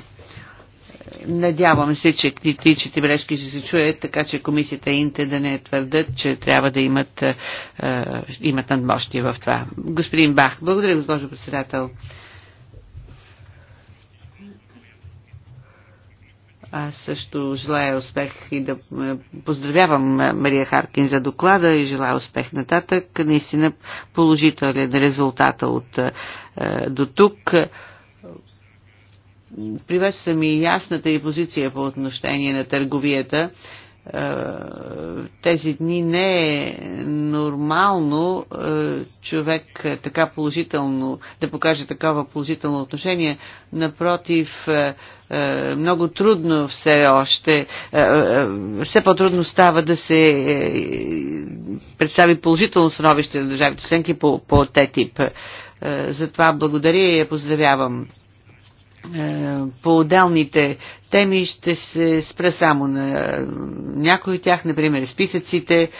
Надявам се, че критичните бележки ще се чуят, така че комисията Инте да не твърдат, че трябва да имат, е, имат надмощие в това. Господин Бах, благодаря, госпожо председател. Аз също желая успех и да поздравявам Мария Харкин за доклада и желая успех нататък. Наистина положителен резултата от е, до тук. Приветствам и ясната и позиция по отношение на търговията. Е, тези дни не е нормално е, човек така положително, да покаже такова положително отношение. Напротив, е, много трудно все още, все по-трудно става да се представи положително становище на държавите членки по, по тип. Затова благодаря и я поздравявам. Е, по отделните теми ще се спра само на някои от тях, например списъците.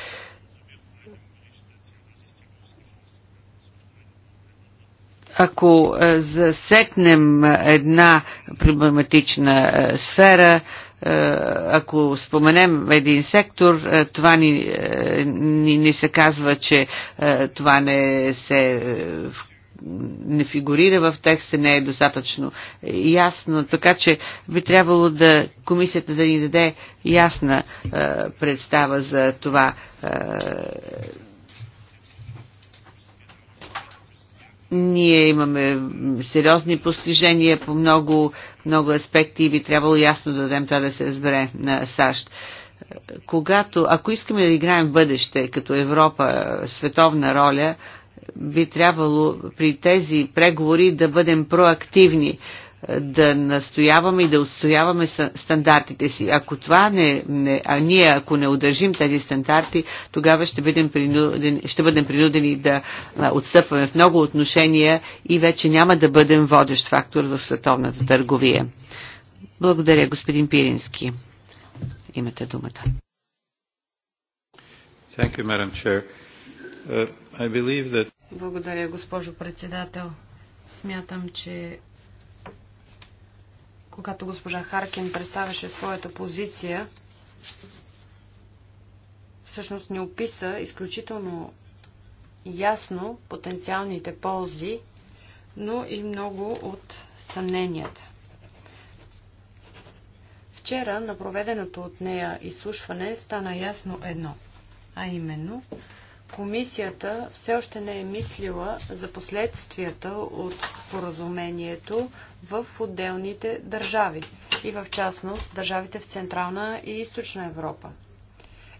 Ако е, засекнем една проблематична е, сфера, ако споменем един сектор, това ни, ни, ни се казва, че това не се включва не фигурира в текста, не е достатъчно ясно, така че би трябвало да комисията да ни даде ясна е, представа за това. Е, ние имаме сериозни постижения по много, много аспекти и би трябвало ясно да дадем това да се разбере на САЩ когато, ако искаме да играем в бъдеще като Европа световна роля, би трябвало при тези преговори да бъдем проактивни, да настояваме и да отстояваме стандартите си. Ако това не, не а ние ако не удържим тези стандарти, тогава ще бъдем принудени, ще бъдем принудени да отстъпваме в много отношения и вече няма да бъдем водещ фактор в световната търговия. Благодаря, господин Пирински. Имате думата. Thank you, Madam Chair. Uh, Благодаря, госпожо председател. Смятам, че когато госпожа Харкин представяше своята позиция, всъщност ни описа изключително ясно потенциалните ползи, но и много от съмненията. Вчера на проведеното от нея изслушване стана ясно едно, а именно, Комисията все още не е мислила за последствията от споразумението в отделните държави и в частност държавите в Централна и Източна Европа.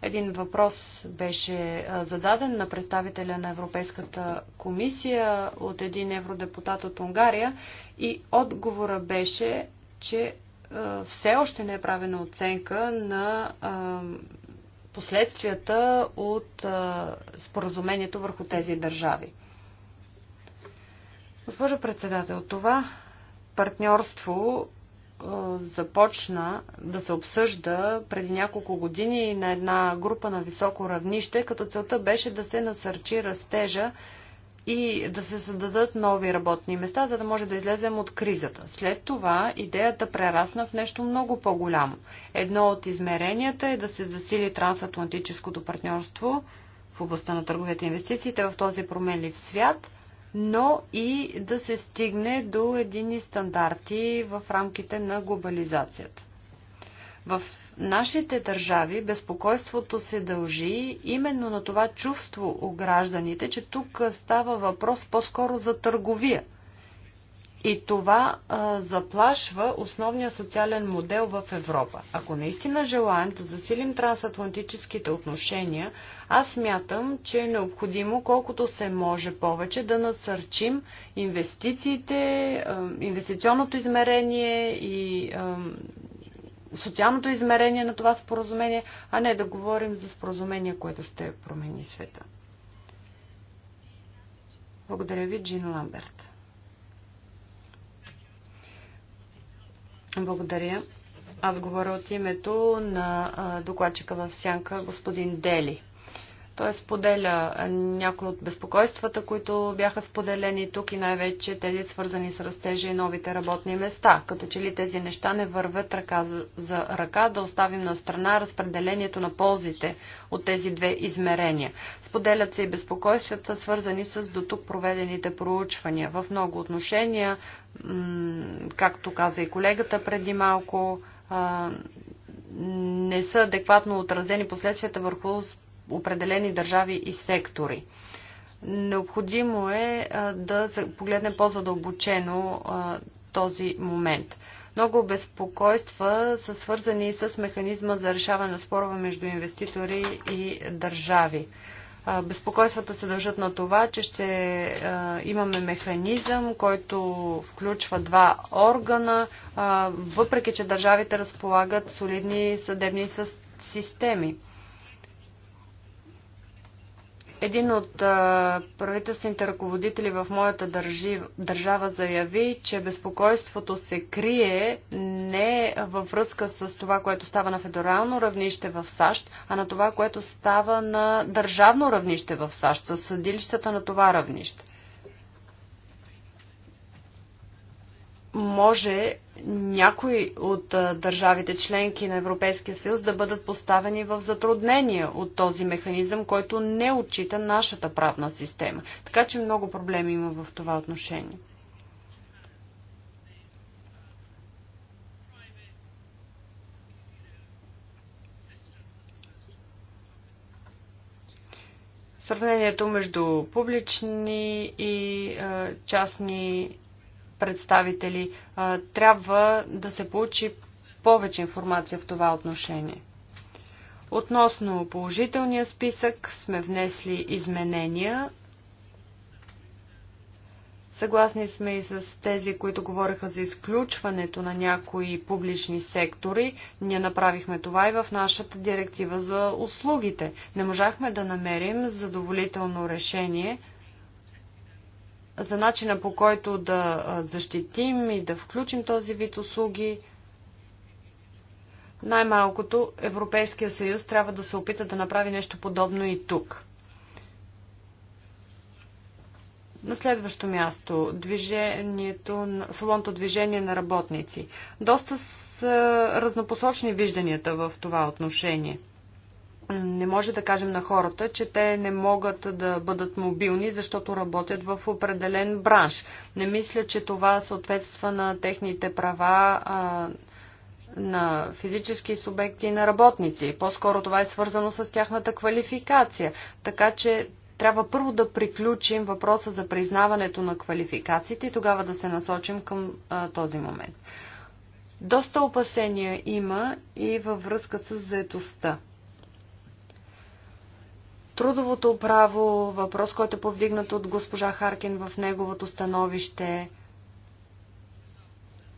Един въпрос беше зададен на представителя на Европейската комисия от един евродепутат от Унгария и отговора беше, че все още не е правена оценка на последствията от споразумението върху тези държави. Госпожо председател, това партньорство започна да се обсъжда преди няколко години на една група на високо равнище, като целта беше да се насърчи растежа и да се създадат нови работни места, за да може да излезем от кризата. След това идеята прерасна в нещо много по-голямо. Едно от измеренията е да се засили трансатлантическото партньорство в областта на търговете и инвестициите в този променлив свят, но и да се стигне до едини стандарти в рамките на глобализацията. В нашите държави безпокойството се дължи именно на това чувство у гражданите, че тук става въпрос по-скоро за търговия. И това а, заплашва основния социален модел в Европа. Ако наистина желаем да засилим трансатлантическите отношения, аз мятам, че е необходимо колкото се може повече да насърчим инвестициите, инвестиционното измерение и социалното измерение на това споразумение, а не да говорим за споразумение, което ще промени света. Благодаря ви, Джин Ламберт. Благодаря. Аз говоря от името на докладчика в Сянка, господин Дели. Той споделя някои от безпокойствата, които бяха споделени тук и най-вече тези свързани с растежа и новите работни места. Като че ли тези неща не вървят ръка за, за ръка, да оставим на страна разпределението на ползите от тези две измерения. Споделят се и безпокойствата, свързани с дотук проведените проучвания. В много отношения, както каза и колегата преди малко, не са адекватно отразени последствията върху определени държави и сектори. Необходимо е да погледнем по-задълбочено този момент. Много безпокойства са свързани с механизма за решаване на спорове между инвеститори и държави. Безпокойствата се дължат на това, че ще имаме механизъм, който включва два органа, въпреки че държавите разполагат солидни съдебни системи. Един от правителствените ръководители в моята държи, държава заяви, че безпокойството се крие не във връзка с това, което става на федерално равнище в САЩ, а на това, което става на държавно равнище в САЩ, с съдилищата на това равнище. може някои от държавите членки на Европейския съюз да бъдат поставени в затруднение от този механизъм, който не отчита нашата правна система. Така че много проблеми има в това отношение. Сравнението между публични и частни представители. Трябва да се получи повече информация в това отношение. Относно положителния списък сме внесли изменения. Съгласни сме и с тези, които говориха за изключването на някои публични сектори. Ние направихме това и в нашата директива за услугите. Не можахме да намерим задоволително решение – за начина по който да защитим и да включим този вид услуги. Най-малкото Европейския съюз трябва да се опита да направи нещо подобно и тук. На следващо място, движението, салонто движение на работници. Доста са разнопосочни вижданията в това отношение – не може да кажем на хората, че те не могат да бъдат мобилни, защото работят в определен бранш. Не мисля, че това съответства на техните права а, на физически субекти и на работници. По-скоро това е свързано с тяхната квалификация. Така че трябва първо да приключим въпроса за признаването на квалификациите и тогава да се насочим към а, този момент. Доста опасения има и във връзка с заетостта. Трудовото право, въпрос, който е повдигнат от госпожа Харкин в неговото становище.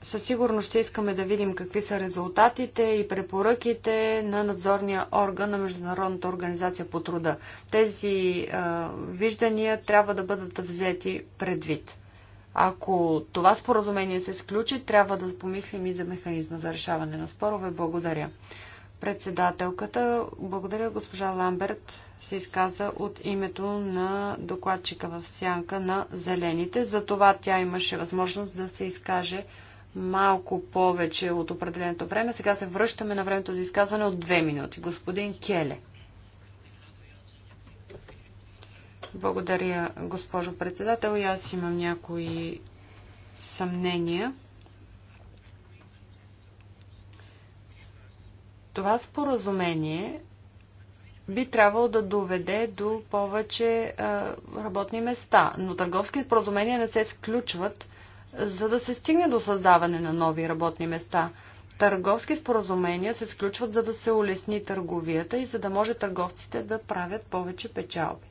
Със сигурност ще искаме да видим какви са резултатите и препоръките на надзорния орган на Международната организация по труда. Тези а, виждания трябва да бъдат взети предвид. Ако това споразумение се сключи, трябва да помислим и за механизма за решаване на спорове. Благодаря. Председателката, благодаря госпожа Ламберт, се изказа от името на докладчика в сянка на Зелените. Затова тя имаше възможност да се изкаже малко повече от определеното време. Сега се връщаме на времето за изказване от две минути. Господин Келе. Благодаря, госпожо председател. И аз имам някои съмнения. Това споразумение би трябвало да доведе до повече а, работни места, но търговски споразумения не се сключват, за да се стигне до създаване на нови работни места. Търговски споразумения се сключват, за да се улесни търговията и за да може търговците да правят повече печалби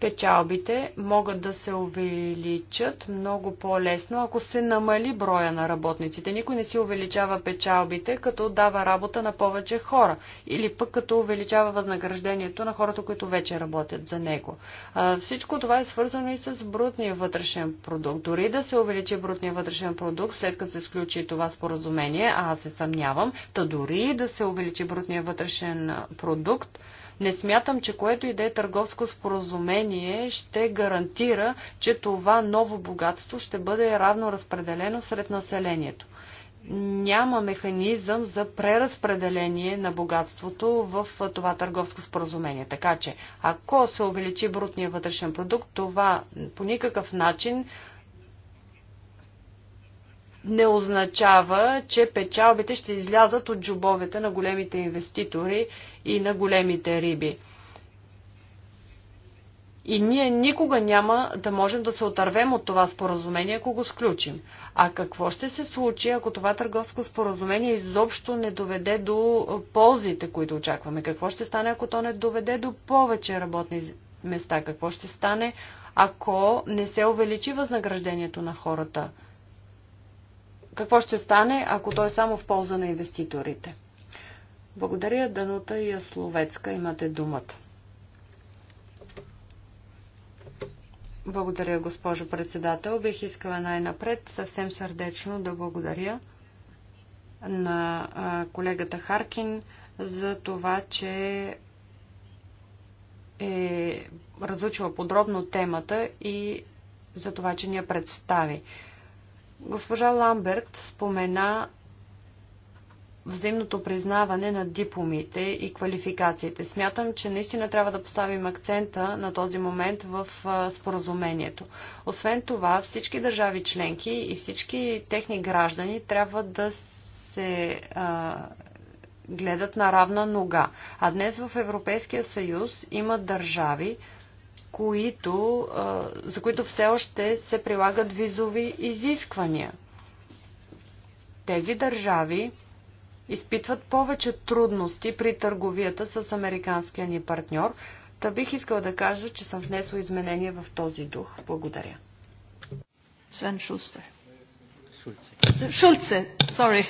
печалбите могат да се увеличат много по-лесно, ако се намали броя на работниците. Никой не си увеличава печалбите, като дава работа на повече хора или пък като увеличава възнаграждението на хората, които вече работят за него. А, всичко това е свързано и с брутния вътрешен продукт. Дори да се увеличи брутния вътрешен продукт, след като се сключи това споразумение, а аз се съмнявам, та дори да се увеличи брутния вътрешен продукт, не смятам, че което и да е търговско споразумение ще гарантира, че това ново богатство ще бъде равно разпределено сред населението няма механизъм за преразпределение на богатството в това търговско споразумение. Така че, ако се увеличи брутния вътрешен продукт, това по никакъв начин не означава, че печалбите ще излязат от джобовете на големите инвеститори и на големите риби. И ние никога няма да можем да се отървем от това споразумение, ако го сключим. А какво ще се случи, ако това търговско споразумение изобщо не доведе до ползите, които очакваме? Какво ще стане, ако то не доведе до повече работни места? Какво ще стане, ако не се увеличи възнаграждението на хората? какво ще стане, ако той е само в полза на инвеститорите? Благодаря, Данута и Словецка. Имате думата. Благодаря, госпожо председател. Бих искала най-напред съвсем сърдечно да благодаря на колегата Харкин за това, че е разучила подробно темата и за това, че ни я представи. Госпожа Ламберт спомена взаимното признаване на дипломите и квалификациите. Смятам, че наистина трябва да поставим акцента на този момент в споразумението. Освен това, всички държави членки и всички техни граждани трябва да се а, гледат на равна нога. А днес в Европейския съюз има държави, които, за които все още се прилагат визови изисквания. Тези държави изпитват повече трудности при търговията с американския ни партньор, та бих искал да кажа, че съм внесла изменения в този дух. Благодаря. Свен Шустер. Шулце. Шулце, sorry.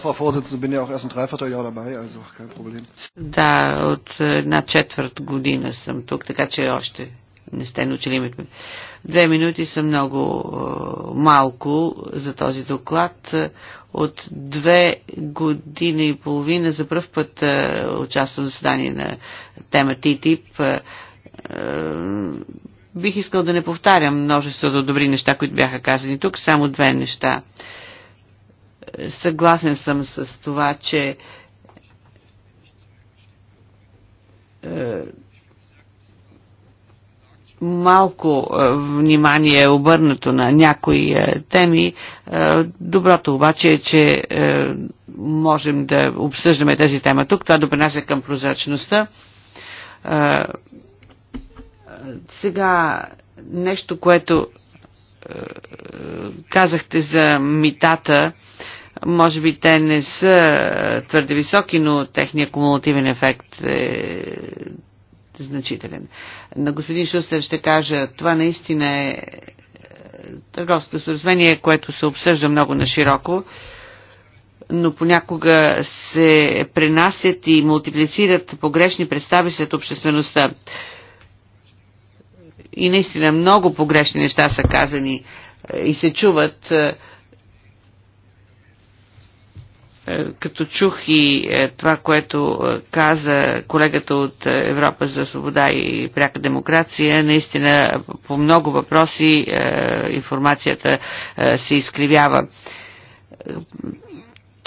Frau Vorsitzende, bin ja auch erst ein Dreivierteljahr dabei, also kein Problem. Да, от една четвърт година съм тук, така че още не сте научили името ми. Две минути са много е, малко за този доклад. От две години и половина за първ път е, участвам в заседание на тема ТИТИП. Е, бих искал да не повтарям множеството добри неща, които бяха казани тук, само две неща. Съгласен съм с това, че е, малко е, внимание е обърнато на някои е, теми. Доброто обаче е, че можем да обсъждаме тези тема тук. Това допринася към прозрачността. Сега нещо, което казахте за митата, може би те не са е, твърде високи, но техният кумулативен ефект е значителен. На господин Шустер ще кажа, това наистина е, е търговско споразумение, което се обсъжда много на широко, но понякога се пренасят и мултиплицират погрешни представи след обществеността и наистина много погрешни неща са казани е, и се чуват. Е, е, като чух и това, което каза колегата от Европа за свобода и пряка демокрация, наистина по много въпроси информацията се изкривява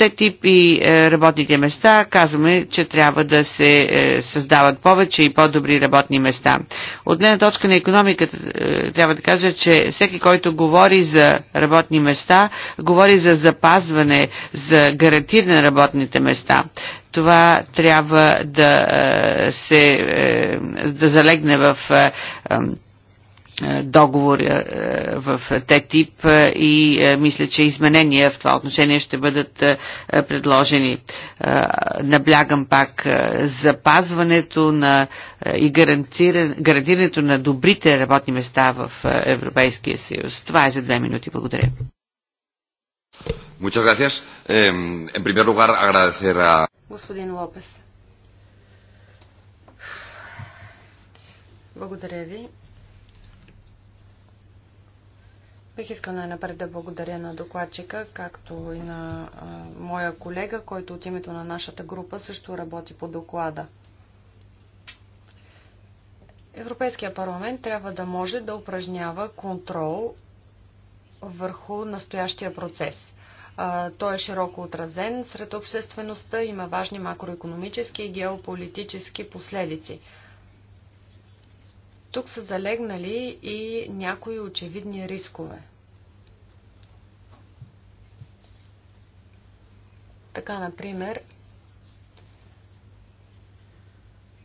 тип и е, работните места, казваме, че трябва да се е, създават повече и по-добри работни места. От гледна точка на економиката е, трябва да кажа, че всеки, който говори за работни места, говори за запазване, за гарантиране на работните места. Това трябва да се да залегне в е, договор е, в ТТИП е, и мисля, че изменения в това отношение ще бъдат предложени. Наблягам пак запазването на и гарантирането на добрите работни места в Европейския съюз. Това е за две минути. Благодаря. Muchas gracias. Eh, en primer lugar, agradecer a... Господин Лопес. Благодаря ви. Бих искал най-напред да благодаря на докладчика, както и на а, моя колега, който от името на нашата група също работи по доклада. Европейския парламент трябва да може да упражнява контрол върху настоящия процес. А, той е широко отразен сред обществеността, има важни макроекономически и геополитически последици. Тук са залегнали и някои очевидни рискове. Така, например,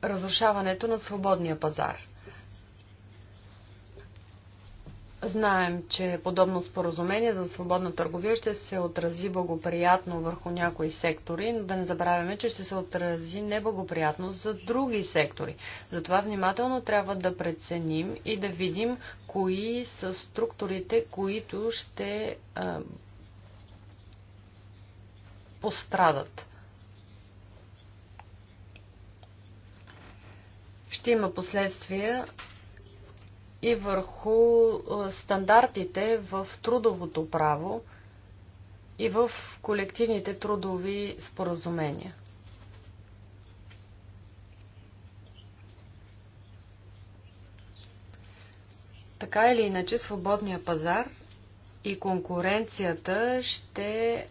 разрушаването на свободния пазар. Знаем, че подобно споразумение за свободна търговия ще се отрази благоприятно върху някои сектори, но да не забравяме, че ще се отрази неблагоприятно за други сектори. Затова внимателно трябва да преценим и да видим кои са структурите, които ще а, пострадат. Ще има последствия и върху стандартите в трудовото право и в колективните трудови споразумения. Така или иначе, свободния пазар и конкуренцията ще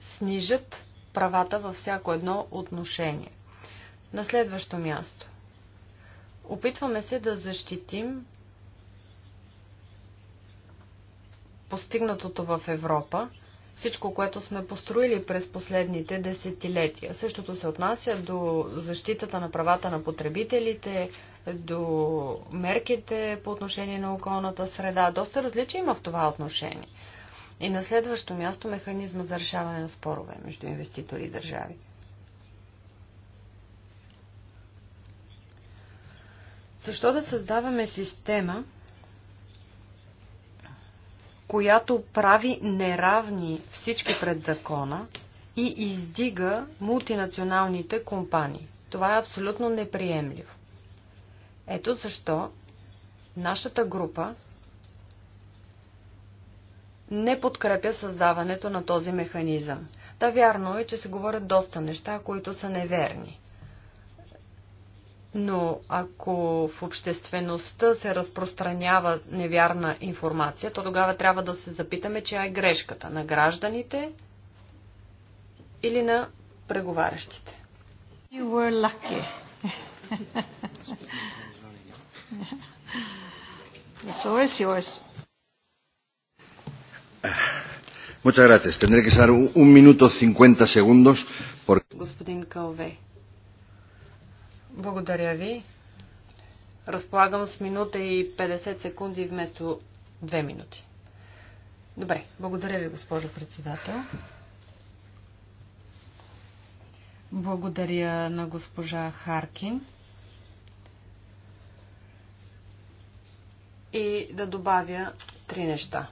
снижат правата във всяко едно отношение. На следващо място. Опитваме се да защитим постигнатото в Европа, всичко, което сме построили през последните десетилетия. Същото се отнася до защитата на правата на потребителите, до мерките по отношение на околната среда. Доста различия има в това отношение. И на следващо място механизма за решаване на спорове между инвеститори и държави. Защо да създаваме система, която прави неравни всички пред закона и издига мултинационалните компании? Това е абсолютно неприемливо. Ето защо нашата група не подкрепя създаването на този механизъм. Да, вярно е, че се говорят доста неща, които са неверни. Но ако в обществеността се разпространява невярна информация, то тогава трябва да се запитаме, чия е грешката на гражданите или на преговарящите. You were lucky. The floor is yours. Muchas gracias. Tendré que usar un minuto cincuenta segundos. Porque... Господин Калвей. Благодаря ви. Разполагам с минута и 50 секунди вместо 2 минути. Добре, благодаря ви, госпожо председател. Благодаря на госпожа Харкин. И да добавя три неща.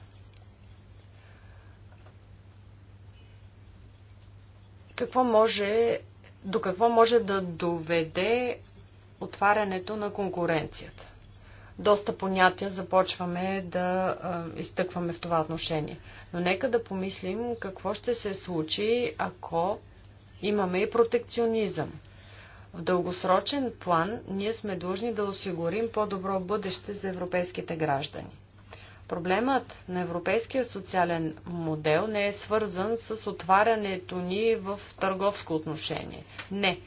Какво може до какво може да доведе отварянето на конкуренцията. Доста понятия започваме да изтъкваме в това отношение. Но нека да помислим какво ще се случи, ако имаме и протекционизъм. В дългосрочен план ние сме длъжни да осигурим по-добро бъдеще за европейските граждани. Проблемът на европейския социален модел не е свързан с отварянето ни в търговско отношение. Не.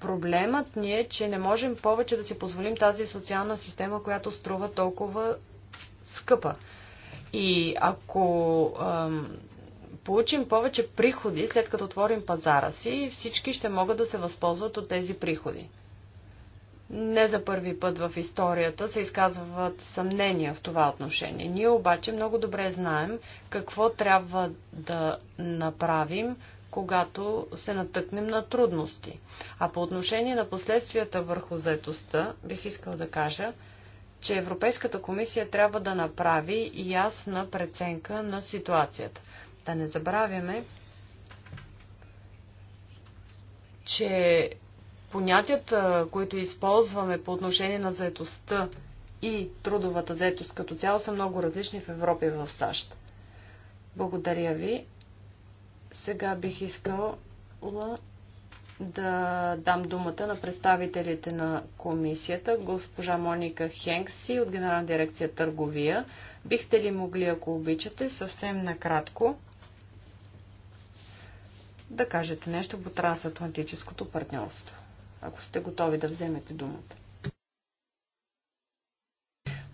Проблемът ни е, че не можем повече да си позволим тази социална система, която струва толкова скъпа. И ако ам, получим повече приходи, след като отворим пазара си, всички ще могат да се възползват от тези приходи не за първи път в историята се изказват съмнения в това отношение. Ние обаче много добре знаем какво трябва да направим, когато се натъкнем на трудности. А по отношение на последствията върху заетостта, бих искал да кажа, че Европейската комисия трябва да направи ясна преценка на ситуацията. Да не забравяме, че понятията, които използваме по отношение на заетостта и трудовата заетост като цяло са много различни в Европа и в САЩ. Благодаря ви. Сега бих искала да дам думата на представителите на комисията, госпожа Моника Хенкси от Генерална дирекция Търговия. Бихте ли могли, ако обичате, съвсем накратко да кажете нещо по трансатлантическото партньорство? ако сте готови да вземете думата.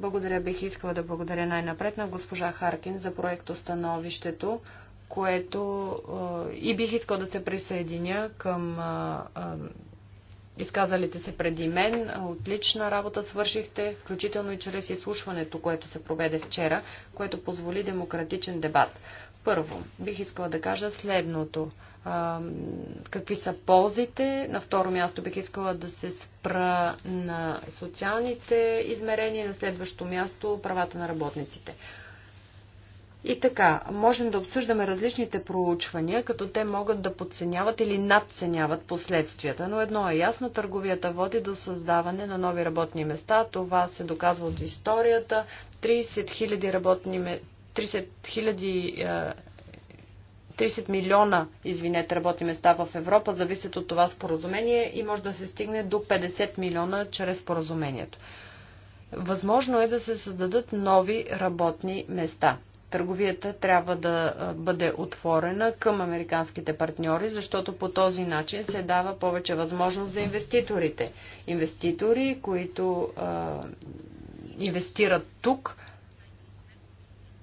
Благодаря, бих искала да благодаря най-напред на госпожа Харкин за проектостановището, което е, и бих искал да се присъединя към е, е, изказалите се преди мен. Отлична работа свършихте, включително и чрез изслушването, което се проведе вчера, което позволи демократичен дебат. Първо, бих искала да кажа следното. А, какви са ползите? На второ място бих искала да се спра на социалните измерения. На следващо място правата на работниците. И така, можем да обсъждаме различните проучвания, като те могат да подценяват или надценяват последствията, но едно е ясно, търговията води до създаване на нови работни места, това се доказва от историята, 30 000 работни, 30 хиляди 30 е, милиона, извинете, работни места в Европа зависят от това споразумение и може да се стигне до 50 милиона чрез споразумението. Възможно е да се създадат нови работни места. Търговията трябва да е, бъде отворена към американските партньори, защото по този начин се дава повече възможност за инвеститорите. Инвеститори, които а, е, инвестират тук,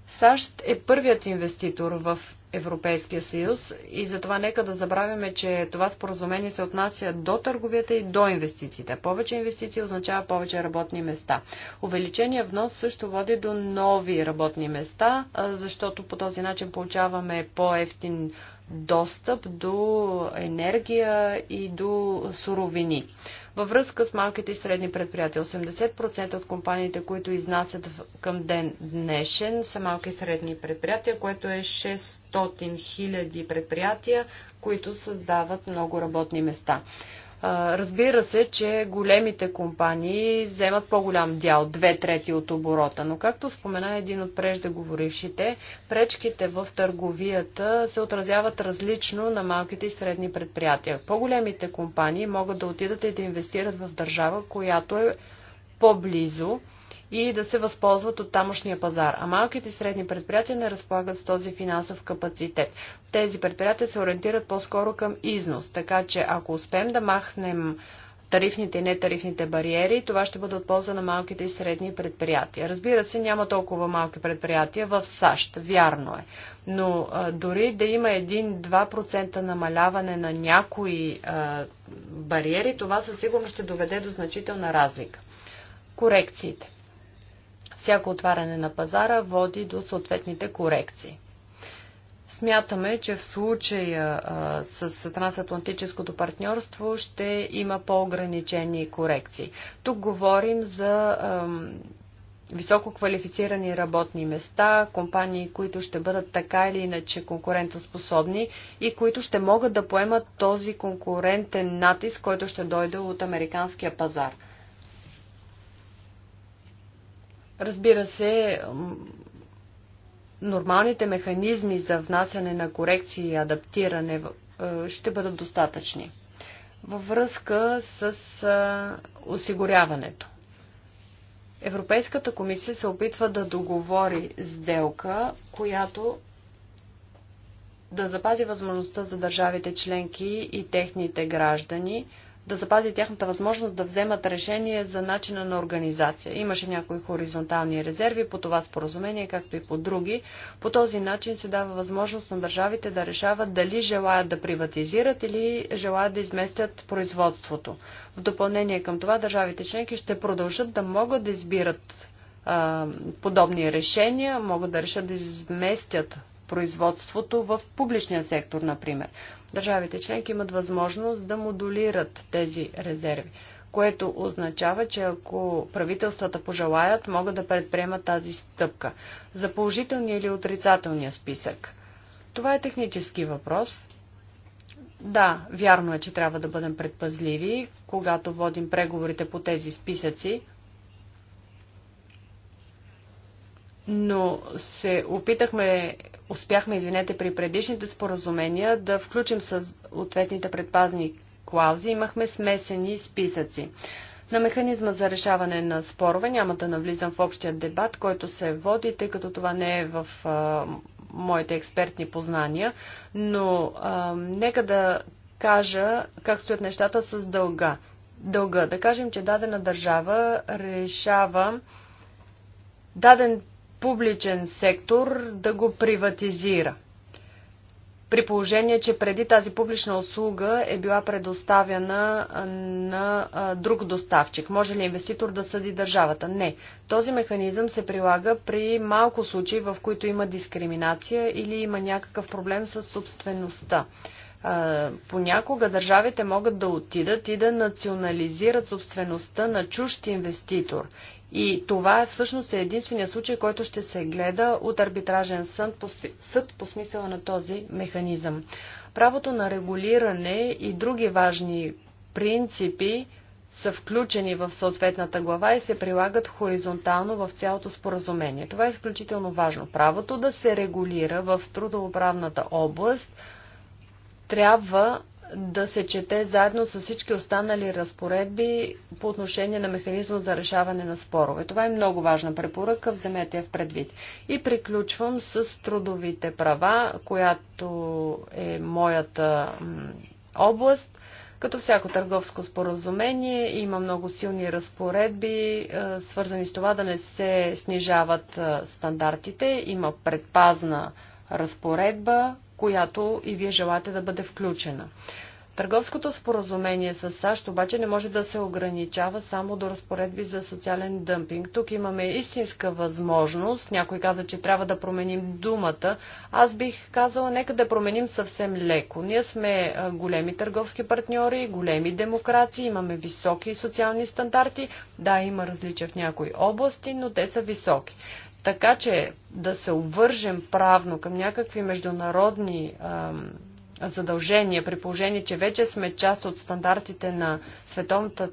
САЩ е първият инвеститор в Европейския съюз и затова нека да забравяме, че това споразумение се отнася до търговията и до инвестициите. Повече инвестиции означава повече работни места. Увеличение внос също води до нови работни места, защото по този начин получаваме по-ефтин достъп до енергия и до суровини. Във връзка с малките и средни предприятия, 80% от компаниите, които изнасят към ден днешен, са малки и средни предприятия, което е 600 000 предприятия, които създават много работни места. Разбира се, че големите компании вземат по-голям дял, две трети от оборота, но както спомена един от преждеговорившите, пречките в търговията се отразяват различно на малките и средни предприятия. По-големите компании могат да отидат и да инвестират в държава, която е по-близо и да се възползват от тамошния пазар. А малките и средни предприятия не разполагат с този финансов капацитет. Тези предприятия се ориентират по-скоро към износ, така че ако успеем да махнем тарифните и нетарифните бариери, това ще бъде от полза на малките и средни предприятия. Разбира се, няма толкова малки предприятия в САЩ, вярно е. Но а, дори да има 1-2% намаляване на някои а, бариери, това със сигурност ще доведе до значителна разлика. Корекциите. Всяко отваряне на пазара води до съответните корекции. Смятаме, че в случая а, с трансатлантическото партньорство ще има по-ограничени корекции. Тук говорим за а, високо квалифицирани работни места, компании, които ще бъдат така или иначе конкурентоспособни и които ще могат да поемат този конкурентен натиск, който ще дойде от американския пазар. Разбира се, нормалните механизми за внасяне на корекции и адаптиране е, ще бъдат достатъчни. Във връзка с осигуряването. Европейската комисия се опитва да договори сделка, която да запази възможността за държавите членки и техните граждани – да запази тяхната възможност да вземат решение за начина на организация. Имаше някои хоризонтални резерви по това споразумение, както и по други. По този начин се дава възможност на държавите да решават дали желаят да приватизират или желаят да изместят производството. В допълнение към това държавите членки ще продължат да могат да избират подобни решения, могат да решат да изместят производството в публичния сектор, например. Държавите членки имат възможност да модулират тези резерви, което означава, че ако правителствата пожелаят, могат да предприемат тази стъпка. За положителния или отрицателния списък. Това е технически въпрос. Да, вярно е, че трябва да бъдем предпазливи, когато водим преговорите по тези списъци, но се опитахме успяхме, извинете, при предишните споразумения да включим с ответните предпазни клаузи. Имахме смесени списъци. На механизма за решаване на спорове няма да навлизам в общия дебат, който се води, тъй като това не е в а, моите експертни познания, но а, нека да кажа как стоят нещата с дълга. Дълга. Да кажем, че дадена държава решава даден публичен сектор да го приватизира. При положение, че преди тази публична услуга е била предоставена на друг доставчик. Може ли инвеститор да съди държавата? Не. Този механизъм се прилага при малко случаи, в които има дискриминация или има някакъв проблем с собствеността понякога държавите могат да отидат и да национализират собствеността на чужд инвеститор. И това е всъщност е единствения случай, който ще се гледа от арбитражен съд по, съд по смисъла на този механизъм. Правото на регулиране и други важни принципи са включени в съответната глава и се прилагат хоризонтално в цялото споразумение. Това е изключително важно. Правото да се регулира в трудовоправната област – трябва да се чете заедно с всички останали разпоредби по отношение на механизма за решаване на спорове. Това е много важна препоръка, вземете я в предвид. И приключвам с трудовите права, която е моята област. Като всяко търговско споразумение има много силни разпоредби, е, свързани с това да не се снижават е, стандартите. Има предпазна разпоредба, която и вие желате да бъде включена. Търговското споразумение с САЩ обаче не може да се ограничава само до разпоредби за социален дъмпинг. Тук имаме истинска възможност. Някой каза, че трябва да променим думата. Аз бих казала, нека да променим съвсем леко. Ние сме големи търговски партньори, големи демокрации, имаме високи социални стандарти. Да, има различия в някои области, но те са високи. Така че да се обвържем правно към някакви международни ам, задължения, при положение, че вече сме част от стандартите на Световната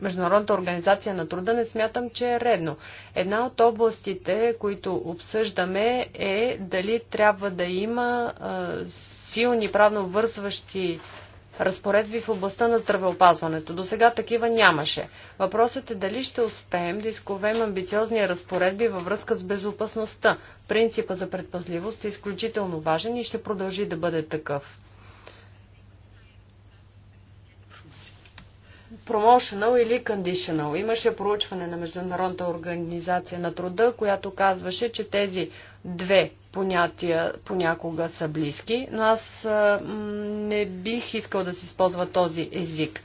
Международната организация на труда, не смятам, че е редно. Една от областите, които обсъждаме е дали трябва да има а, силни правно вързващи разпоредби в областта на здравеопазването. До сега такива нямаше. Въпросът е дали ще успеем да изковем амбициозни разпоредби във връзка с безопасността. Принципа за предпазливост е изключително важен и ще продължи да бъде такъв. promotional или conditional. Имаше проучване на Международната организация на труда, която казваше, че тези две понятия понякога са близки, но аз не бих искал да се използва този език.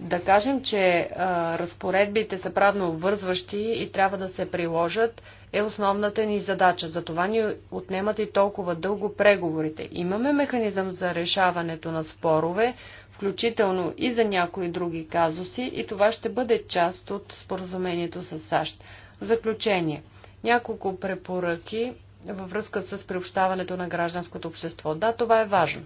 Да кажем, че а, разпоредбите са правно вързващи и трябва да се приложат е основната ни задача. Затова ни отнемат и толкова дълго преговорите. Имаме механизъм за решаването на спорове, включително и за някои други казуси, и това ще бъде част от споразумението с САЩ. В заключение, няколко препоръки във връзка с приобщаването на гражданското общество. Да, това е важно.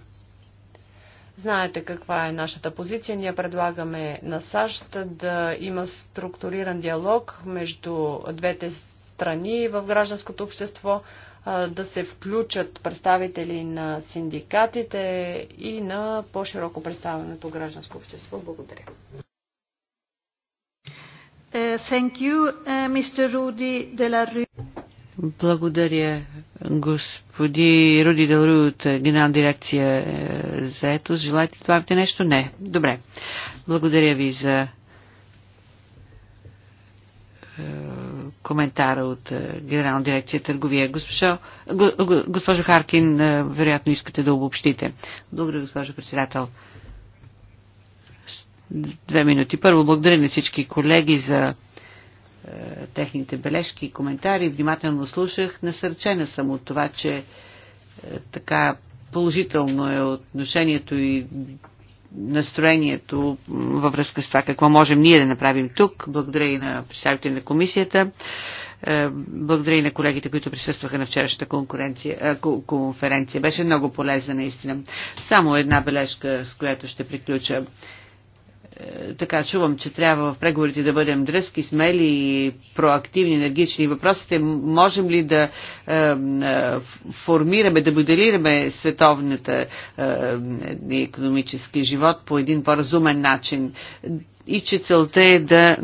Знаете каква е нашата позиция. Ние предлагаме на САЩ да има структуриран диалог между двете страни в гражданското общество, да се включат представители на синдикатите и на по-широко представеното гражданско общество. Благодаря. Е, е, Благодаря, господи Руди Делру от Генерална дирекция е, за ето. Желаете да добавите нещо? Не. Добре. Благодаря ви за коментара от е, Генерална дирекция търговия. Госпожо, госпожо Харкин, е, вероятно искате да обобщите. Благодаря, госпожо председател. Две минути. Първо, благодаря на всички колеги за е, техните бележки и коментари. Внимателно слушах. Насърчена съм от това, че така положително е отношението и настроението във връзка с това какво можем ние да направим тук. Благодаря и на представителите на комисията. Е, благодаря и на колегите, които присъстваха на вчерашната е, конференция. Беше много полезна наистина. Само една бележка, с която ще приключа. Е, така чувам, че трябва в преговорите да бъдем дръзки, смели и проактивни, енергични. Въпросите можем ли да е, е, формираме, да моделираме световната е, економически живот по един по-разумен начин и че целта е да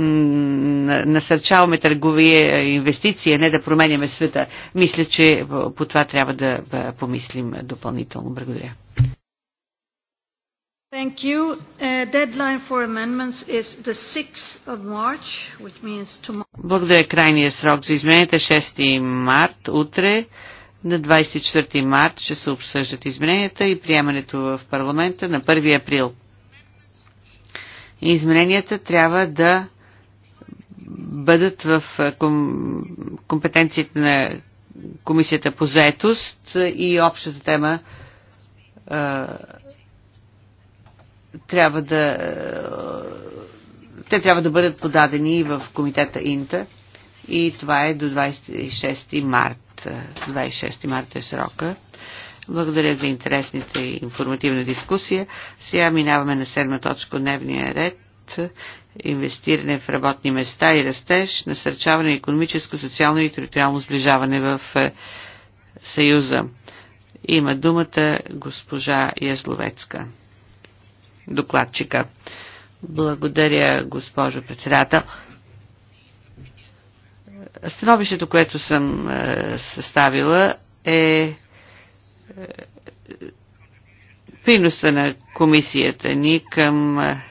насърчаваме търговия инвестиции, а не да променяме света. Мисля, че по това трябва да помислим допълнително. Благодаря. Thank you. Uh, deadline for amendments is the 6th of March, which means tomorrow. Благодаря. Крайният срок за измененията 6 е март, утре. На 24 март ще се обсъждат измененията и приемането в парламента на 1 април. Измененията трябва да бъдат в компетенциите на Комисията по заетост и общата тема трябва да те трябва да бъдат подадени в комитета Инта и това е до 26 март. 26 март е срока. Благодаря за интересните и информативна дискусия. Сега минаваме на седма точка дневния ред. Инвестиране в работни места и растеж, насърчаване на економическо, социално и териториално сближаване в е, Съюза. Има думата госпожа Язловецка докладчика. Благодаря, госпожо председател. Становището, което съм е, съставила е, е приноса на комисията ни към е,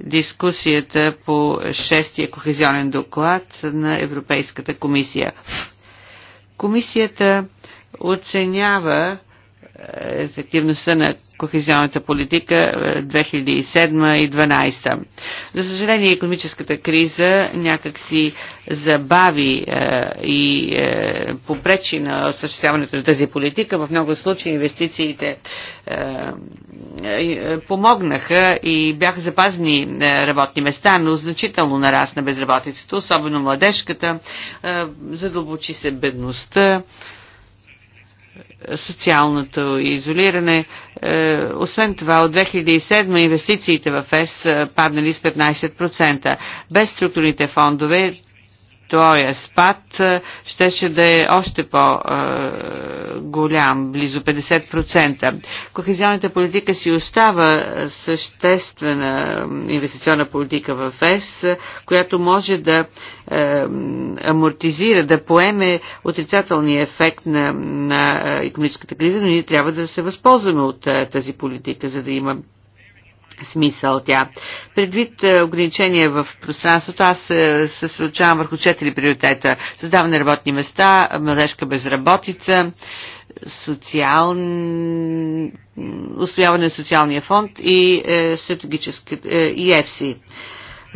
дискусията по шестия кохезионен доклад на Европейската комисия. Комисията оценява ефективността на кохезионната политика 2007 е, и 2012. За съжаление, економическата криза някакси забави е, и е, попречи на осъществяването на тази политика. В много случаи инвестициите е, е, е помогнаха и бяха запазни работни места, но значително нарасна безработицата, особено младежката. Задълбочи се бедността социалното изолиране. Е, освен това, от 2007 инвестициите в ЕС е, паднали с 15%. Без структурните фондове е спад щеше да е още по-голям, близо 50%. Кохезионната политика си остава съществена инвестиционна политика в ЕС, която може да е, амортизира, да поеме отрицателния ефект на, на е, економическата криза, но ние трябва да се възползваме от е, тази политика, за да има смисъл тя. Предвид е, ограничения в пространството, аз е, се съсредоточавам върху четири приоритета. Създаване работни места, младежка безработица, социал... освояване на социалния фонд и е, стратегически е, и ЕФСИ.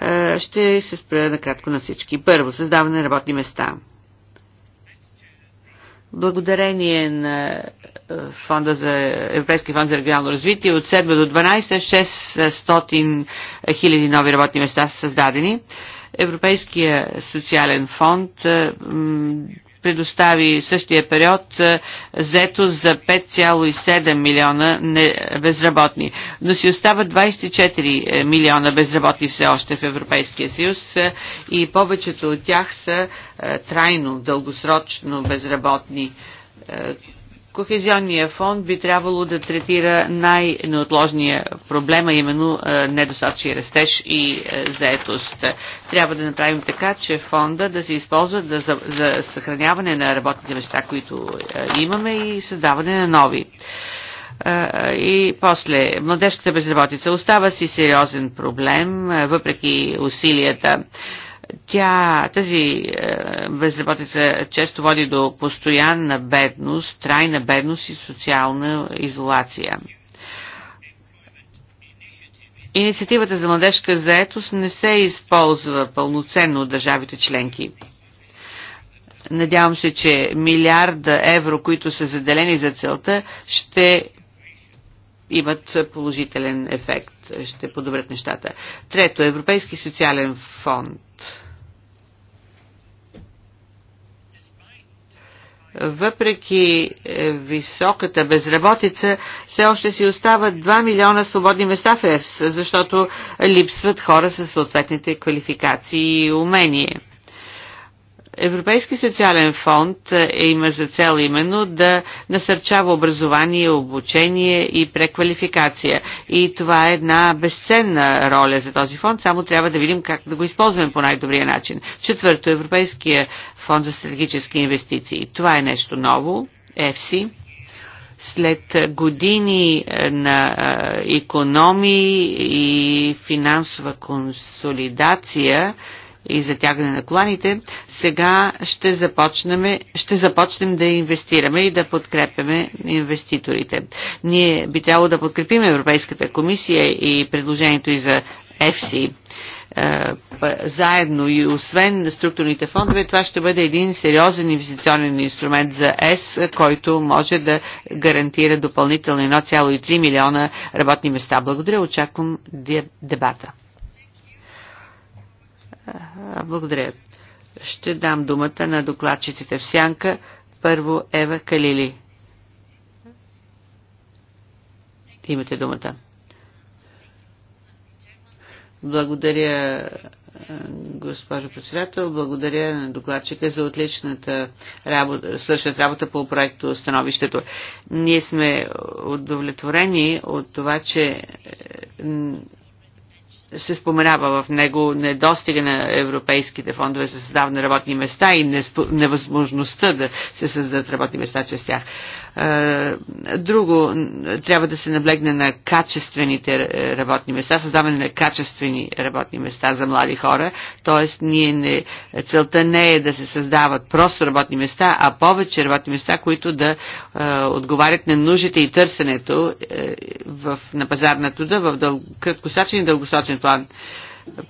Е, ще се спра накратко на всички. Първо, създаване на работни места благодарение на е, фонда за Европейския фонд за регионално развитие от 7 до 12 600 хиляди нови работни места са създадени. Европейския социален фонд е, предостави същия период е, зето за 5,7 милиона безработни. Но си остава 24 е, милиона безработни все още в Европейския съюз е, и повечето от тях са трайно, дългосрочно безработни, Кохезионния фонд би трябвало да третира най-неотложния проблема, именно е, недостатъчен растеж и е, заетост. Трябва да направим така, че фонда да се използва да за, за съхраняване на работните места, които е, имаме и създаване на нови. И после, младежката безработица остава си сериозен проблем, въпреки усилията тя, тази е, безработица често води до постоянна бедност, трайна бедност и социална изолация. Инициативата за младежка заетост не се използва пълноценно от държавите членки. Надявам се, че милиарда евро, които са заделени за целта, ще имат положителен ефект ще подобрят нещата. Трето, Европейски социален фонд. въпреки е, високата безработица, все още си остават 2 милиона свободни места в ЕФС, защото липсват хора с съответните квалификации и умения. Европейски социален фонд е, има за цел именно да насърчава образование, обучение и преквалификация. И това е една безценна роля за този фонд, само трябва да видим как да го използваме по най-добрия начин. Четвърто, Европейския фонд за стратегически инвестиции. Това е нещо ново, ЕФСИ. след години е, на економии и финансова консолидация, и затягане на коланите, сега ще, започнем, ще започнем да инвестираме и да подкрепяме инвеститорите. Ние би трябвало да подкрепим Европейската комисия и предложението и за ЕФСИ е, заедно и освен структурните фондове, това ще бъде един сериозен инвестиционен инструмент за ЕС, който може да гарантира допълнително 1,3 милиона работни места. Благодаря, очаквам дебата. Благодаря. Ще дам думата на докладчиците в сянка. Първо Ева Калили. Имате думата. Благодаря, госпожо председател. Благодаря на докладчика за отличната работа, свършат работа по проекто становището. Ние сме удовлетворени от това, че се споменава в него недостига на европейските фондове за създаване на работни места и невъзможността да се създадат работни места чрез тях. Е, друго, трябва да се наблегне на качествените работни места, създаване на качествени работни места за млади хора, Тоест, ние не, целта не е да се създават просто работни места, а повече работни места, които да е, отговарят на нуждите и търсенето е, в, на пазар на труда в дъл... краткосрочен и дългосрочен план.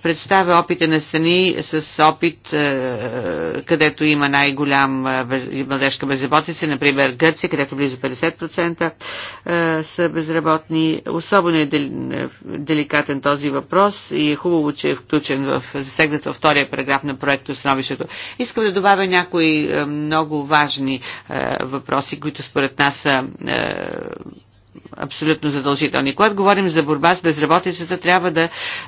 Представя опита на страни с опит, е, където има най-голям е, младежка безработица, например Гърция, където близо 50% е, са безработни. Особено е деликатен този въпрос и е хубаво, че е включен в засегнат във втория параграф на проекта Становището. Искам да добавя някои много важни въпроси, които според нас са абсолютно задължителни. Когато говорим за борба с безработицата, трябва да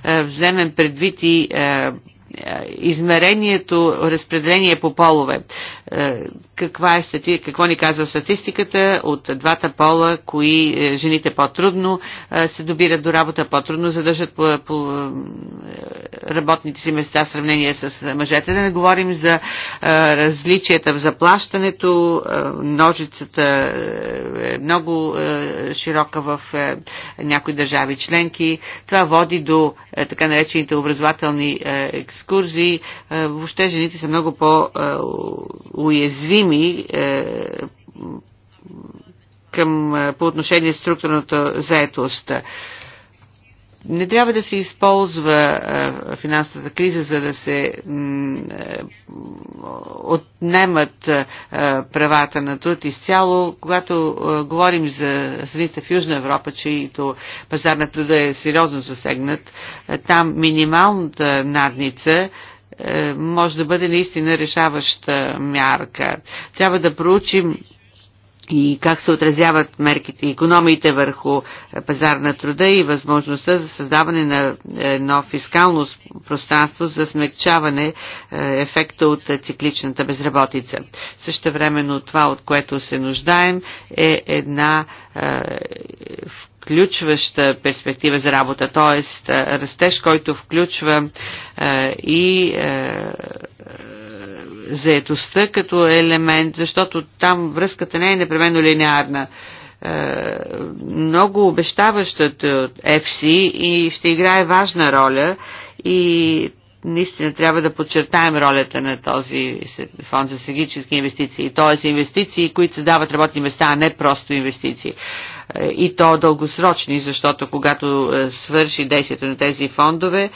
е, вземем предвид и е, е, измерението, разпределение по полове. Е, каква е стати... Какво ни казва статистиката? От двата пола, кои е, жените по-трудно се добират до работа, по-трудно задържат по, по работните си места в сравнение с мъжете. Да не говорим за различията в заплащането. Ножицата е много широка в някои държави членки. Това води до така наречените образователни експерименти екскурзии, е, въобще жените са много по-уязвими е, към, е, по отношение структурната заетост. Не трябва да се използва е, финансовата криза, за да се е, отнемат е, правата на труд изцяло. Когато говорим за страница в Южна Европа, чието пазар на труда е сериозно засегнат, там минималната надница може да бъде наистина решаваща мярка. Трябва да проучим и как се отразяват мерките, економиите върху е, пазар на труда и възможността за създаване на е, едно фискално пространство за смягчаване е, ефекта от цикличната безработица. Също времено това, от което се нуждаем, е една включваща перспектива за работа, т.е. растеж, който включва и заетостта като елемент, защото там връзката не е непременно линеарна. Е, много обещаващата от FC и ще играе важна роля и наистина трябва да подчертаем ролята на този фонд за стратегически инвестиции, т.е. инвестиции, които дават работни места, а не просто инвестиции и то дългосрочни, защото когато е, свърши действието на тези фондове, е,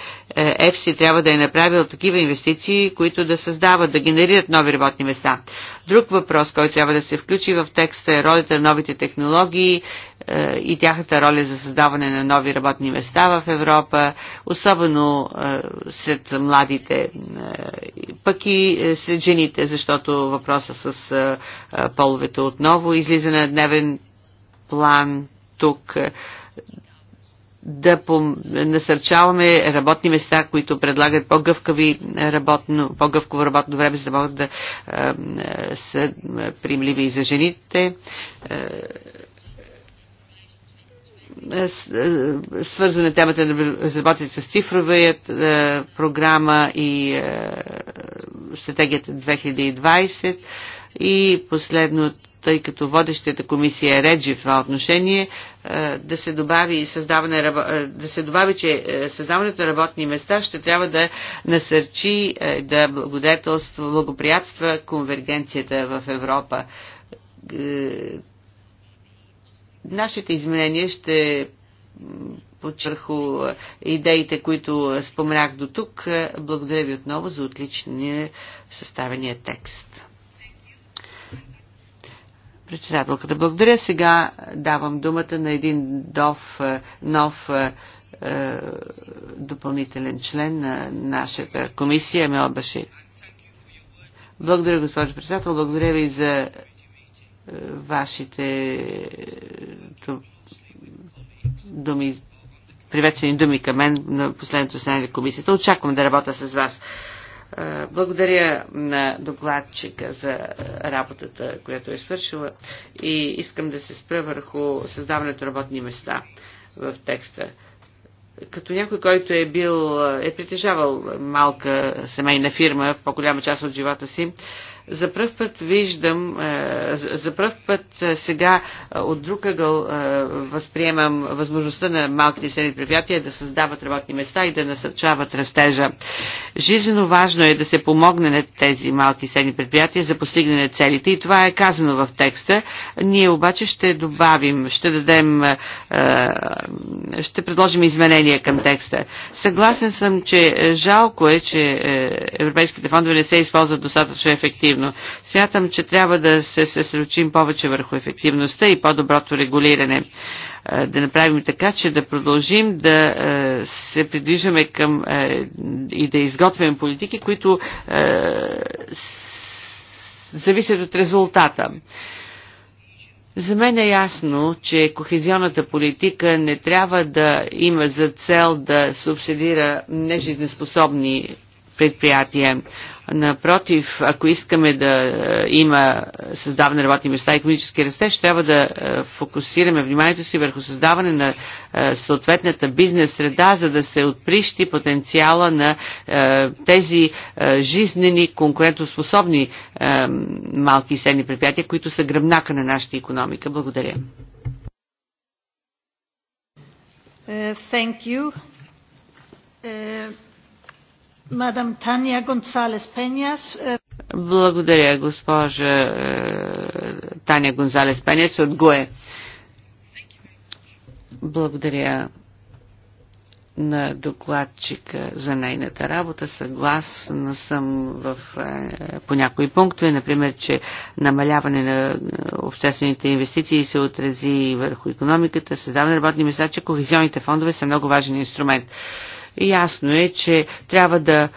ЕФСИ трябва да е направил такива инвестиции, които да създават, да генерират нови работни места. Друг въпрос, който трябва да се включи в текста е ролята на новите технологии е, и тяхната роля за създаване на нови работни места в Европа, особено сред младите, пък и сред жените, защото въпроса с половете отново излиза на дневен план тук е, да насърчаваме работни места, които предлагат по работно, по-гъвково работно време, за да могат да а, е, са приемливи и за жените. Е, е темата на безработица с цифровият програма и стратегията 2020 и последното тъй като водещата комисия е Реджи в това отношение, е, да се добави създаване, е, да се добави, че е, създаването на работни места ще трябва да насърчи, да благодетелства, благоприятства конвергенцията в Европа. Нашите изменения ще подчерху идеите, които споменах до тук. Благодаря ви отново за отличния съставения текст. Председателката, благодаря. Сега давам думата на един дов, е, нов е, е, допълнителен член на нашата комисия, Мел Башир. Благодаря, госпожо председател. Благодаря ви за вашите думи, приветствени думи към мен на последното състояние на комисията. Очаквам да работя с вас. Благодаря на докладчика за работата, която е свършила и искам да се спра върху създаването работни места в текста. Като някой, който е бил, е притежавал малка семейна фирма в по-голяма част от живота си, за пръв път виждам, е, за пръв път е, сега е, от друг ъгъл възприемам възможността на малките и средни предприятия да създават работни места и да насърчават растежа. Жизненно важно е да се помогне на тези малки и средни предприятия за постигане целите и това е казано в текста. Ние обаче ще добавим, ще дадем, ще предложим изменения към текста. Съгласен съм, че жалко е, че европейските фондове не се използват достатъчно ефективно ефективно. Смятам, че трябва да се съсредоточим повече върху ефективността и по-доброто регулиране е, да направим така, че да продължим да е, се придвижваме към е, и да изготвим политики, които зависят от резултата. За мен е ясно, че кохезионната политика не трябва да има за цел да субсидира нежизнеспособни предприятия. Напротив, ако искаме да е, има създаване на работни места и економически растеж, трябва да е, фокусираме вниманието си върху създаване на е, съответната бизнес среда, за да се отприщи потенциала на тези жизнени, конкурентоспособни малки и средни предприятия, които са гръбнака на нашата економика. Благодаря. Thank you. Мадам Пеняс. Е, Благодаря, госпожа е, Таня Гонзалес Пеняс от ГОЕ. Благодаря на докладчика за нейната работа. Съгласна съм в, е, по някои пунктове, например, че намаляване на обществените инвестиции се отрази върху економиката, създаване на работни места, че кохезионните фондове са много важен инструмент. Ясно е, че трябва да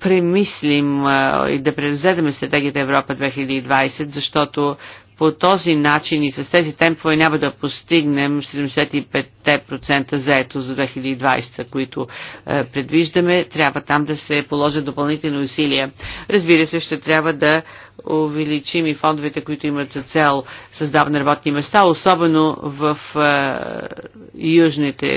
премислим и да преразгледаме стратегията Европа 2020, защото по този начин и с тези темпове няма да постигнем 75% заето за 2020, които е, предвиждаме. Трябва там да се положат допълнителни усилия. Разбира се, ще трябва да увеличим и фондовете, които имат за цел създаване на работни места, особено в е, южните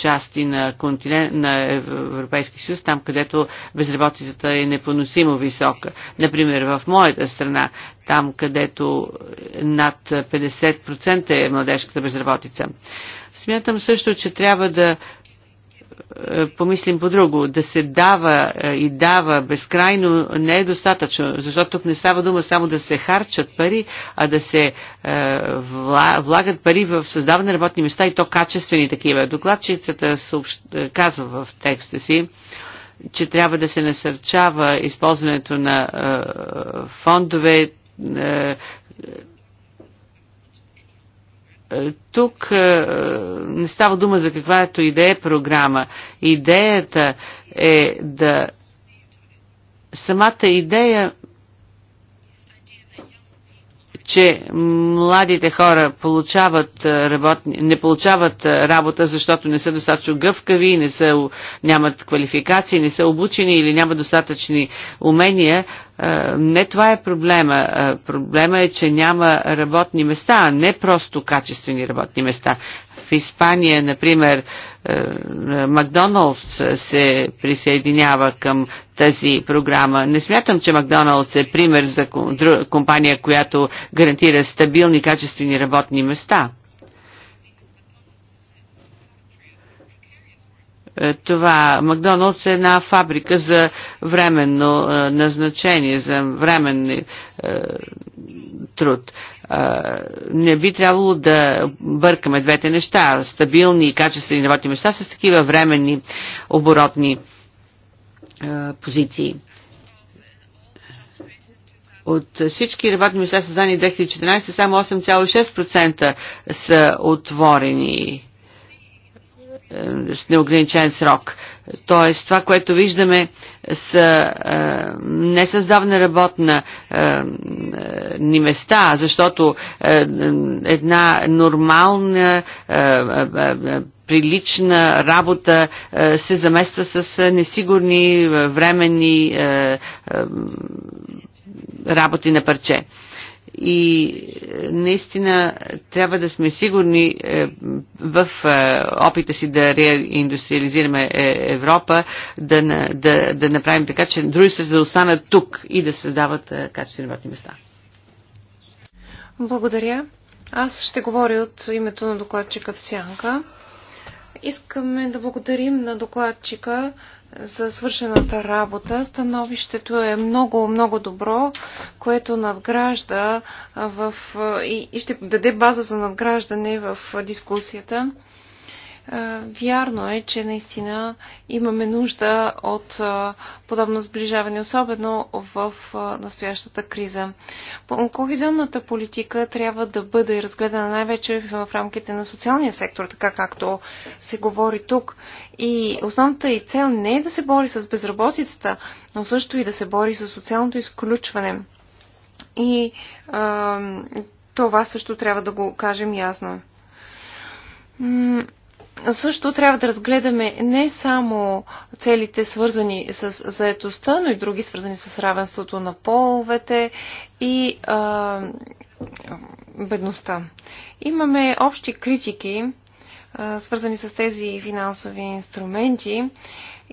части на, континент, на Европейски съюз, там където безработицата е непоносимо висока. Например, в моята страна, там където над 50% е младежката безработица. Смятам също, че трябва да е, помислим по друго. Да се дава е, и дава безкрайно не е достатъчно, защото тук не става дума само да се харчат пари, а да се е, влагат пари в създаване на работни места и то качествени такива. Докладчицата казва в текста си, че трябва да се насърчава използването на фондове, тук е, не става дума за каквато идея програма. Идеята е да самата идея че младите хора получават работни, не получават работа, защото не са достатъчно гъвкави, не са, нямат квалификации, не са обучени или нямат достатъчни умения, не това е проблема. Проблема е, че няма работни места, а не просто качествени работни места в Испания, например, е, Макдоналдс се присъединява към тази програма. Не смятам, че Макдоналдс е пример за компания, която гарантира стабилни, качествени работни места. Е, това. Макдоналдс е една фабрика за временно е, назначение, за временни труд не би трябвало да бъркаме двете неща. Стабилни и качествени работни места с такива временни оборотни позиции. От всички работни места създани 2014, само 8,6% са отворени е, с неограничен срок. Тоест, това, което виждаме, с а, е, не създавна работна е, ни места, защото а, една нормална, а, а, прилична работа се замества с несигурни, временни работи на парче и е, наистина трябва да сме сигурни е, в е, опита си да реиндустриализираме Европа, да, да, да направим така, че се да останат тук и да създават качествени работни места. Благодаря. Аз ще говоря от името на докладчика в Сянка. Искаме да благодарим на докладчика за свършената работа. Становището е много, много добро, което надгражда в, и ще даде база за надграждане в дискусията. Е, вярно е, че наистина имаме нужда от е, подобно сближаване, особено в е, настоящата криза. Кохезионната политика трябва да бъде разгледана най-вече в рамките на социалния сектор, така както се говори тук. И основната и цел не е да се бори с безработицата, но също и да се бори с социалното изключване. И а, това също трябва да го кажем ясно също трябва да разгледаме не само целите свързани с заетостта, но и други свързани с равенството на половете и а, бедността. Имаме общи критики, а, свързани с тези финансови инструменти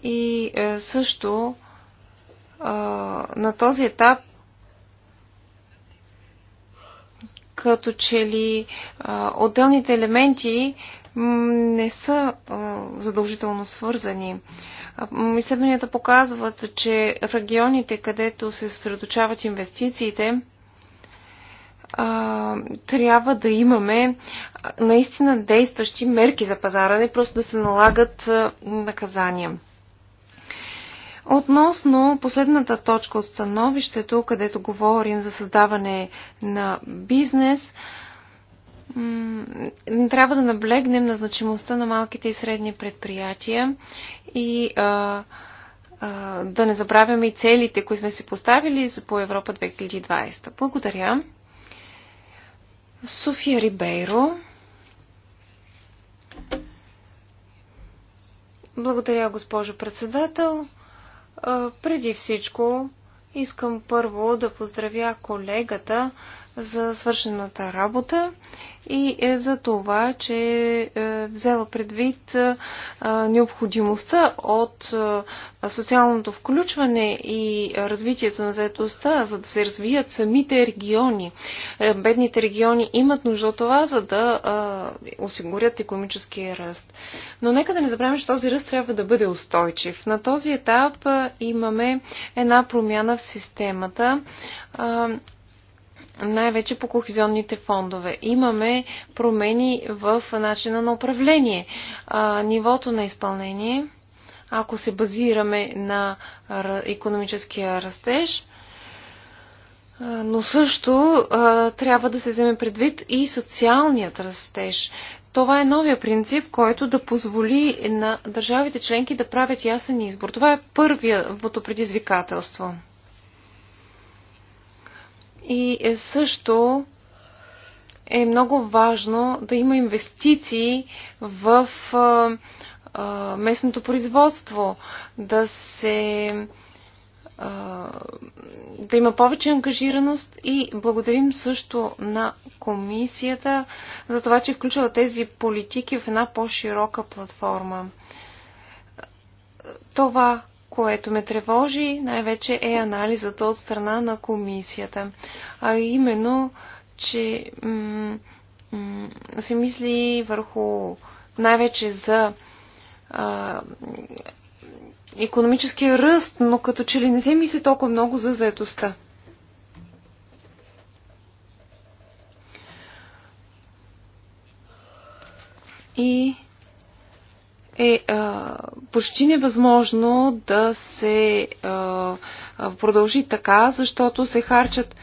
и а, също а, на този етап като че ли а, отделните елементи не са задължително свързани. Изследванията показват, че в регионите, където се съсредоточават инвестициите, трябва да имаме наистина действащи мерки за пазара, не просто да се налагат наказания. Относно последната точка от становището, където говорим за създаване на бизнес, трябва да наблегнем на значимостта на малките и средни предприятия и а, а, да не забравяме и целите, които сме си поставили по Европа 2020. Благодаря. София Рибейро. Благодаря, госпожо председател. А, преди всичко, искам първо да поздравя колегата за свършената работа и е за това, че е взела предвид е, необходимостта от е, социалното включване и развитието на заедостта, за да се развият самите региони. Е, бедните региони имат нужда от това, за да осигурят економическия ръст. Но нека да не забравяме, че този ръст трябва да бъде устойчив. На този етап имаме една промяна в системата най-вече по кохезионните фондове. Имаме промени в начина на управление, нивото на изпълнение, ако се базираме на економическия растеж, но също трябва да се вземе предвид и социалният растеж. Това е новия принцип, който да позволи на държавите членки да правят ясен избор. Това е първият предизвикателство. И е също е много важно да има инвестиции в а, а, местното производство, да се а, да има повече ангажираност и благодарим също на комисията за това, че е включила тези политики в една по-широка платформа. Това, което ме тревожи най-вече е анализата от страна на комисията. А именно, че се мисли върху най-вече за а, економическия ръст, но като че ли не се мисли толкова много за заедостта. И е а, почти невъзможно да се а, продължи така, защото се харчат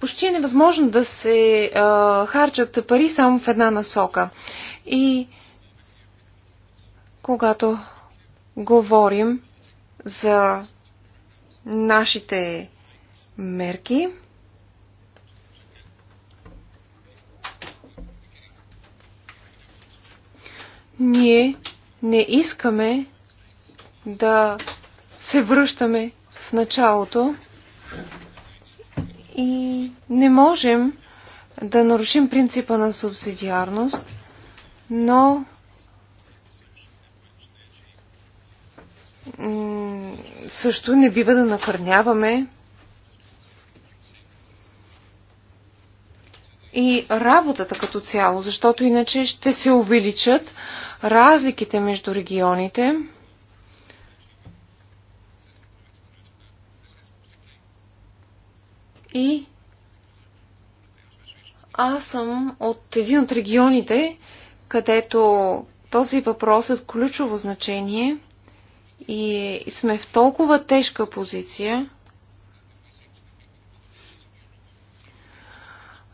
почти е невъзможно да се а, харчат пари само в една насока. И когато говорим за нашите мерки, Ние не искаме да се връщаме в началото и не можем да нарушим принципа на субсидиарност, но също не бива да накърняваме и работата като цяло, защото иначе ще се увеличат разликите между регионите. И аз съм от един от регионите, където този въпрос е от ключово значение и сме в толкова тежка позиция,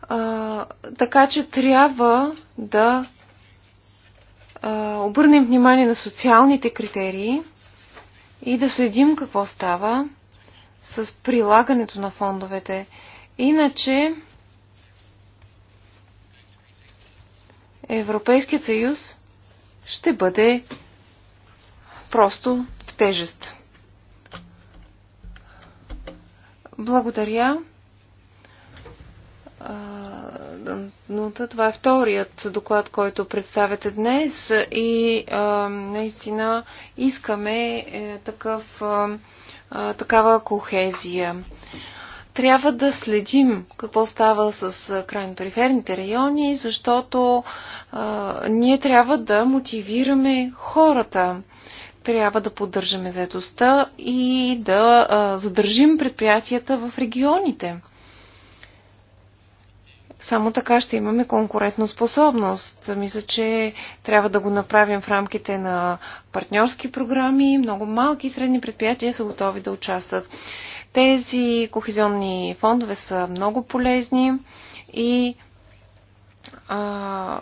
а, така че трябва да обърнем внимание на социалните критерии и да следим какво става с прилагането на фондовете. Иначе Европейският съюз ще бъде просто в тежест. Благодаря но Това е вторият доклад, който представяте днес и а, наистина искаме е, такъв, а, такава кохезия. Трябва да следим какво става с крайно периферните райони, защото а, ние трябва да мотивираме хората трябва да поддържаме заедостта и да а, задържим предприятията в регионите. Само така ще имаме конкурентно способност. Мисля, че трябва да го направим в рамките на партньорски програми. Много малки и средни предприятия са готови да участват. Тези кохезионни фондове са много полезни и а,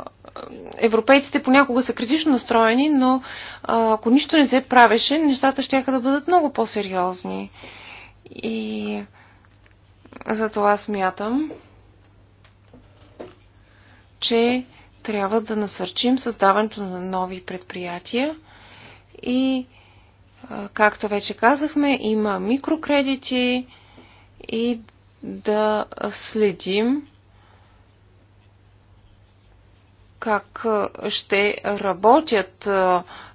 европейците понякога са критично настроени, но а, ако нищо не се правеше, нещата ще да бъдат много по-сериозни. И за това смятам, че трябва да насърчим създаването на нови предприятия и, както вече казахме, има микрокредити и да следим как ще работят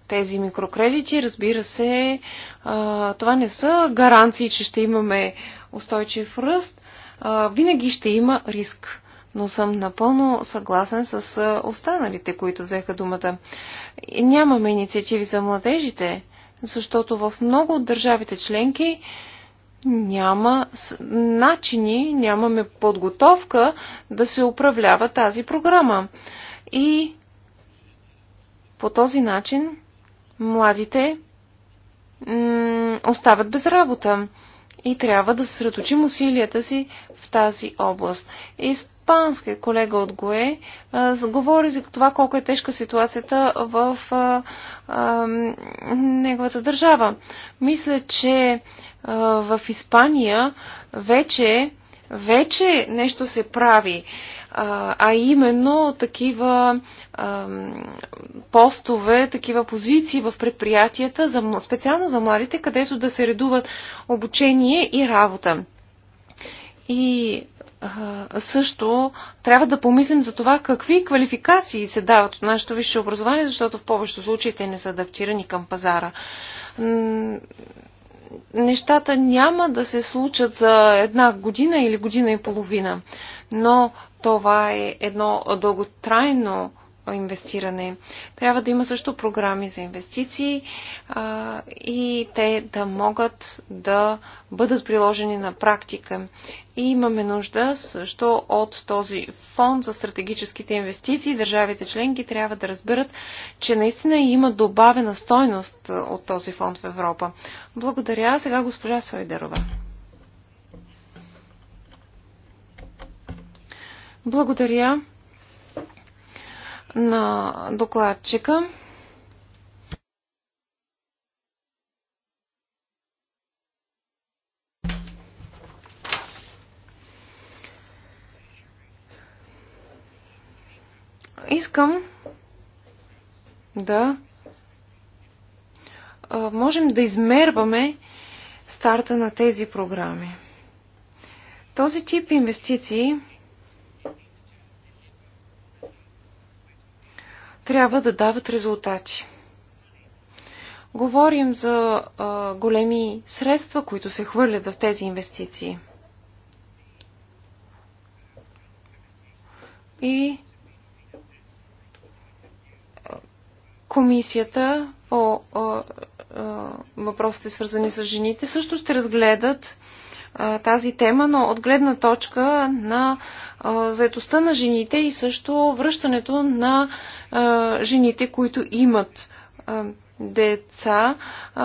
тези микрокредити. Разбира се, това не са гаранции, че ще имаме устойчив ръст. Винаги ще има риск но съм напълно съгласен с останалите, които взеха думата. Нямаме инициативи за младежите, защото в много от държавите членки няма начини, нямаме подготовка да се управлява тази програма. И по този начин младите остават без работа и трябва да съсредоточим усилията си в тази област. И испанския колега от ГОЕ говори за това колко е тежка ситуацията в а, а, неговата държава. Мисля, че а, в Испания вече, вече нещо се прави, а, а именно такива а, постове, такива позиции в предприятията, за, специално за младите, където да се редуват обучение и работа. И също трябва да помислим за това какви квалификации се дават от нашето висше образование, защото в повечето случаи те не са адаптирани към пазара. Нещата няма да се случат за една година или година и половина, но това е едно дълготрайно инвестиране. Трябва да има също програми за инвестиции а, и те да могат да бъдат приложени на практика. И имаме нужда също от този фонд за стратегическите инвестиции. Държавите членки трябва да разберат, че наистина има добавена стойност от този фонд в Европа. Благодаря. Сега госпожа Сойдерова. Благодаря на докладчика. Искам да можем да измерваме старта на тези програми. Този тип инвестиции трябва да дават резултати. Говорим за а, големи средства, които се хвърлят в тези инвестиции. И комисията по а, а, въпросите свързани с жените също ще разгледат тази тема, но от гледна точка на заетостта заедостта на жените и също връщането на жените, които имат деца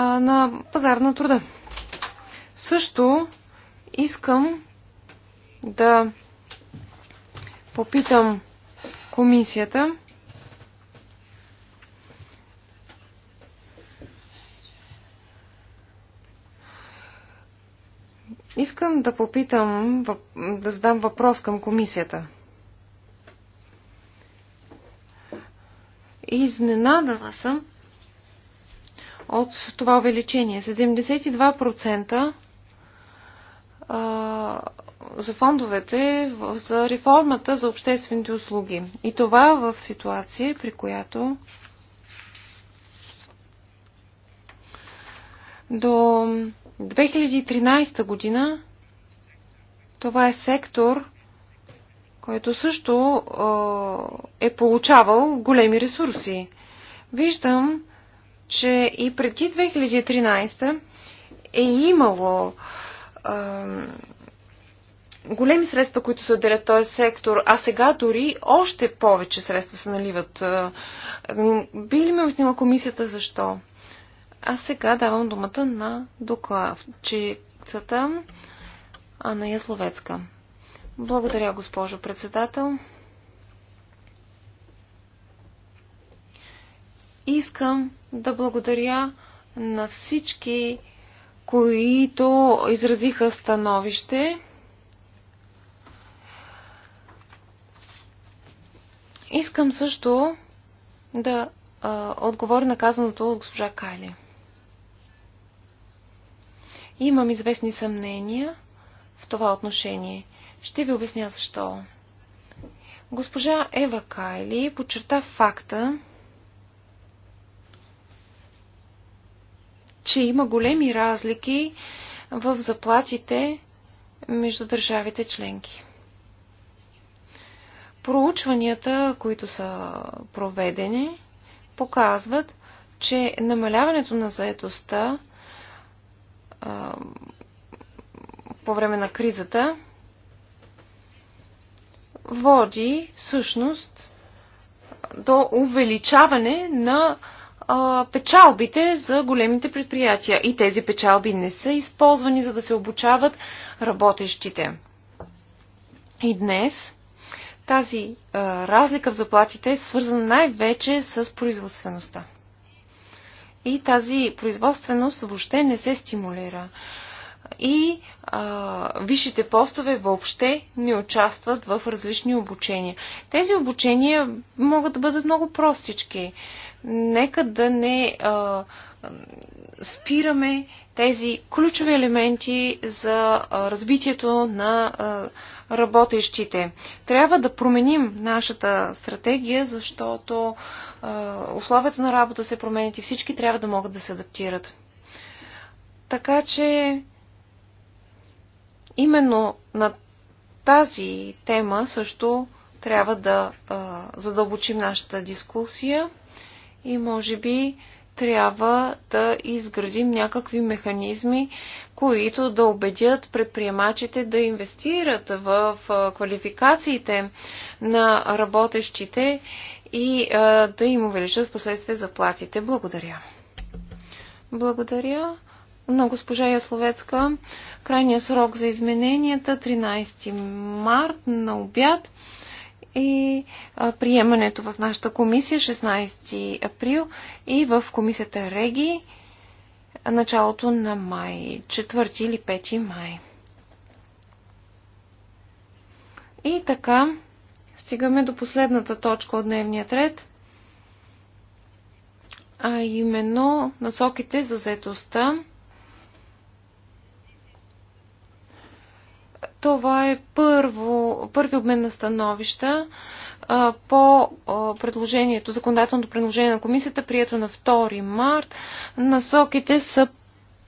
на пазар на труда. Също искам да попитам комисията Искам да попитам, да задам въпрос към комисията. Изненадана съм от това увеличение. 72% за фондовете за реформата за обществените услуги. И това в ситуация, при която до 2013 година това е сектор, който също е получавал големи ресурси. Виждам, че и преди 2013 е имало големи средства, които се отделят този сектор, а сега дори още повече средства се наливат. Би ли ме обяснила комисията защо? А сега давам думата на докладчицата Ана Ясловецка. Благодаря, госпожо председател. Искам да благодаря на всички, които изразиха становище. Искам също да а, отговоря на казаното от госпожа Кали. Имам известни съмнения в това отношение. Ще ви обясня защо. Госпожа Ева Кайли подчерта факта, че има големи разлики в заплатите между държавите членки. Проучванията, които са проведени, показват, че намаляването на заедостта а, по време на кризата води всъщност до увеличаване на а, печалбите за големите предприятия. И тези печалби не са използвани за да се обучават работещите. И днес тази а, разлика в заплатите е свързана най-вече с производствеността и тази производственост въобще не се стимулира. И а, висшите постове въобще не участват в различни обучения. Тези обучения могат да бъдат много простички. Нека да не а, спираме тези ключови елементи за а, развитието на. А, работещите. Трябва да променим нашата стратегия, защото е, условията на работа се променят и всички трябва да могат да се адаптират. Така че именно на тази тема също трябва да а, задълбочим нашата дискусия и може би трябва да изградим някакви механизми, които да убедят предприемачите да инвестират в квалификациите на работещите и да им увеличат в последствие заплатите. Благодаря. Благодаря на госпожа Ясловецка. Крайният срок за измененията 13 март на обяд и приемането в нашата комисия 16 април и в комисията Реги началото на май, 4 или 5 май. И така, стигаме до последната точка от дневния ред, а именно насоките за заетостта. Това е първо, първи обмен на становища а, по а, предложението, законодателното предложение на комисията, прието на 2 март. Насоките са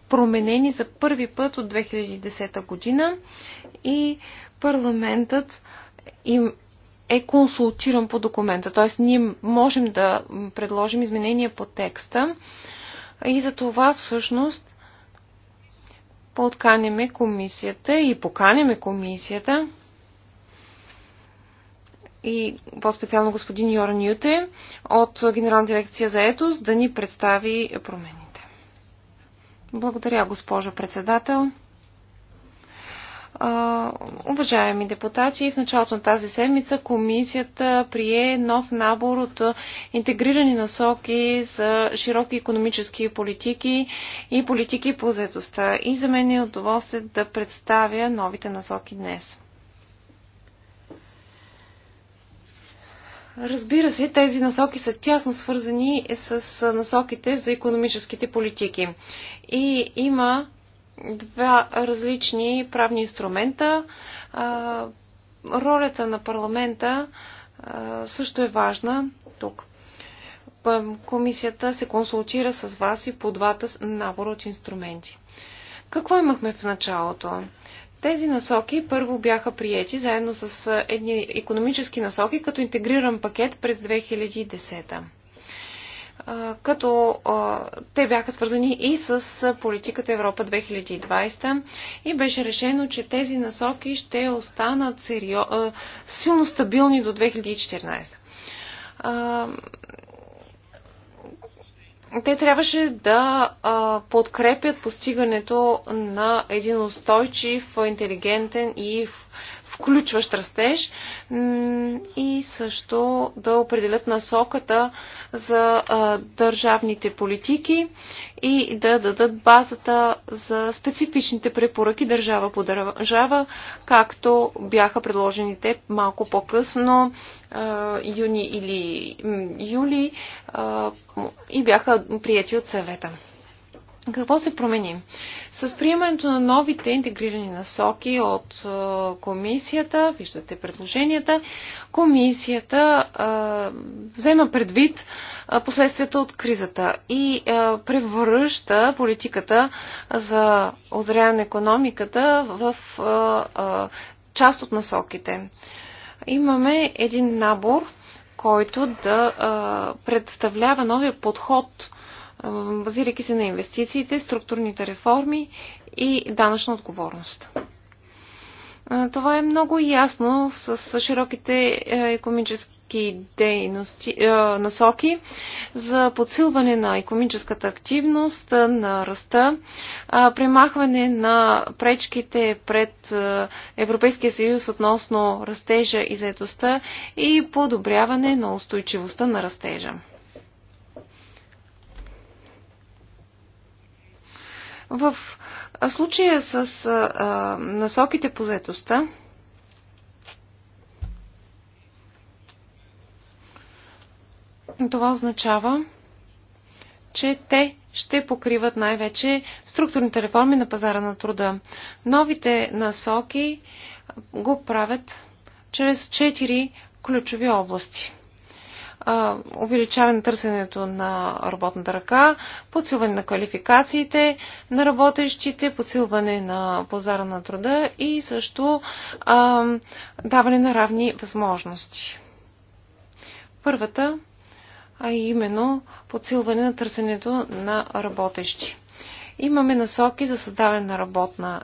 променени за първи път от 2010 година и парламентът им е консултиран по документа. Т.е. ние можем да предложим изменения по текста и за това всъщност подканиме комисията и поканиме комисията и по-специално господин Йор Ньюте от Генерална дирекция за етос да ни представи промените. Благодаря, госпожо председател. Уважаеми депутати, в началото на тази седмица комисията прие нов набор от интегрирани насоки за широки економически политики и политики по заедостта. И за мен е удоволствие да представя новите насоки днес. Разбира се, тези насоки са тясно свързани с насоките за економическите политики. И има два различни правни инструмента. Ролята на парламента също е важна тук. Комисията се консултира с вас и по двата набора от инструменти. Какво имахме в началото? Тези насоки първо бяха приети заедно с едни економически насоки като интегриран пакет през 2010 като те бяха свързани и с политиката Европа 2020 и беше решено, че тези насоки ще останат силно стабилни до 2014 те трябваше да а, подкрепят постигането на един устойчив, интелигентен и включващ растеж и също да определят насоката за държавните политики и да дадат базата за специфичните препоръки държава по държава, както бяха предложените малко по-късно юни или юли и бяха прияти от съвета. Какво се промени? С приемането на новите интегрирани насоки от комисията, виждате предложенията, комисията а, взема предвид последствията от кризата и а, превръща политиката за озряване на економиката в а, а, част от насоките. Имаме един набор, който да а, представлява новия подход базирайки се на инвестициите, структурните реформи и данъчна отговорност. Това е много ясно с широките економически дейности, насоки за подсилване на економическата активност, на ръста, премахване на пречките пред Европейския съюз относно растежа и заедостта и подобряване на устойчивостта на растежа. В случая с а, насоките по заетостта, това означава, че те ще покриват най-вече структурните реформи на пазара на труда. Новите насоки го правят чрез четири ключови области увеличаване на търсенето на работната ръка, подсилване на квалификациите на работещите, подсилване на пазара на труда и също а, даване на равни възможности. Първата, а именно подсилване на търсенето на работещи. Имаме насоки за създаване на работна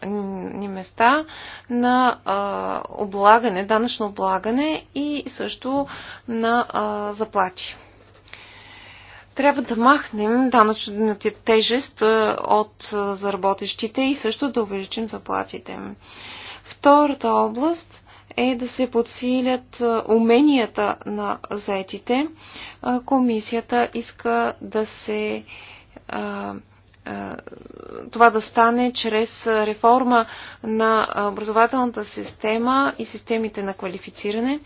ни места, на а, облагане, данъчно облагане и също на а, заплати. Трябва да махнем данъчната тежест от заработещите и също да увеличим заплатите. Втората област е да се подсилят уменията на заетите. Комисията иска да се е, това да стане чрез реформа на образователната система и системите на квалифициране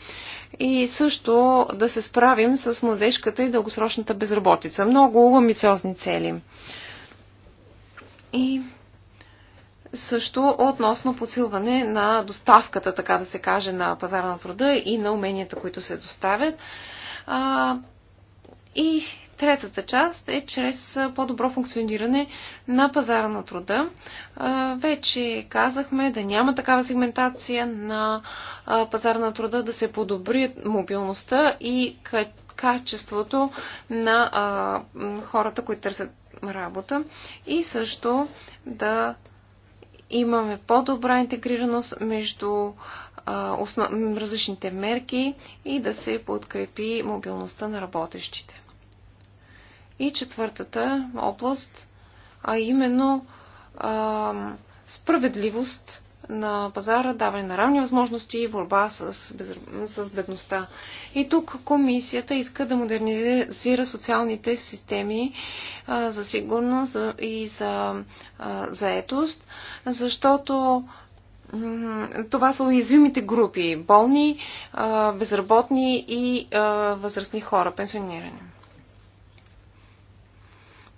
и също да се справим с младежката и дългосрочната безработица. Много амбициозни цели. И също относно подсилване на доставката, така да се каже, на пазара на труда и на уменията, които се доставят. и Третата част е чрез по-добро функциониране на пазара на труда. Вече казахме да няма такава сегментация на пазара на труда, да се подобри мобилността и качеството на хората, които търсят работа и също да имаме по-добра интегрираност между различните мерки и да се подкрепи мобилността на работещите. И четвъртата област, а именно а, справедливост на пазара, даване на равни възможности и борба с, без... с бедността. И тук комисията иска да модернизира социалните системи а, за сигурност и за заетост, защото това са уязвимите групи болни, безработни и възрастни хора, пенсионирани.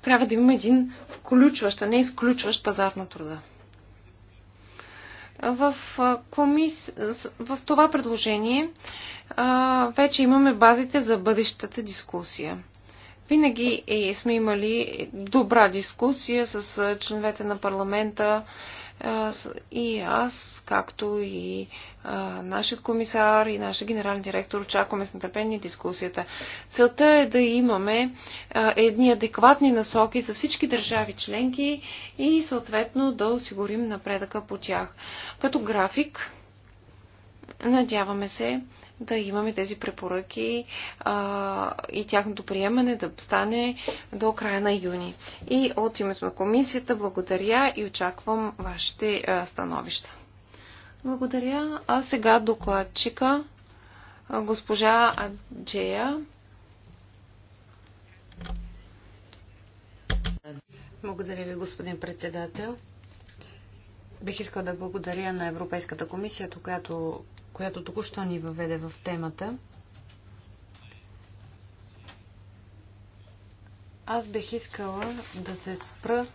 Трябва да има един включващ, а не изключващ пазар на труда. В, комис... в това предложение вече имаме базите за бъдещата дискусия. Винаги е, сме имали добра дискусия с членовете на парламента, и аз, както и нашият комисар и нашия генерален директор очакваме с нетърпение дискусията. Целта е да имаме едни адекватни насоки за всички държави членки и съответно да осигурим напредъка по тях. Като график, надяваме се, да имаме тези препоръки а, и тяхното приемане да стане до края на юни. И от името на комисията благодаря и очаквам вашите а, становища. Благодаря. А сега докладчика а, госпожа Аджея. Благодаря ви, господин председател. Бих искал да благодаря на Европейската комисия, която която току-що ни въведе в темата. Аз бих искала да се спра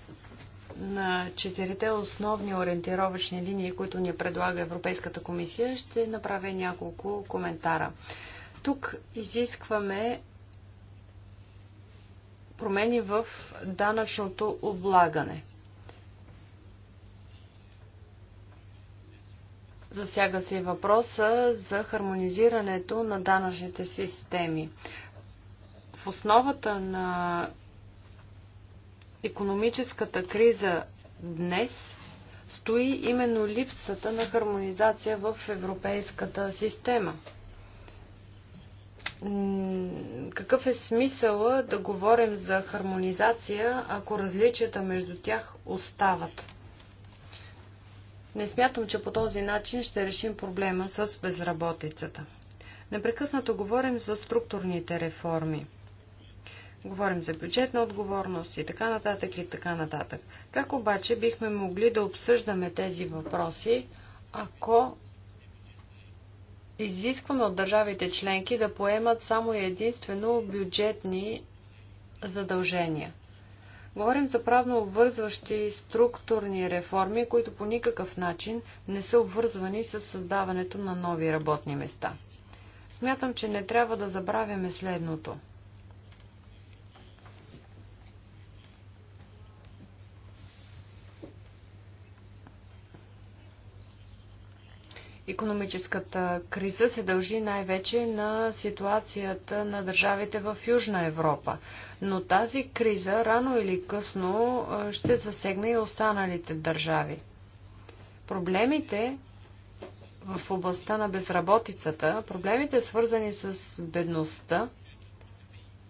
на четирите основни ориентировъчни линии, които ни предлага Европейската комисия. Ще направя няколко коментара. Тук изискваме промени в данъчното облагане – Засяга се и въпроса за хармонизирането на данъчните системи. В основата на економическата криза днес стои именно липсата на хармонизация в европейската система. Какъв е смисъла да говорим за хармонизация, ако различията между тях остават? Не смятам, че по този начин ще решим проблема с безработицата. Непрекъснато говорим за структурните реформи. Говорим за бюджетна отговорност и така нататък и така нататък. Как обаче бихме могли да обсъждаме тези въпроси, ако изискваме от държавите членки да поемат само единствено бюджетни задължения? Говорим за правно обвързващи структурни реформи, които по никакъв начин не са обвързвани с създаването на нови работни места. Смятам, че не трябва да забравяме следното – Економическата криза се дължи най-вече на ситуацията на държавите в Южна Европа. Но тази криза рано или късно ще засегне и останалите държави. Проблемите в областта на безработицата, проблемите свързани с бедността,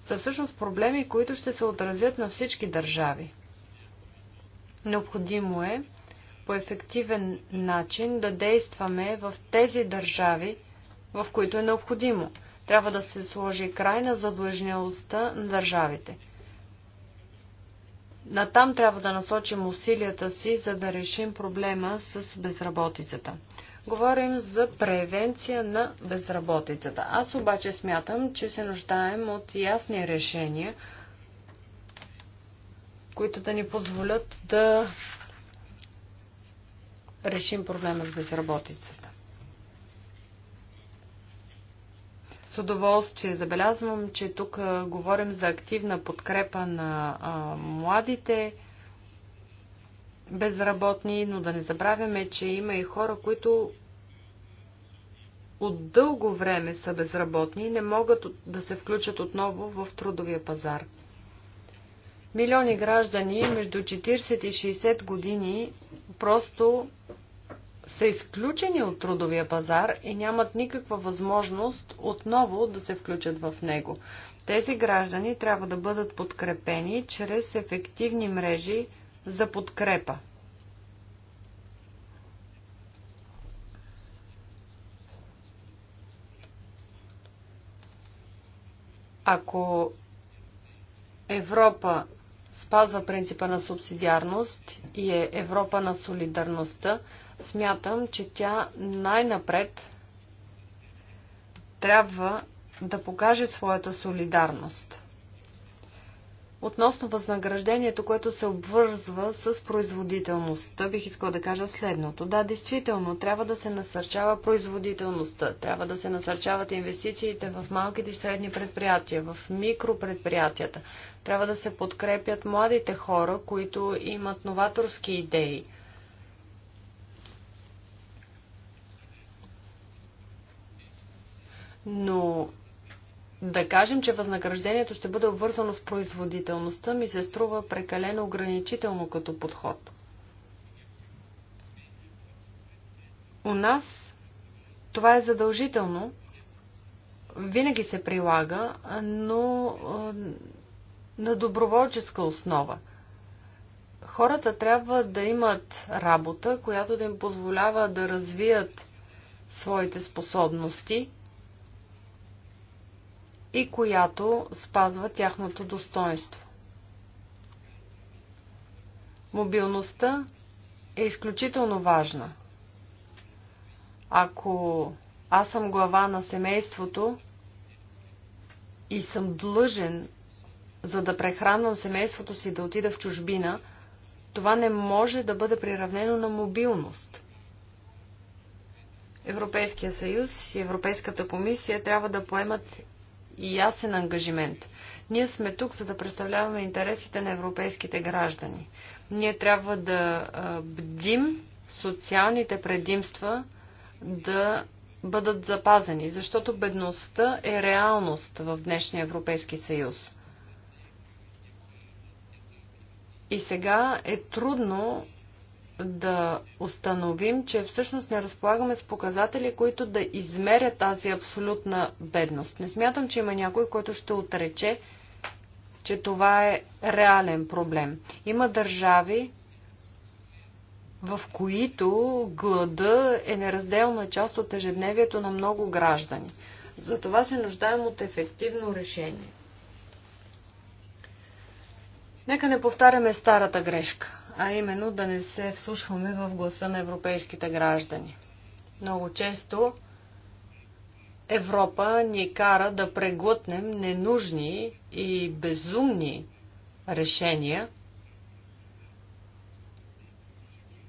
са всъщност проблеми, които ще се отразят на всички държави. Необходимо е по ефективен начин да действаме в тези държави, в които е необходимо. Трябва да се сложи край на задлъжнялостта на държавите. Натам трябва да насочим усилията си, за да решим проблема с безработицата. Говорим за превенция на безработицата. Аз обаче смятам, че се нуждаем от ясни решения, които да ни позволят да решим проблема с безработицата. С удоволствие забелязвам, че тук говорим за активна подкрепа на а, младите безработни, но да не забравяме, че има и хора, които от дълго време са безработни и не могат да се включат отново в трудовия пазар. Милиони граждани между 40 и 60 години просто са изключени от трудовия пазар и нямат никаква възможност отново да се включат в него. Тези граждани трябва да бъдат подкрепени чрез ефективни мрежи за подкрепа. Ако Европа спазва принципа на субсидиарност и е Европа на солидарността, смятам, че тя най-напред трябва да покаже своята солидарност. Относно възнаграждението, което се обвързва с производителността, бих искала да кажа следното. Да, действително, трябва да се насърчава производителността, трябва да се насърчават инвестициите в малките и средни предприятия, в микропредприятията, трябва да се подкрепят младите хора, които имат новаторски идеи. Но да кажем, че възнаграждението ще бъде обвързано с производителността, ми се струва прекалено ограничително като подход. У нас това е задължително, винаги се прилага, но на доброволческа основа. Хората трябва да имат работа, която да им позволява да развият своите способности – и която спазва тяхното достоинство. Мобилността е изключително важна. Ако аз съм глава на семейството и съм длъжен, за да прехранвам семейството си да отида в чужбина, това не може да бъде приравнено на мобилност. Европейския съюз и Европейската комисия трябва да поемат ясен ангажимент. Ние сме тук, за да представляваме интересите на европейските граждани. Ние трябва да бдим социалните предимства да бъдат запазени, защото бедността е реалност в днешния Европейски съюз. И сега е трудно да установим, че всъщност не разполагаме с показатели, които да измерят тази абсолютна бедност. Не смятам, че има някой, който ще отрече, че това е реален проблем. Има държави, в които глада е неразделна част от ежедневието на много граждани. Затова се нуждаем от ефективно решение. Нека не повтаряме старата грешка а именно да не се вслушваме в гласа на европейските граждани. Много често Европа ни кара да преглътнем ненужни и безумни решения,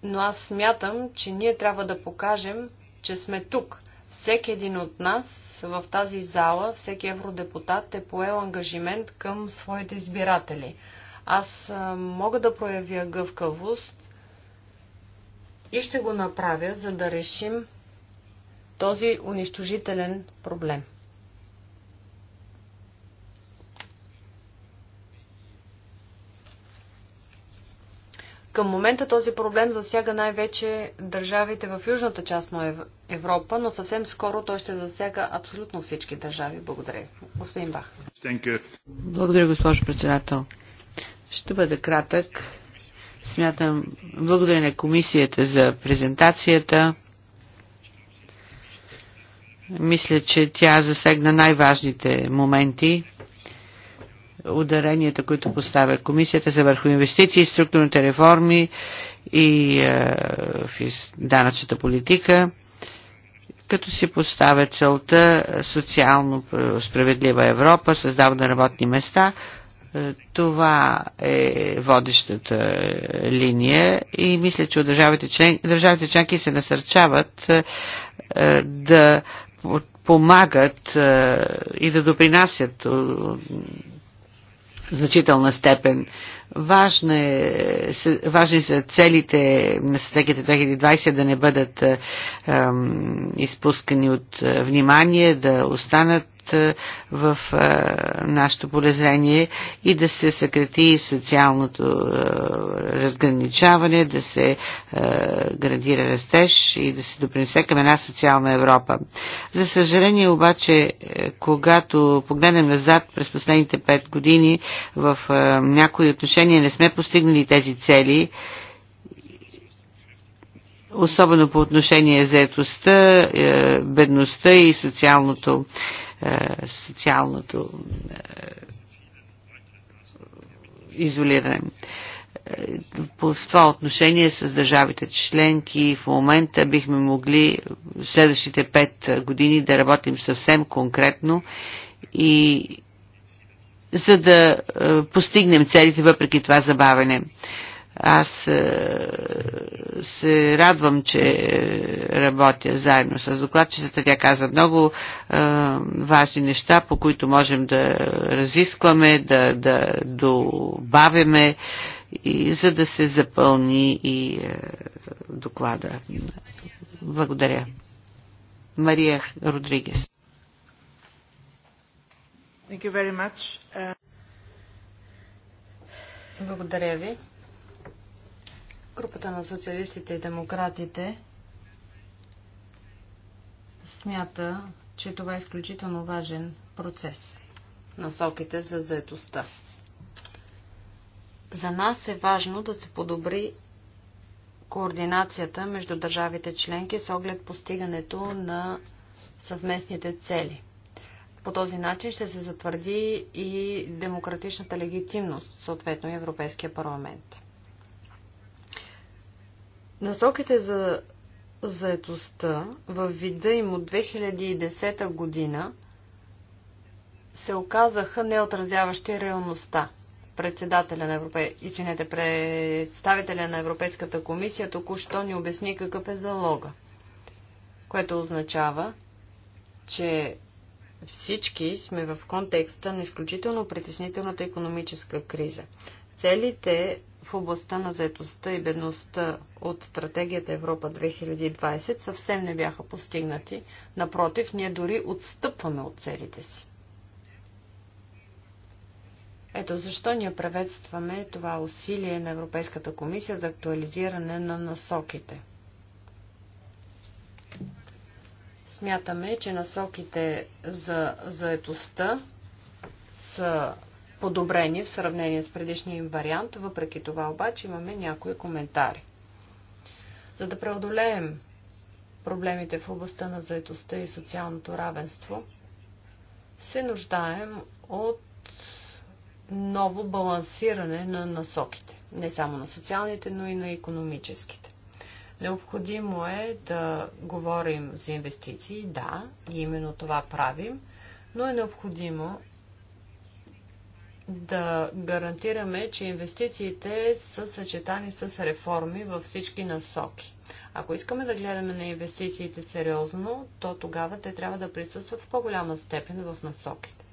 но аз смятам, че ние трябва да покажем, че сме тук. Всеки един от нас в тази зала, всеки евродепутат е поел ангажимент към своите избиратели – аз мога да проявя гъвкавост и ще го направя, за да решим този унищожителен проблем. Към момента този проблем засяга най-вече държавите в южната част на Европа, но съвсем скоро той ще засяга абсолютно всички държави. Благодаря. Господин Бах. Благодаря, госпожо председател. Ще бъда кратък. Смятам, благодаря на комисията за презентацията. Мисля, че тя засегна най-важните моменти. Ударенията, които поставя комисията за върху инвестиции, структурните реформи и е, данъчната политика, като си поставя целта е, социално е, справедлива Европа, създаване на работни места, е, това е водещата линия и мисля, че държавите, член, държавите членки се насърчават е, е, да помагат и да допринасят значителна степен. Важни, важни са целите на стратегията 2020 да не бъдат е, изпускани от внимание, да останат в нашето полезрение и да се съкрати социалното разграничаване, да се градира растеж и да се допринесе към една социална Европа. За съжаление обаче, е, когато погледнем назад през последните пет години, в някои отношения не сме постигнали тези цели, особено по отношение заетостта, е, бедността и социалното, е, социалното е, изолиране. По това отношение с държавите членки в момента бихме могли в следващите пет години да работим съвсем конкретно и за да постигнем целите въпреки това забавене. Аз е, се радвам, че работя заедно с докладчицата. Тя каза много е, важни неща, по които можем да разискваме, да, да добавяме, и, за да се запълни и е, доклада. Благодаря. Мария Родригес. Uh, Благодаря ви. Групата на социалистите и демократите смята, че това е изключително важен процес. Насоките за заедостта. За нас е важно да се подобри координацията между държавите членки с оглед постигането на съвместните цели. По този начин ще се затвърди и демократичната легитимност, съответно Европейския парламент. Насоките за заедостта в вида им от 2010 година се оказаха неотразяващи реалността. Председателя на Европе... Извинете, представителя на Европейската комисия току-що ни обясни какъв е залога, което означава, че всички сме в контекста на изключително притеснителната економическа криза. Целите в областта на заетостта и бедността от стратегията Европа 2020 съвсем не бяха постигнати. Напротив, ние дори отстъпваме от целите си. Ето защо ние приветстваме това усилие на Европейската комисия за актуализиране на насоките. Смятаме, че насоките за заетостта са подобрение в сравнение с предишния им вариант. Въпреки това обаче имаме някои коментари. За да преодолеем проблемите в областта на заедостта и социалното равенство, се нуждаем от ново балансиране на насоките. Не само на социалните, но и на економическите. Необходимо е да говорим за инвестиции, да, и именно това правим, но е необходимо да гарантираме, че инвестициите са съчетани с реформи във всички насоки. Ако искаме да гледаме на инвестициите сериозно, то тогава те трябва да присъстват в по-голяма степен в насоките.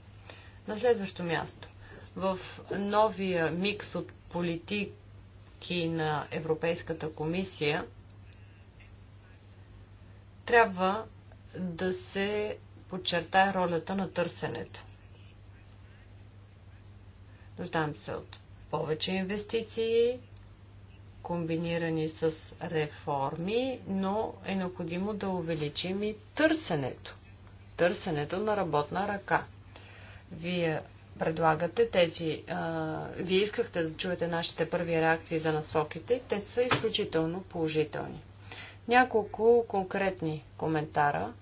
На следващо място. В новия микс от политики на Европейската комисия трябва да се подчертае ролята на търсенето. Нуждаем се от повече инвестиции, комбинирани с реформи, но е необходимо да увеличим и търсенето. Търсенето на работна ръка. Вие предлагате тези. А, вие искахте да чуете нашите първи реакции за насоките. Те са изключително положителни. Няколко конкретни коментара.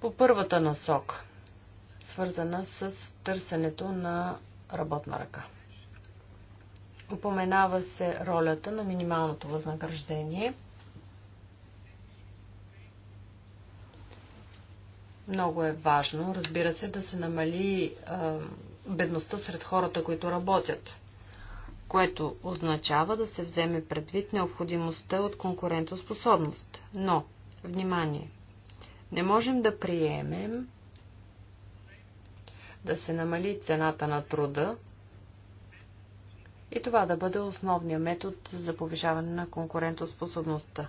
По първата насока свързана с търсенето на работна ръка. Упоменава се ролята на минималното възнаграждение. Много е важно, разбира се, да се намали бедността сред хората, които работят, което означава да се вземе предвид необходимостта от конкурентоспособност. Но, внимание, не можем да приемем да се намали цената на труда и това да бъде основният метод за повишаване на конкурентоспособността.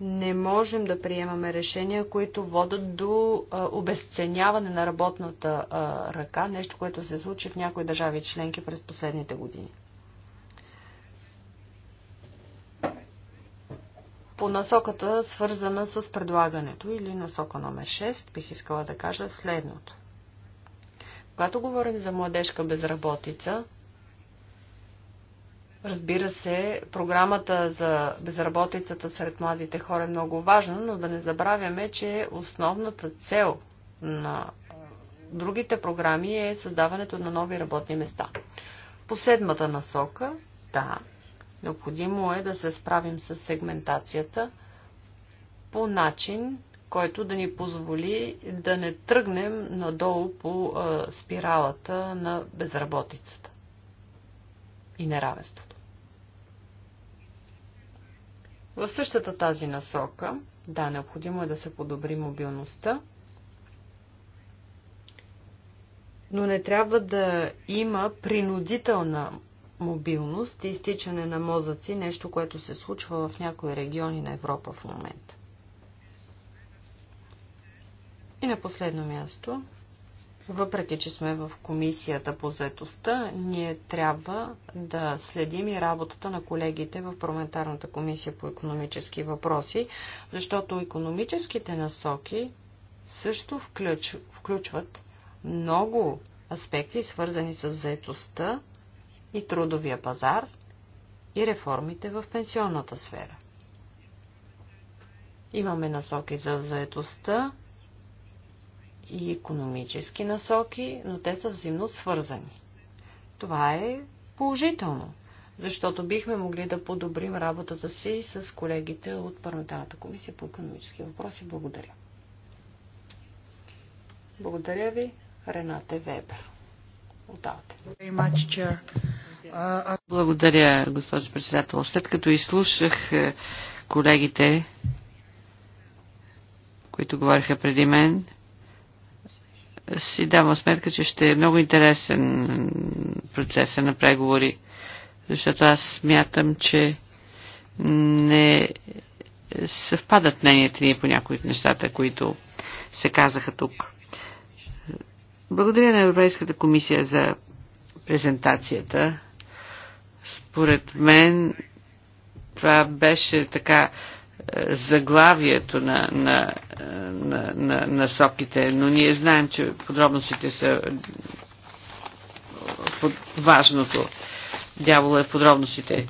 Не можем да приемаме решения, които водат до обесценяване на работната ръка, нещо, което се случи в някои държави членки през последните години. по насоката, свързана с предлагането или насока номер 6, бих искала да кажа следното. Когато говорим за младежка безработица, разбира се, програмата за безработицата сред младите хора е много важна, но да не забравяме, че основната цел на другите програми е създаването на нови работни места. По седмата насока, да, необходимо е да се справим с сегментацията по начин, който да ни позволи да не тръгнем надолу по спиралата на безработицата и неравенството. В същата тази насока, да, необходимо е да се подобри мобилността, но не трябва да има принудителна мобилност и изтичане на мозъци, нещо, което се случва в някои региони на Европа в момента. И на последно място, въпреки че сме в комисията по заетостта, ние трябва да следим и работата на колегите в парламентарната комисия по економически въпроси, защото економическите насоки също включ, включват много аспекти, свързани с заетостта и трудовия пазар и реформите в пенсионната сфера. Имаме насоки за заетостта, и економически насоки, но те са взаимно свързани. Това е положително, защото бихме могли да подобрим работата си с колегите от Парламентарната комисия по економически въпроси. Благодаря. Благодаря ви, Рената Вебер. Отдавате. Uh, Благодаря, госпожо председател. След като изслушах е, колегите, които говориха преди мен, си давам сметка, че ще е много интересен процеса на преговори, защото аз смятам, че не съвпадат мненията ни по някои от нещата, които се казаха тук. Благодаря на Европейската комисия за презентацията. Според мен това беше така е, заглавието на, на на, на, на соките, но ние знаем, че подробностите са е, под важното. Дявола е в подробностите.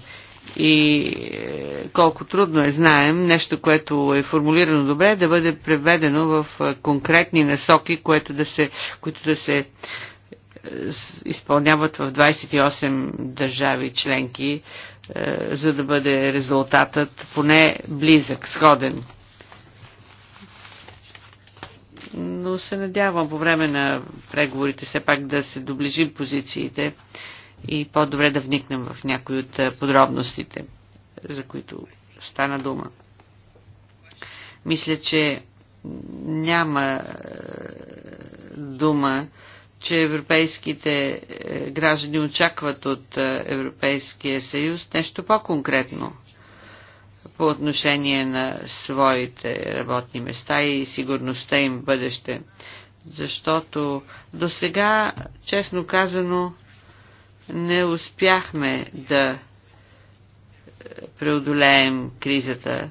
И е, колко трудно е, знаем, нещо, което е формулирано добре, да бъде преведено в е, конкретни насоки, което да се, които да се изпълняват в 28 държави членки, за да бъде резултатът поне близък, сходен но се надявам по време на преговорите все пак да се доближим позициите и по-добре да вникнем в някои от подробностите, за които стана дума. Мисля, че няма дума, че европейските е, граждани очакват от Европейския съюз нещо по-конкретно по отношение на своите работни места и сигурността им в бъдеще. Защото до сега, честно казано, не успяхме да преодолеем кризата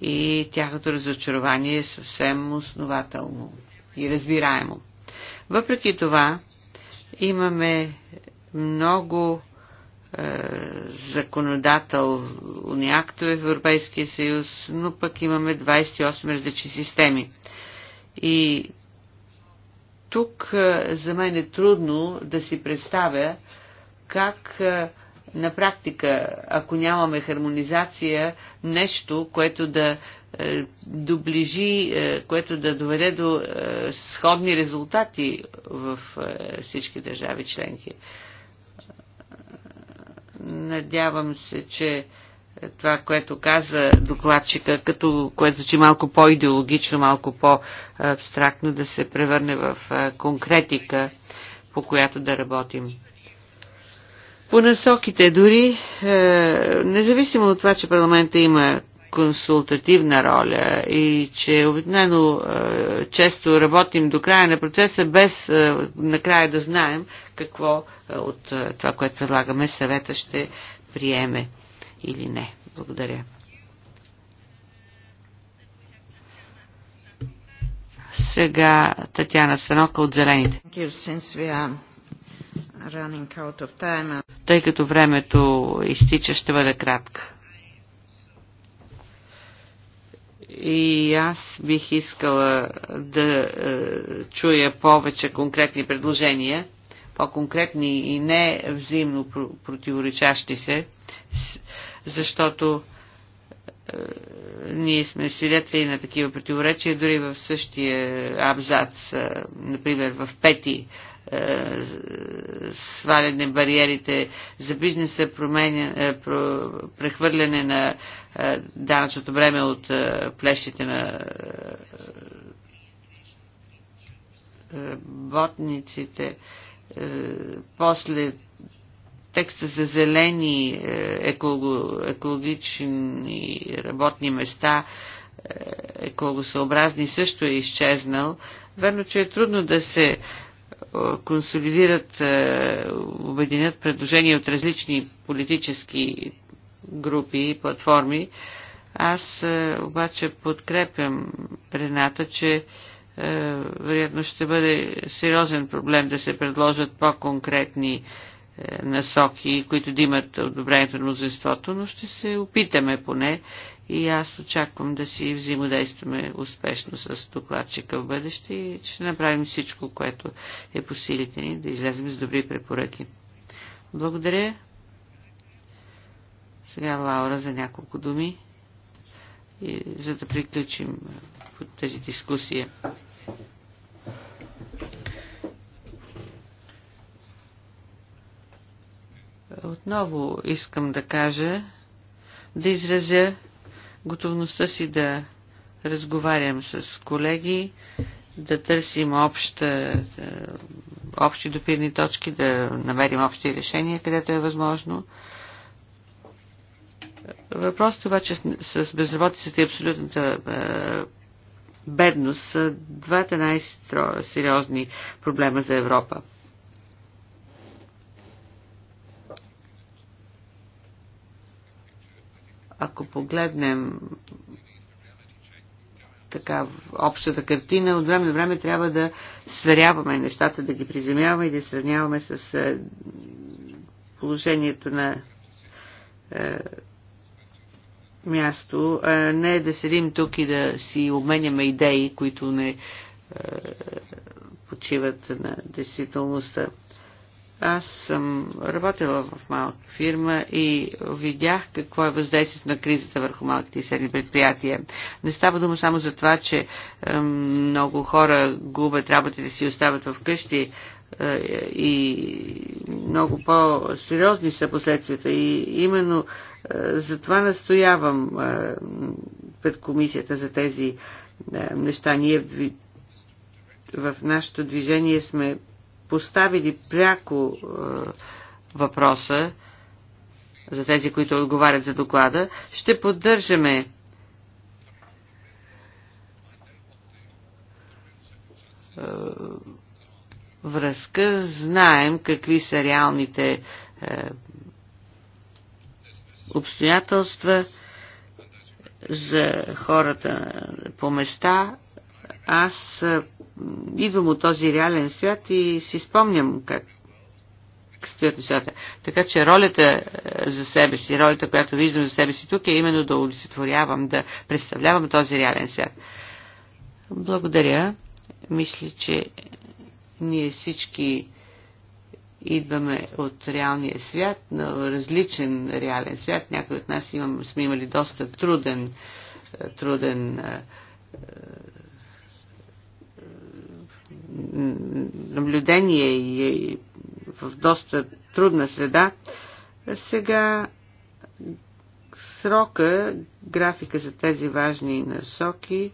и тяхното разочарование е съвсем основателно и разбираемо. Въпреки това, имаме много е, законодателни актове в Европейския съюз, но пък имаме 28 различни системи. И тук е, за мен е трудно да си представя как е, на практика, ако нямаме хармонизация, нещо, което да доближи, което да доведе до сходни резултати в всички държави членки. Надявам се, че това, което каза докладчика, като, което звучи малко по-идеологично, малко по-абстрактно, да се превърне в конкретика, по която да работим. По насоките дори, е, независимо от това, че парламента има консултативна роля и че обикновено е, често работим до края на процеса без е, накрая да знаем какво е, от това, което предлагаме съвета ще приеме или не. Благодаря. Сега Татьяна Станока от Зелените. Uh, Тъй като времето изтича, ще бъде кратка. и аз бих искала да е, чуя повече конкретни предложения, по-конкретни и не взаимно противоречащи се, защото е, ние сме свидетели на такива противоречия, дори в същия абзац, е, например в пети е, сваляне бариерите за бизнеса, променя, е, прехвърляне на е, данъчното време от плещите на работниците, после текста за зелени екологични работни места, екологосъобразни също е изчезнал. Верно, че е трудно да се консолидират, е, обединят предложения от различни политически групи и платформи. Аз е, обаче подкрепям Рената, че е, вероятно ще бъде сериозен проблем да се предложат по-конкретни е, насоки, които да имат одобрението на мнозинството, но ще се опитаме поне и аз очаквам да си взаимодействаме успешно с докладчика в бъдеще и ще направим всичко, което е по силите ни, да излезем с добри препоръки. Благодаря. Сега Лаура за няколко думи, и, за да приключим тази дискусия. Отново искам да кажа, да изразя готовността си да разговарям с колеги, да търсим обща, е, общи допирни точки, да намерим общи решения, където е възможно. Въпросът е обаче с, с безработицата и абсолютната е, бедност са двата най-сериозни проблема за Европа. Ако погледнем така общата картина, от време на време трябва да сверяваме нещата, да ги приземяваме и да сравняваме с е, положението на е, място. Е, не е да седим тук и да си обменяме идеи, които не е, почиват на действителността. Аз съм работила в малка фирма и видях какво е въздействието на кризата върху малките и средни предприятия. Не става дума само за това, че много хора губят работите си и остават в къщи е, и много по-сериозни са последствията. И именно е, за това настоявам е, пред комисията за тези неща. Ние в нашето движение сме поставили пряко е, въпроса за тези, които отговарят за доклада, ще поддържаме е, връзка, знаем какви са реалните е, обстоятелства за хората по места аз идвам от този реален свят и си спомням как стоят нещата. Така че ролята за себе си, ролята, която виждам за себе си тук е именно да удовлетворявам, да представлявам този реален свят. Благодаря. Мисля, че ние всички идваме от реалния свят, на различен реален свят. Някои от нас имам, сме имали доста труден, труден наблюдение и в доста трудна среда, сега срока, графика за тези важни насоки,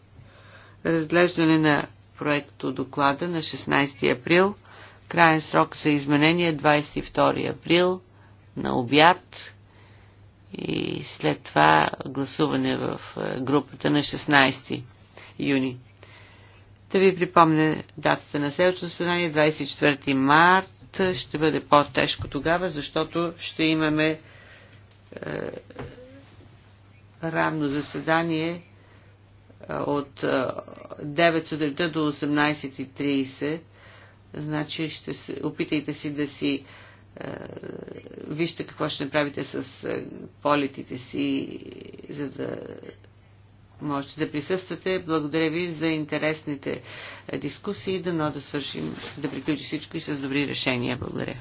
разглеждане на проекто доклада на 16 април, краен срок за изменение 22 април на обяд и след това гласуване в е, групата на 16 юни. Да ви припомня датата на следващото заседание 24 март, ще бъде по-тежко тогава, защото ще имаме е, равно заседание е, от 9 е, сутринта до 18.30. Значи ще се, опитайте си да си е, вижте какво ще направите с е, полетите си, за да можете да присъствате. Благодаря ви за интересните е, дискусии. Дано да свършим, да приключи всичко и с добри решения. Благодаря.